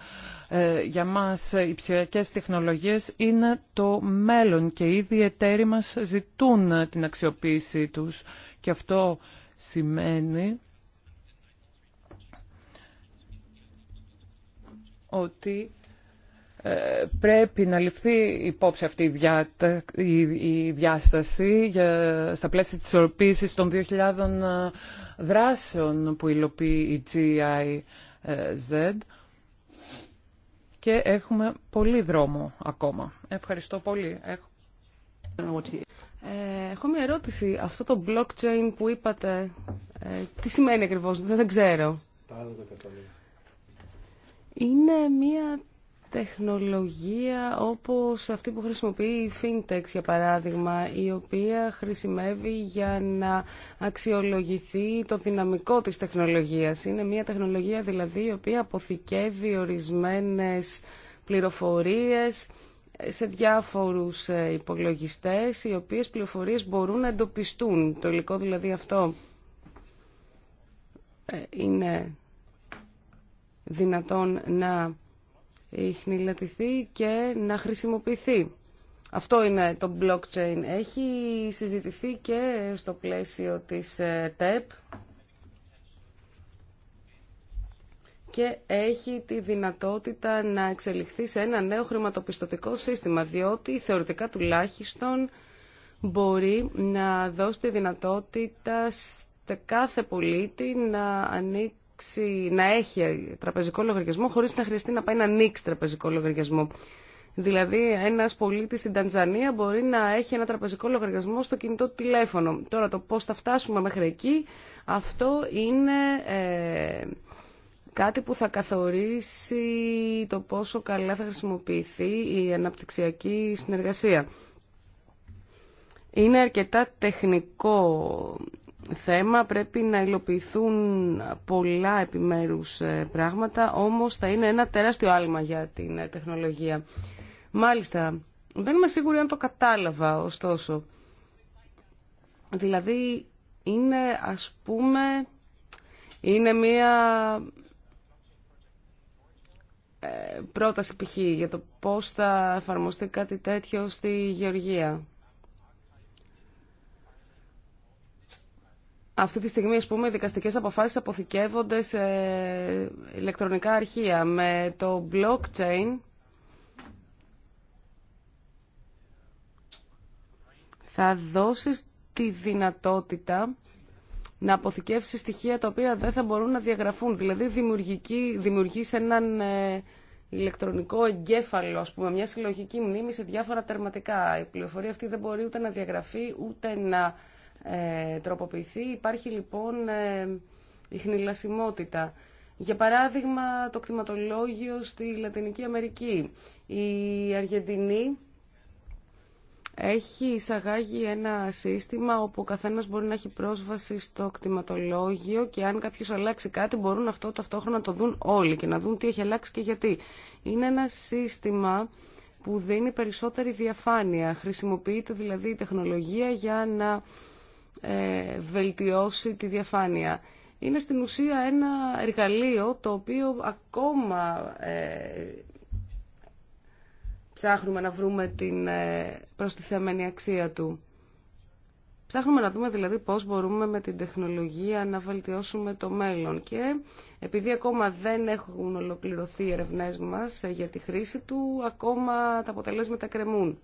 Ε, για μας οι ε, ψηφιακές τεχνολογίες είναι το μέλλον και ήδη οι εταίροι μας ζητούν την αξιοποίησή τους. Και αυτό σημαίνει ότι ε, πρέπει να ληφθεί υπόψη αυτή η, η, διάσταση για, στα πλαίσια της ορπίσης των 2.000 ε, δράσεων που υλοποιεί η GIZ ε, και έχουμε πολύ δρόμο ακόμα. Ευχαριστώ πολύ. Έχω... Ε, έχω μια ερώτηση. Αυτό το blockchain που είπατε, τι σημαίνει ακριβώς, δεν, δεν ξέρω. Είναι μια τεχνολογία όπως αυτή που χρησιμοποιεί η Fintech για παράδειγμα η οποία χρησιμεύει για να αξιολογηθεί το δυναμικό της τεχνολογίας. Είναι μια τεχνολογία δηλαδή η οποία αποθηκεύει ορισμένες πληροφορίες σε διάφορους ε, υπολογιστές οι οποίες πληροφορίες μπορούν να εντοπιστούν. Το υλικό δηλαδή αυτό ε, είναι δυνατόν να ιχνηλατηθεί και να χρησιμοποιηθεί. Αυτό είναι το blockchain. Έχει συζητηθεί και στο πλαίσιο της ΤΕΠ e και έχει τη δυνατότητα να εξελιχθεί σε ένα νέο χρηματοπιστωτικό σύστημα, διότι θεωρητικά τουλάχιστον μπορεί να δώσει τη δυνατότητα σε κάθε πολίτη να ανήκει να έχει τραπεζικό λογαριασμό χωρίς να χρειαστεί να πάει να ανοίξει τραπεζικό λογαριασμό. Δηλαδή, ένα πολίτη στην Τανζανία μπορεί να έχει ένα τραπεζικό λογαριασμό στο κινητό τηλέφωνο. Τώρα, το πώ θα φτάσουμε μέχρι εκεί, αυτό είναι ε, κάτι που θα καθορίσει το πόσο καλά θα χρησιμοποιηθεί η αναπτυξιακή συνεργασία. Είναι αρκετά τεχνικό θέμα, πρέπει να υλοποιηθούν πολλά επιμέρους ε, πράγματα, όμως θα είναι ένα τεράστιο άλμα για την ε, τεχνολογία. Μάλιστα, δεν είμαι σίγουρη αν το κατάλαβα, ωστόσο. Δηλαδή, είναι ας πούμε, είναι μία ε, πρόταση π.χ. για το πώς θα εφαρμοστεί κάτι τέτοιο στη Γεωργία. Αυτή τη στιγμή, ας πούμε, οι δικαστικές αποφάσεις αποθηκεύονται σε ηλεκτρονικά αρχεία. Με το blockchain θα δώσεις τη δυνατότητα να αποθηκεύσει στοιχεία τα οποία δεν θα μπορούν να διαγραφούν. Δηλαδή, δημιουργείς έναν ε, ηλεκτρονικό εγκέφαλο, ας πούμε, μια συλλογική μνήμη σε διάφορα τερματικά. Η πληροφορία αυτή δεν μπορεί ούτε να διαγραφεί, ούτε να ε, τροποποιηθεί. Υπάρχει λοιπόν ε, η χνηλασιμότητα. Για παράδειγμα, το κτηματολόγιο στη Λατινική Αμερική. Η Αργεντινή έχει εισαγάγει ένα σύστημα όπου ο καθένας μπορεί να έχει πρόσβαση στο κτηματολόγιο και αν κάποιος αλλάξει κάτι μπορούν αυτό ταυτόχρονα να το δουν όλοι και να δουν τι έχει αλλάξει και γιατί. Είναι ένα σύστημα που δίνει περισσότερη διαφάνεια. Χρησιμοποιείται δηλαδή η τεχνολογία για να ε, βελτιώσει τη διαφάνεια. Είναι στην ουσία ένα εργαλείο το οποίο ακόμα ε, ψάχνουμε να βρούμε την ε, προστιθέμενη αξία του. Ψάχνουμε να δούμε δηλαδή πώς μπορούμε με την τεχνολογία να βελτιώσουμε το μέλλον και επειδή ακόμα δεν έχουν ολοκληρωθεί οι ερευνές μας για τη χρήση του, ακόμα τα αποτελέσματα κρεμούν.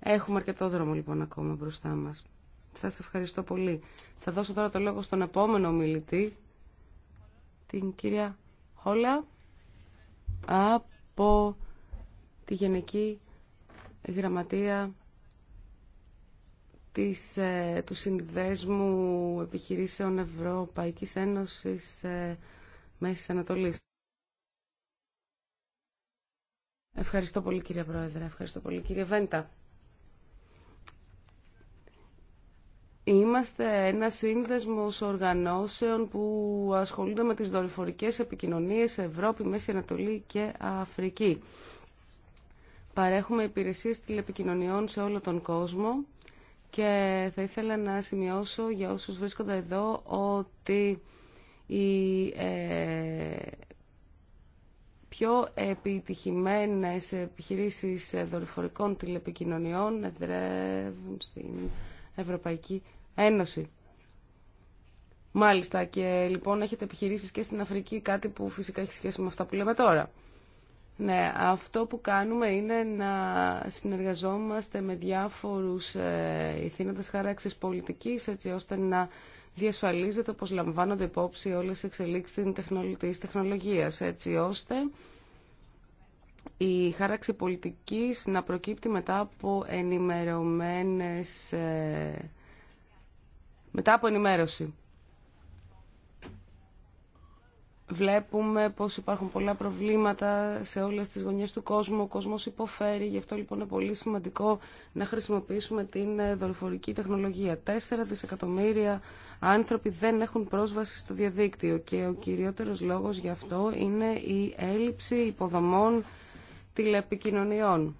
Έχουμε αρκετό δρόμο λοιπόν ακόμα μπροστά μας. Σας ευχαριστώ πολύ. Θα δώσω τώρα το λόγο στον επόμενο μιλητή, την κυρία Χόλα, από τη Γενική Γραμματεία της, ε, του Συνδέσμου Επιχειρήσεων Ευρωπαϊκής Ένωσης ε, Μέσης Ανατολής. Ευχαριστώ πολύ κύριε Πρόεδρε, ευχαριστώ πολύ κύριε Βέντα. Είμαστε ένα σύνδεσμος οργανώσεων που ασχολούνται με τις δορυφορικές επικοινωνίες Ευρώπη, Μέση Ανατολή και Αφρική. Παρέχουμε υπηρεσίες τηλεπικοινωνιών σε όλο τον κόσμο και θα ήθελα να σημειώσω για όσους βρίσκονται εδώ ότι οι ε, πιο επιτυχημένες επιχειρήσεις ε, δορυφορικών τηλεπικοινωνιών εδρεύουν στην Ευρωπαϊκή Ένωση. Μάλιστα και λοιπόν έχετε επιχειρήσεις και στην Αφρική κάτι που φυσικά έχει σχέση με αυτά που λέμε τώρα. Ναι, αυτό που κάνουμε είναι να συνεργαζόμαστε με διάφορους ε, ηθήνοντες χαράξεις πολιτικής έτσι ώστε να διασφαλίζεται πως λαμβάνονται υπόψη όλες οι εξελίξεις της τεχνολογίας έτσι ώστε η χάραξη πολιτικής να προκύπτει μετά από ενημερωμένες... Ε, μετά από ενημέρωση. Βλέπουμε πως υπάρχουν πολλά προβλήματα σε όλες τις γωνιές του κόσμου. Ο κόσμος υποφέρει, γι' αυτό λοιπόν είναι πολύ σημαντικό να χρησιμοποιήσουμε την δορυφορική τεχνολογία. Τέσσερα δισεκατομμύρια άνθρωποι δεν έχουν πρόσβαση στο διαδίκτυο και ο κυριότερος λόγος γι' αυτό είναι η έλλειψη υποδομών τηλεπικοινωνιών.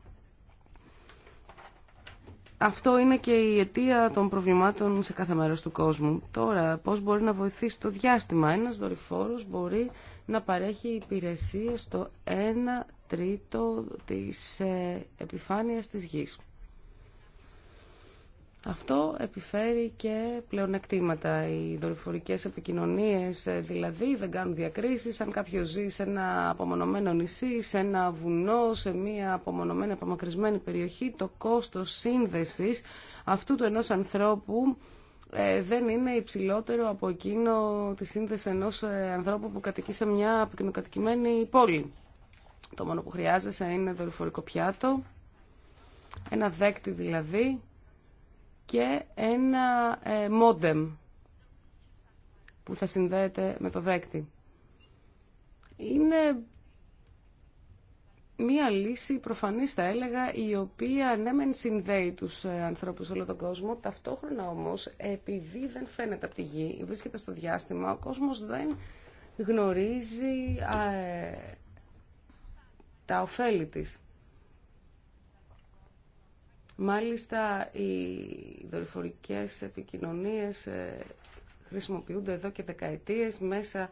Αυτό είναι και η αιτία των προβλημάτων σε κάθε μέρος του κόσμου. Τώρα, πώς μπορεί να βοηθήσει το διάστημα. Ένας δορυφόρος μπορεί να παρέχει υπηρεσίες στο 1 τρίτο της ε, επιφάνειας της γης. Αυτό επιφέρει και πλεονεκτήματα. Οι δορυφορικέ επικοινωνίες ε, δηλαδή δεν κάνουν διακρίσεις. Αν κάποιο ζει σε ένα απομονωμένο νησί, σε ένα βουνό, σε μια απομονωμένη, απομακρυσμένη περιοχή, το κόστος σύνδεσης αυτού του ενός ανθρώπου ε, δεν είναι υψηλότερο από εκείνο τη σύνδεση ενός ε, ανθρώπου που κατοικεί σε μια πυκνοκατοικημένη πόλη. Το μόνο που χρειάζεσαι είναι δορυφορικό πιάτο, ένα δέκτη δηλαδή, και ένα ε, μόντεμ που θα συνδέεται με το δέκτη. Είναι μία λύση προφανής θα έλεγα η οποία ναι μεν συνδέει τους ε, ανθρώπους σε όλο τον κόσμο ταυτόχρονα όμως επειδή δεν φαίνεται από τη γη, βρίσκεται στο διάστημα ο κόσμος δεν γνωρίζει ε, τα ωφέλη της. Μάλιστα, οι δορυφορικές επικοινωνίες ε, χρησιμοποιούνται εδώ και δεκαετίες. Μέσα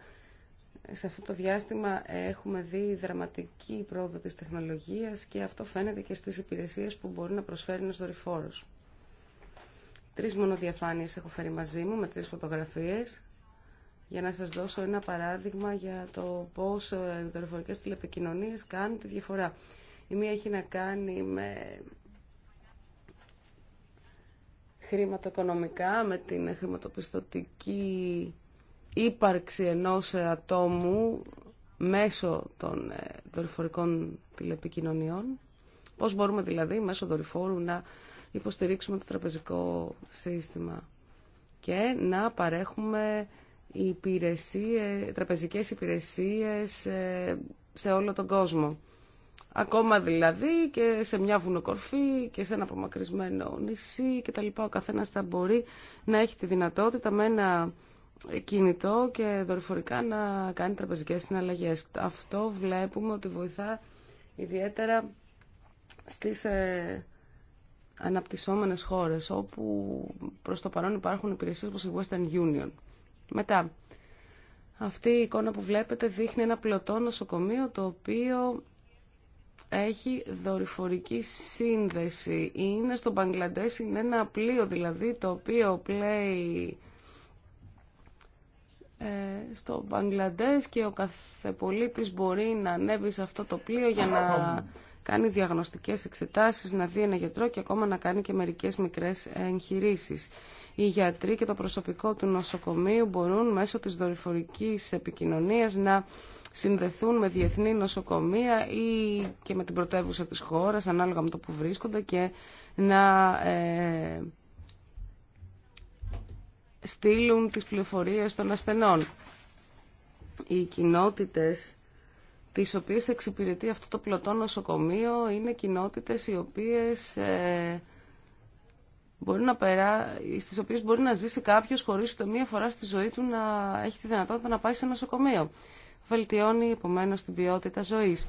σε αυτό το διάστημα έχουμε δει δραματική πρόοδο της τεχνολογίας και αυτό φαίνεται και στις υπηρεσίες που μπορεί να προσφέρει ένας δορυφόρος. Τρεις μόνο έχω φέρει μαζί μου με τρεις φωτογραφίες για να σας δώσω ένα παράδειγμα για το πώς ε, οι δορυφορικές τηλεπικοινωνίες κάνουν τη διαφορά. Η μία έχει να κάνει με χρηματοοικονομικά, με την χρηματοπιστωτική ύπαρξη ενός ατόμου μέσω των ε, δορυφορικών τηλεπικοινωνιών. Πώς μπορούμε δηλαδή μέσω δορυφόρου να υποστηρίξουμε το τραπεζικό σύστημα και να παρέχουμε υπηρεσίες, τραπεζικές υπηρεσίες ε, σε όλο τον κόσμο. Ακόμα δηλαδή και σε μια βουνοκορφή και σε ένα απομακρυσμένο νησί και τα λοιπά. Ο καθένας θα μπορεί να έχει τη δυνατότητα με ένα κινητό και δορυφορικά να κάνει τραπεζικές συναλλαγές. Αυτό βλέπουμε ότι βοηθά ιδιαίτερα στις ε, αναπτυσσόμενες χώρες όπου προς το παρόν υπάρχουν υπηρεσίες όπως η Western Union. Μετά, αυτή η εικόνα που βλέπετε δείχνει ένα πλωτό νοσοκομείο το οποίο έχει δορυφορική σύνδεση. Είναι στο Μπαγκλαντές, είναι ένα πλοίο δηλαδή το οποίο πλέει ε, στο Μπαγκλαντές και ο κάθε μπορεί να ανέβει σε αυτό το πλοίο για να κάνει διαγνωστικές εξετάσεις, να δει ένα γιατρό και ακόμα να κάνει και μερικές μικρές εγχειρήσεις. Οι γιατροί και το προσωπικό του νοσοκομείου μπορούν μέσω της δορυφορικής επικοινωνίας να συνδεθούν με διεθνή νοσοκομεία ή και με την πρωτεύουσα της χώρας ανάλογα με το που βρίσκονται και να ε, στείλουν τις πληροφορίες των ασθενών. Οι κοινότητες τις οποίες εξυπηρετεί αυτό το πλωτό νοσοκομείο είναι κοινότητες οι οποίες ε, μπορεί να περά, στις οποίες μπορεί να ζήσει κάποιος χωρίς ούτε μία φορά στη ζωή του να έχει τη δυνατότητα να πάει σε νοσοκομείο βελτιώνει επομένω την ποιότητα ζωής.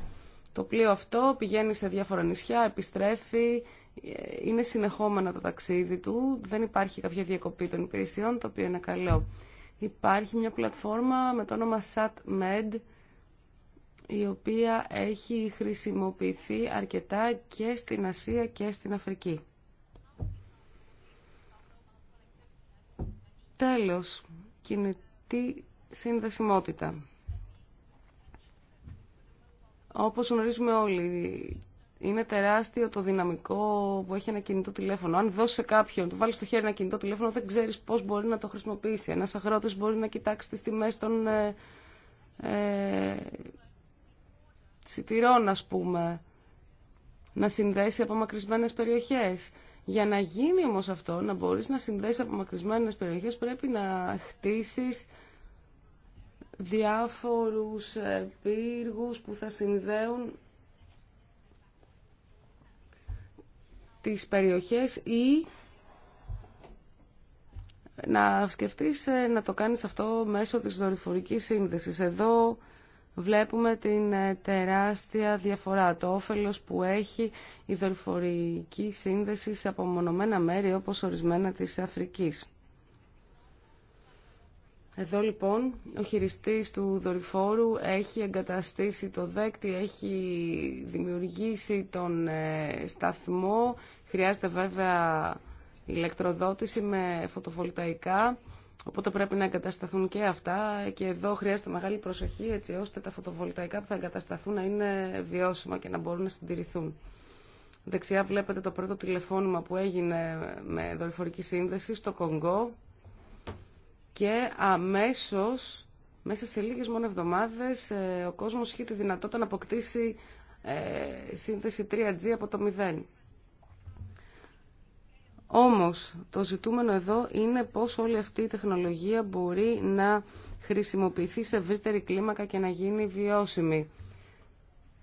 Το πλοίο αυτό πηγαίνει σε διάφορα νησιά, επιστρέφει, ε, είναι συνεχόμενο το ταξίδι του, δεν υπάρχει κάποια διακοπή των υπηρεσιών, το οποίο είναι καλό. Υπάρχει μια πλατφόρμα με το όνομα SatMed, η οποία έχει χρησιμοποιηθεί αρκετά και στην Ασία και στην Αφρική. Τέλος, κινητή συνδεσιμότητα. Όπως γνωρίζουμε όλοι, είναι τεράστιο το δυναμικό που έχει ένα κινητό τηλέφωνο. Αν δώσει σε κάποιον, του βάλει στο χέρι ένα κινητό τηλέφωνο, δεν ξέρει πώ μπορεί να το χρησιμοποιήσει. Ένα αγρότη μπορεί να κοιτάξει τι τιμέ των ε, ε, σιτηρών, α πούμε, να συνδέσει απομακρυσμένε περιοχέ. Για να γίνει όμω αυτό, να μπορεί να συνδέσει απομακρυσμένε περιοχέ, πρέπει να χτίσει διάφορους πύργους που θα συνδέουν τις περιοχές ή να σκεφτείς ε, να το κάνεις αυτό μέσω της δορυφορικής σύνδεσης. Εδώ βλέπουμε την ε, τεράστια διαφορά, το όφελος που έχει η δορυφορική σύνδεση σε απομονωμένα μέρη όπως ορισμένα της Αφρικής. Εδώ λοιπόν ο χειριστής του δορυφόρου έχει εγκαταστήσει το δέκτη, έχει δημιουργήσει τον ε, σταθμό, χρειάζεται βέβαια ηλεκτροδότηση με φωτοβολταϊκά, οπότε πρέπει να εγκατασταθούν και αυτά και εδώ χρειάζεται μεγάλη προσοχή έτσι ώστε τα φωτοβολταϊκά που θα εγκατασταθούν να είναι βιώσιμα και να μπορούν να συντηρηθούν. Δεξιά βλέπετε το πρώτο τηλεφώνημα που έγινε με δορυφορική σύνδεση στο Κονγκό, και αμέσως, μέσα σε λίγες μόνο εβδομάδες, ε, ο κόσμος είχε τη δυνατότητα να αποκτήσει ε, σύνθεση 3G από το μηδέν. Όμως, το ζητούμενο εδώ είναι πώς όλη αυτή η τεχνολογία μπορεί να χρησιμοποιηθεί σε ευρύτερη κλίμακα και να γίνει βιώσιμη.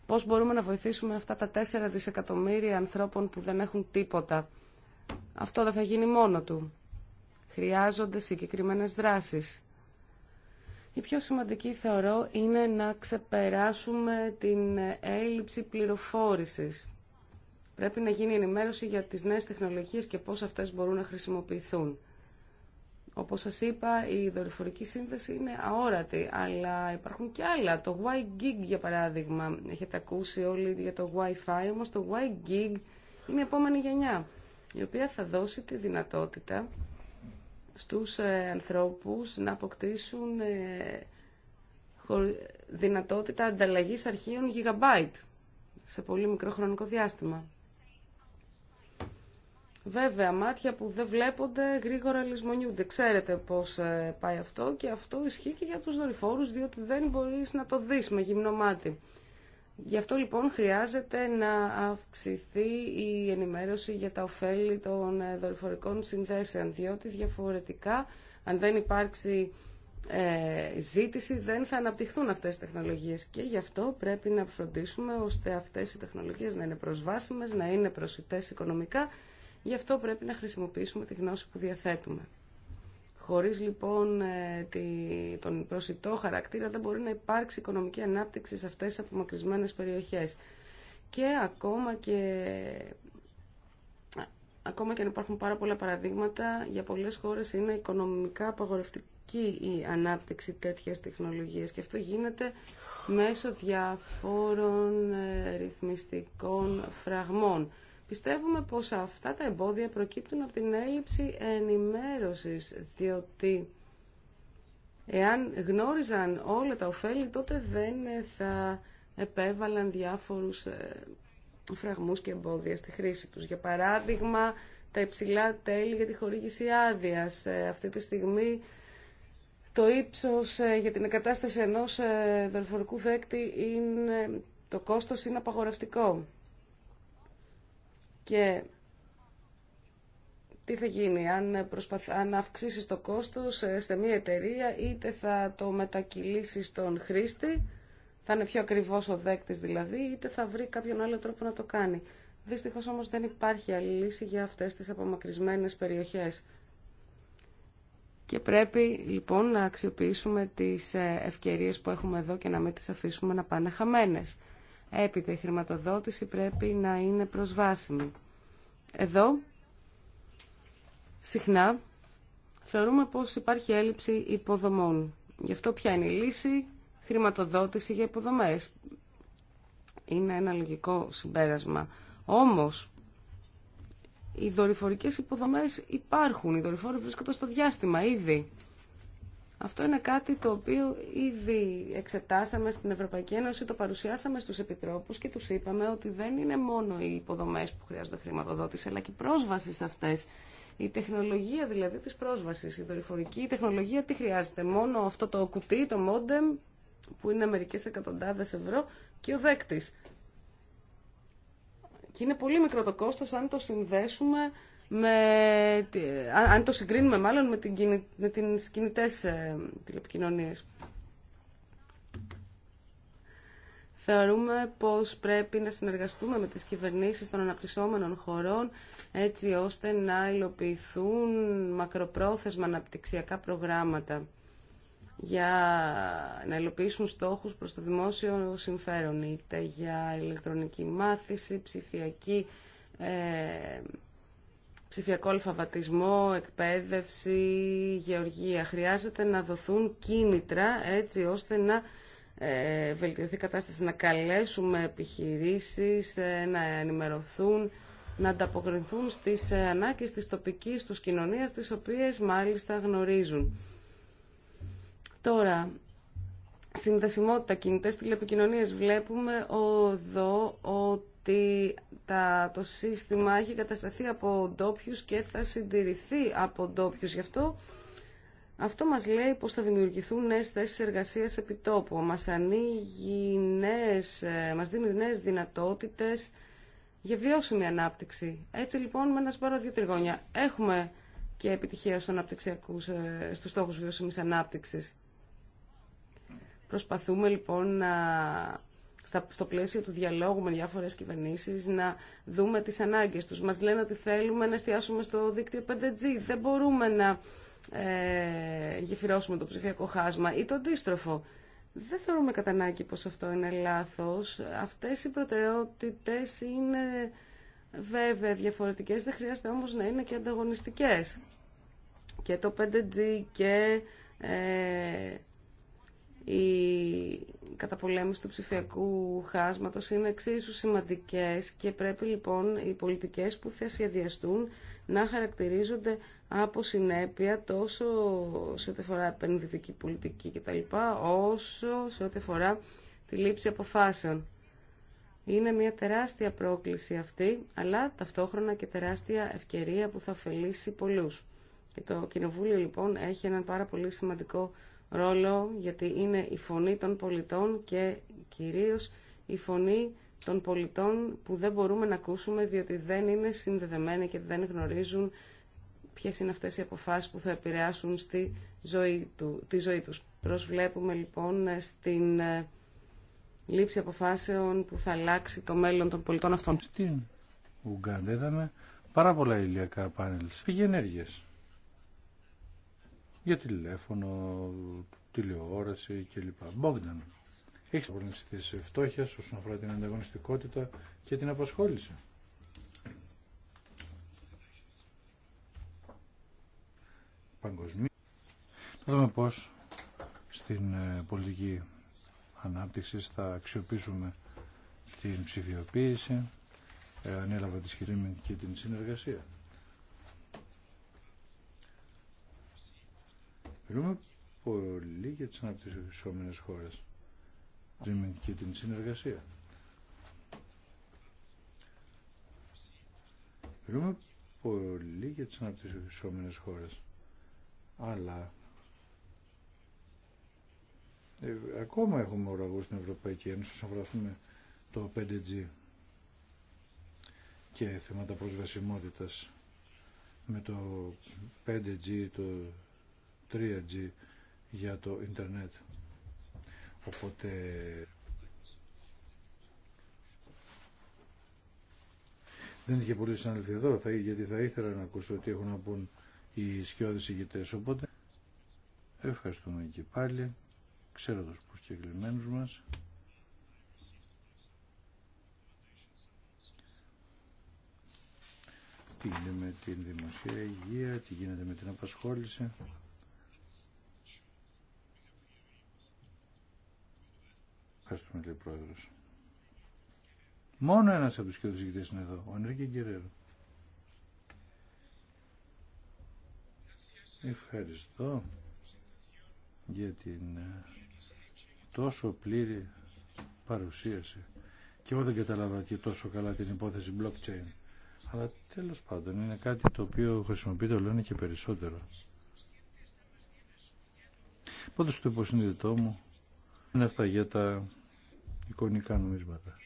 Πώς μπορούμε να βοηθήσουμε αυτά τα 4 δισεκατομμύρια ανθρώπων που δεν έχουν τίποτα. Αυτό δεν θα γίνει μόνο του. Χρειάζονται συγκεκριμένες δράσεις. Η πιο σημαντική θεωρώ είναι να ξεπεράσουμε την έλλειψη πληροφόρησης. Πρέπει να γίνει ενημέρωση για τις νέες τεχνολογίες και πώς αυτές μπορούν να χρησιμοποιηθούν. Όπως σας είπα, η δορυφορική σύνδεση είναι αόρατη, αλλά υπάρχουν και άλλα. Το Y-Gig, για παράδειγμα, έχετε ακούσει όλοι για το Wi-Fi, όμως το Y-Gig είναι η επόμενη γενιά, η οποία θα δώσει τη δυνατότητα στους ε, ανθρώπους να αποκτήσουν ε, δυνατότητα ανταλλαγής αρχείων gigabyte σε πολύ μικρό χρονικό διάστημα. Βέβαια, μάτια που δεν βλέπονται γρήγορα λησμονιούνται. Ξέρετε πώς ε, πάει αυτό και αυτό ισχύει και για τους δορυφόρους, διότι δεν μπορείς να το δεις με γυμνό μάτι. Γι' αυτό λοιπόν χρειάζεται να αυξηθεί η ενημέρωση για τα ωφέλη των ε, δορυφορικών συνδέσεων, διότι διαφορετικά αν δεν υπάρξει ε, ζήτηση δεν θα αναπτυχθούν αυτές οι τεχνολογίες και γι' αυτό πρέπει να φροντίσουμε ώστε αυτές οι τεχνολογίες να είναι προσβάσιμες, να είναι προσιτές οικονομικά, γι' αυτό πρέπει να χρησιμοποιήσουμε τη γνώση που διαθέτουμε. Χωρίς λοιπόν ε, τον προσιτό χαρακτήρα δεν μπορεί να υπάρξει οικονομική ανάπτυξη σε αυτές τις απομακρυσμένες περιοχές. Και ακόμα και... Ακόμα και αν υπάρχουν πάρα πολλά παραδείγματα, για πολλές χώρες είναι οικονομικά απαγορευτική η ανάπτυξη τέτοιες τεχνολογίες και αυτό γίνεται μέσω διαφόρων ε, ρυθμιστικών φραγμών. Πιστεύουμε πως αυτά τα εμπόδια προκύπτουν από την έλλειψη ενημέρωσης, διότι εάν γνώριζαν όλα τα ωφέλη, τότε δεν θα επέβαλαν διάφορους ε, φραγμούς και εμπόδια στη χρήση τους. Για παράδειγμα, τα υψηλά τέλη για τη χορήγηση άδεια. Ε, αυτή τη στιγμή το ύψος ε, για την εγκατάσταση ενός δορυφορικού δέκτη είναι, το κόστος είναι απαγορευτικό. Και τι θα γίνει αν, προσπαθ... αν αυξήσεις το κόστος ε, σε μια εταιρεία είτε θα το μετακυλήσεις στον χρήστη, θα είναι πιο ακριβώς ο δέκτης δηλαδή, είτε θα βρει κάποιον άλλο τρόπο να το κάνει. Δυστυχώς όμως δεν υπάρχει άλλη λύση για αυτές τις απομακρυσμένες περιοχές. Και πρέπει λοιπόν να αξιοποιήσουμε τις ε, ευκαιρίες που έχουμε εδώ και να μην τις αφήσουμε να πάνε χαμένες. Έπειτα η χρηματοδότηση πρέπει να είναι προσβάσιμη. Εδώ, συχνά, θεωρούμε πως υπάρχει έλλειψη υποδομών. Γι' αυτό ποια είναι η λύση, χρηματοδότηση για υποδομές. Είναι ένα λογικό συμπέρασμα. Όμως, οι δορυφορικές υποδομές υπάρχουν. Οι δορυφόροι βρίσκονται στο διάστημα ήδη. Αυτό είναι κάτι το οποίο ήδη εξετάσαμε στην Ευρωπαϊκή Ένωση, το παρουσιάσαμε στους επιτρόπους και τους είπαμε ότι δεν είναι μόνο οι υποδομές που χρειάζονται χρηματοδότηση, αλλά και η πρόσβαση σε αυτές. Η τεχνολογία δηλαδή της πρόσβασης, η δορυφορική τεχνολογία τι χρειάζεται, μόνο αυτό το κουτί, το μόντεμ, που είναι μερικές εκατοντάδες ευρώ και ο δέκτης. Και είναι πολύ μικρό το κόστος αν το συνδέσουμε με, αν το συγκρίνουμε μάλλον με, την, με τις κινητές ε, τηλεπικοινωνίες. Θεωρούμε πως πρέπει να συνεργαστούμε με τις κυβερνήσεις των αναπτυσσόμενων χωρών έτσι ώστε να υλοποιηθούν μακροπρόθεσμα αναπτυξιακά προγράμματα για να υλοποιήσουν στόχους προς το δημόσιο συμφέρον είτε για ηλεκτρονική μάθηση, ψηφιακή ε, ψηφιακό αλφαβατισμό, εκπαίδευση, γεωργία. Χρειάζεται να δοθούν κίνητρα έτσι ώστε να ε, βελτιωθεί η κατάσταση, να καλέσουμε επιχειρήσεις, ε, να ενημερωθούν, να ανταποκριθούν στις ε, ανάγκες της τοπικής τους κοινωνίας, τις οποίες μάλιστα γνωρίζουν. Τώρα, συνδεσιμότητα κινητές τηλεπικοινωνίες. Βλέπουμε εδώ ότι ότι το σύστημα έχει κατασταθεί από ντόπιου και θα συντηρηθεί από ντόπιου. Γι' αυτό αυτό μας λέει πως θα δημιουργηθούν νέες θέσεις εργασίας επιτόπου. Μας ανοίγει νέες, ε, μας δίνει δυνατότητες για βιώσιμη ανάπτυξη. Έτσι λοιπόν με ένα σπάρο δύο τριγώνια. Έχουμε και επιτυχία στου αναπτυξιακούς, ε, στους στόχους βιώσιμης ανάπτυξης. Προσπαθούμε λοιπόν να στο πλαίσιο του διαλόγου με διάφορες κυβερνήσεις να δούμε τις ανάγκες τους. Μας λένε ότι θέλουμε να εστιάσουμε στο δίκτυο 5G. Δεν μπορούμε να ε, γεφυρώσουμε το ψηφιακό χάσμα ή το αντίστροφο. Δεν θεωρούμε κατά ανάγκη πως αυτό είναι λάθος. Αυτές οι προτεραιότητες είναι βέβαια διαφορετικές, δεν χρειάζεται όμως να είναι και ανταγωνιστικές. Και το 5G και ε, οι καταπολέμηση του ψηφιακού χάσματος είναι εξίσου σημαντικές και πρέπει λοιπόν οι πολιτικές που θα σχεδιαστούν να χαρακτηρίζονται από συνέπεια τόσο σε ό,τι αφορά επενδυτική πολιτική κτλ. όσο σε ό,τι αφορά τη λήψη αποφάσεων. Είναι μια τεράστια πρόκληση αυτή, αλλά ταυτόχρονα και τεράστια ευκαιρία που θα ωφελήσει πολλούς. Και το Κοινοβούλιο λοιπόν έχει έναν πάρα πολύ σημαντικό ρόλο γιατί είναι η φωνή των πολιτών και κυρίως η φωνή των πολιτών που δεν μπορούμε να ακούσουμε διότι δεν είναι συνδεδεμένοι και δεν γνωρίζουν ποιες είναι αυτές οι αποφάσεις που θα επηρεάσουν στη ζωή του, τη ζωή τους. Προσβλέπουμε λοιπόν στην ε, λήψη αποφάσεων που θα αλλάξει το μέλλον των πολιτών αυτών. Στην Ουγγάντα είδαμε πάρα πολλά ηλιακά πάνελ Πήγε για τηλέφωνο, τηλεόραση κλπ. Μπόγκταν. Έχει την πρόβληση τη φτώχεια όσον αφορά την ανταγωνιστικότητα και την απασχόληση. Παγκοσμίω. Θα δούμε πώ στην ε, πολιτική ανάπτυξη θα αξιοποιήσουμε την ψηφιοποίηση, ε, ανέλαβα τη σχετική και την συνεργασία. Μιλούμε πολύ για τις αναπτυσσόμενες χώρες και την συνεργασία. Μιλούμε πολύ για τις αναπτυσσόμενες χώρες αλλά ε, ακόμα έχουμε οραγού στην Ευρωπαϊκή Ένωση όσον αφορά το 5G και θέματα προσβασιμότητας με το 5G, το 3G για το ίντερνετ. Οπότε δεν είχε πολύ συνάδελφοι εδώ θα, γιατί θα ήθελα να ακούσω τι έχουν να πούν οι σκιώδες ηγητές. Οπότε ευχαριστούμε και πάλι. Ξέρω τους κλειμένους μας. τι γίνεται με την δημοσία υγεία, τι γίνεται με την απασχόληση. Ευχαριστούμε κύριε Πρόεδρο. Μόνο ένα από του κύριου είναι εδώ, ο Ενρίκη Γκερέρο. Ευχαριστώ για την ε, τόσο πλήρη παρουσίαση. Και εγώ δεν κατάλαβα και τόσο καλά την υπόθεση blockchain. Αλλά τέλος πάντων είναι κάτι το οποίο χρησιμοποιείται όλο και περισσότερο. Πάντως το υποσυνειδητό μου είναι αυτά για τα εικονικά νομίσματα.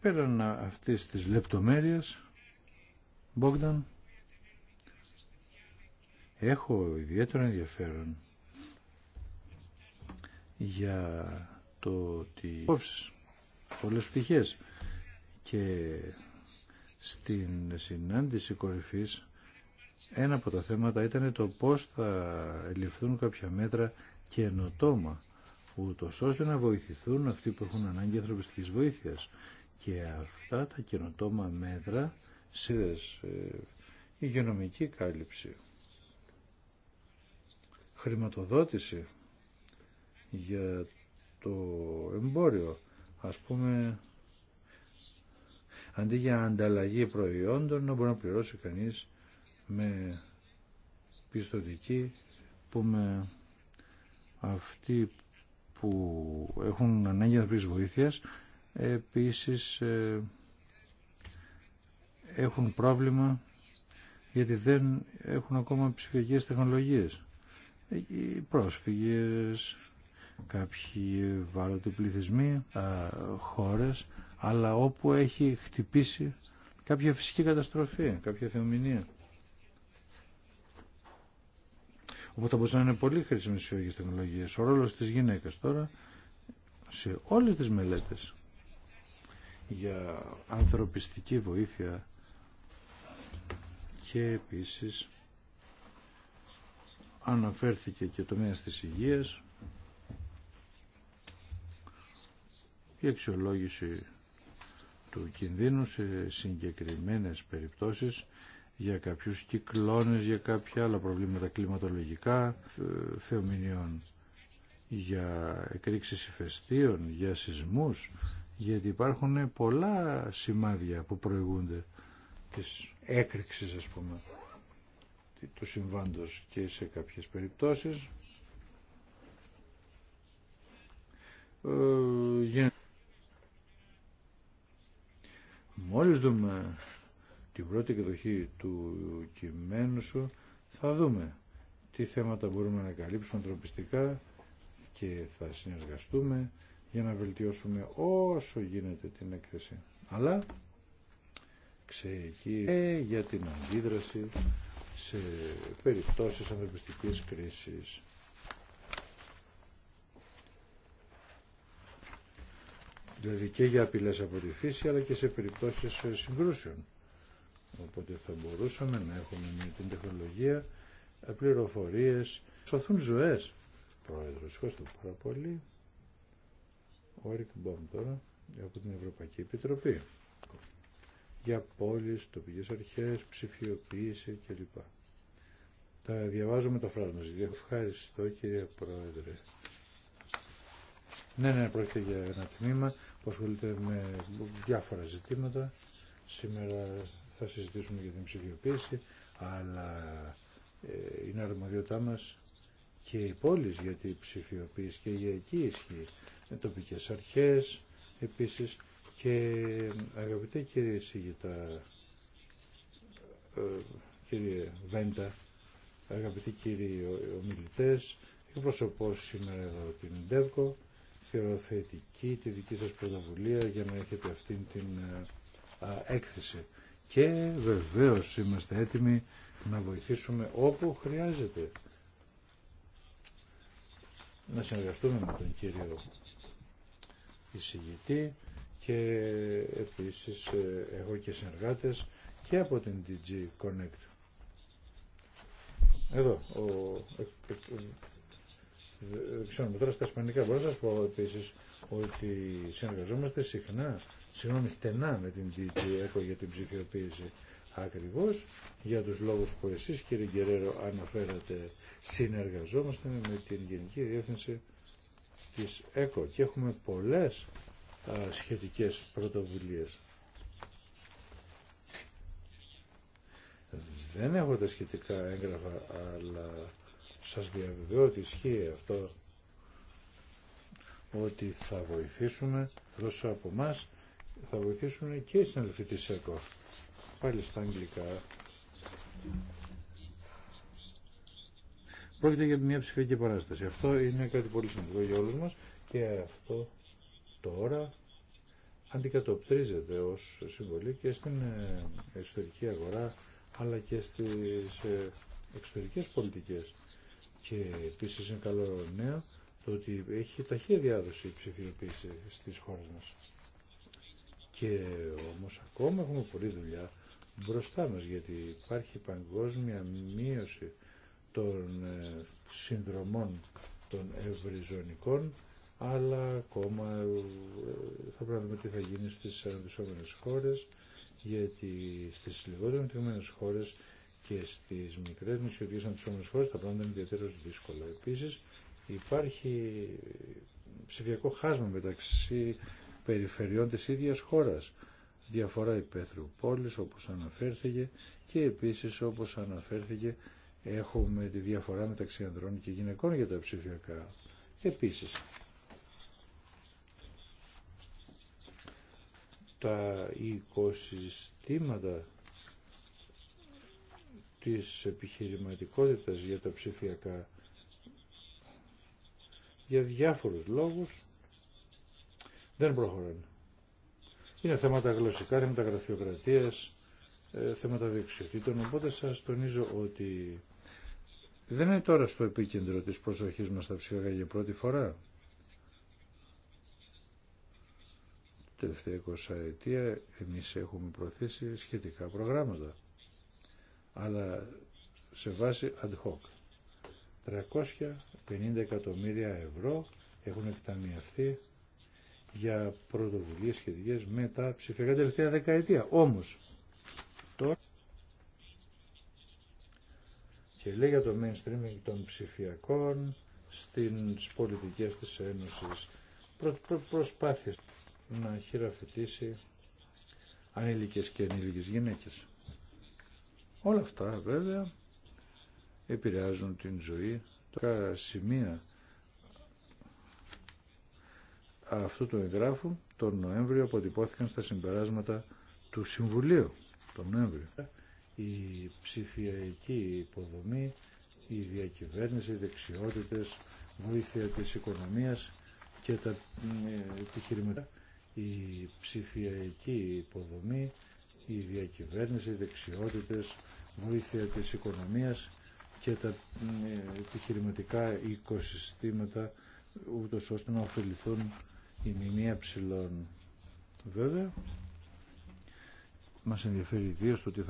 Πέραν αυτής της λεπτομέρειας, Μπόγκταν, έχω ιδιαίτερο ενδιαφέρον για το ότι όλες πολλές πτυχές και στην συνάντηση κορυφής ένα από τα θέματα ήταν το πώς θα ληφθούν κάποια μέτρα καινοτόμα, ούτω ώστε να βοηθηθούν αυτοί που έχουν ανάγκη ανθρωπιστική βοήθεια. Και αυτά τα καινοτόμα μέτρα, σύνδεση ε, υγειονομική κάλυψη, χρηματοδότηση για το εμπόριο, ας πούμε, αντί για ανταλλαγή προϊόντων να μπορεί να πληρώσει κανείς με πιστοτική που με αυτοί που έχουν ανάγκη πεις βοήθειας επίσης ε, έχουν πρόβλημα γιατί δεν έχουν ακόμα ψηφιακές τεχνολογίες. Ε, οι πρόσφυγες, κάποιοι ευάλωτοι πληθυσμοί, χώρες, αλλά όπου έχει χτυπήσει κάποια φυσική καταστροφή, κάποια θεομηνία. Οπότε θα μπορούσαν να είναι πολύ χρήσιμε οι φυσικέ τεχνολογίε. Ο ρόλο τη γυναίκα τώρα σε όλε τι μελέτε για ανθρωπιστική βοήθεια και επίσης αναφέρθηκε και το μία της υγείας η αξιολόγηση του κινδύνου σε συγκεκριμένες περιπτώσεις για κάποιους κυκλώνες, για κάποια άλλα προβλήματα κλιματολογικά, ε, θεομηνιών, για εκρήξεις ηφαιστείων, για σεισμούς, γιατί υπάρχουν πολλά σημάδια που προηγούνται της έκρηξης, ας πούμε, του συμβάντος και σε κάποιες περιπτώσεις. Ε, Μόλις δούμε την πρώτη εκδοχή του κειμένου σου θα δούμε τι θέματα μπορούμε να καλύψουμε ανθρωπιστικά και θα συνεργαστούμε για να βελτιώσουμε όσο γίνεται την έκθεση. Αλλά ξεκινάει για την αντίδραση σε περιπτώσεις ανθρωπιστικής κρίσης. Δηλαδή και για απειλές από τη φύση αλλά και σε περιπτώσεις συγκρούσεων. Οπότε θα μπορούσαμε να έχουμε με την τεχνολογία ε, πληροφορίες, σωθούν ζωές. Πρόεδρος, ευχαριστώ πάρα πολύ. Ο Ρικ Μπόμ τώρα από την Ευρωπαϊκή Επιτροπή για πόλεις, τοπικές αρχές, ψηφιοποίηση κλπ. Τα διαβάζω με τα φράσμα. Ευχαριστώ κύριε Πρόεδρε. Ναι, ναι, πρόκειται για ένα τμήμα που ασχολείται με διάφορα ζητήματα. Σήμερα θα συζητήσουμε για την ψηφιοποίηση, αλλά ε, είναι αρμοδιότητά μας και οι πόλεις γιατί την ψηφιοποίηση και για εκεί ισχύει, ε, τοπικές αρχές επίσης και αγαπητέ κύριε Σίγητα, ε, κύριε Βέντα, αγαπητοί κύριοι ομιλητές, προσωπώ σήμερα εδώ την ντεύκο, θεωρώ θετική τη δική σας πρωτοβουλία για να έχετε αυτήν την έκθεση και βεβαίως είμαστε έτοιμοι να βοηθήσουμε όπου χρειάζεται. Να συνεργαστούμε με τον κύριο εισηγητή και επίσης εγώ και συνεργάτες και από την DG Connect. Εδώ, ο... Ξέρω, τώρα στα ισπανικά μπορώ να σας πω επίσης ότι συνεργαζόμαστε συχνά, συγγνώμη στενά με την DGECO για την ψηφιοποίηση ακριβώς για τους λόγους που εσείς κύριε Γκερέρο αναφέρατε συνεργαζόμαστε με την Γενική Διεύθυνση της ΕΚΟ και έχουμε πολλές σχετικέ σχετικές πρωτοβουλίες. Δεν έχω τα σχετικά έγγραφα αλλά σας διαβεβαιώ ότι ισχύει αυτό ότι θα βοηθήσουμε, δώσα από εμά θα βοηθήσουν και οι συναδελφοί της ΕΚΟ. Πάλι στα αγγλικά. Πρόκειται για μια ψηφιακή παράσταση. Αυτό είναι κάτι πολύ σημαντικό για όλους μας και αυτό τώρα αντικατοπτρίζεται ως συμβολή και στην εξωτερική αγορά αλλά και στις ε, εξωτερικές πολιτικές. Και επίσης είναι καλό νέο το ότι έχει ταχεία διάδοση η ψηφιοποίηση στις χώρες μας. Και όμως ακόμα έχουμε πολλή δουλειά μπροστά μας γιατί υπάρχει παγκόσμια μείωση των ε, συνδρομών των ευρυζωνικών αλλά ακόμα ε, θα πρέπει να δούμε τι θα γίνει στις αναπτυσσόμενες χώρες γιατί στις λιγότερο αναπτυσσόμενες χώρες και στις μικρές νησιωτικές αναπτυσσόμενες χώρες τα πράγματα είναι ιδιαίτερως δύσκολα. Επίσης Υπάρχει ψηφιακό χάσμα μεταξύ περιφερειών της ίδιας χώρας. Διαφορά υπαίθρου πόλης όπως αναφέρθηκε και επίσης όπως αναφέρθηκε έχουμε τη διαφορά μεταξύ ανδρών και γυναικών για τα ψηφιακά. Επίσης, τα οικοσυστήματα της επιχειρηματικότητας για τα ψηφιακά για διάφορους λόγους δεν προχωράνε. Είναι θέματα γλωσσικά, θέματα γραφειοκρατίας, ε, θέματα δεξιοτήτων, οπότε σας τονίζω ότι δεν είναι τώρα στο επίκεντρο της προσοχής μας τα ψυχαγά για πρώτη φορά. Τελευταία 20 ετία εμείς έχουμε προωθήσει σχετικά προγράμματα, αλλά σε βάση ad hoc. 350 εκατομμύρια ευρώ έχουν εκταμιευθεί για πρωτοβουλίες σχετικές με τα ψηφιακά τελευταία δεκαετία. Όμως, τώρα και λέει για το mainstreaming των ψηφιακών στις πολιτικές της Ένωσης προ, να χειραφετήσει ανήλικες και ανήλικες γυναίκες. Όλα αυτά βέβαια επηρεάζουν την ζωή τα σημεία αυτού του εγγράφου τον Νοέμβριο αποτυπώθηκαν στα συμπεράσματα του Συμβουλίου τον Νοέμβριο. Η ψηφιακή υποδομή, η διακυβέρνηση, οι δεξιότητες, βοήθεια της οικονομίας και τα ε, επιχειρηματικά. Η ψηφιακή υποδομή, η διακυβέρνηση, οι δεξιότητες, βοήθεια της οικονομίας και τα ε, επιχειρηματικά οικοσυστήματα ούτως ώστε να ωφεληθούν οι μηνύα ψηλών. Βέβαια, μας ενδιαφέρει ιδίως το τι θα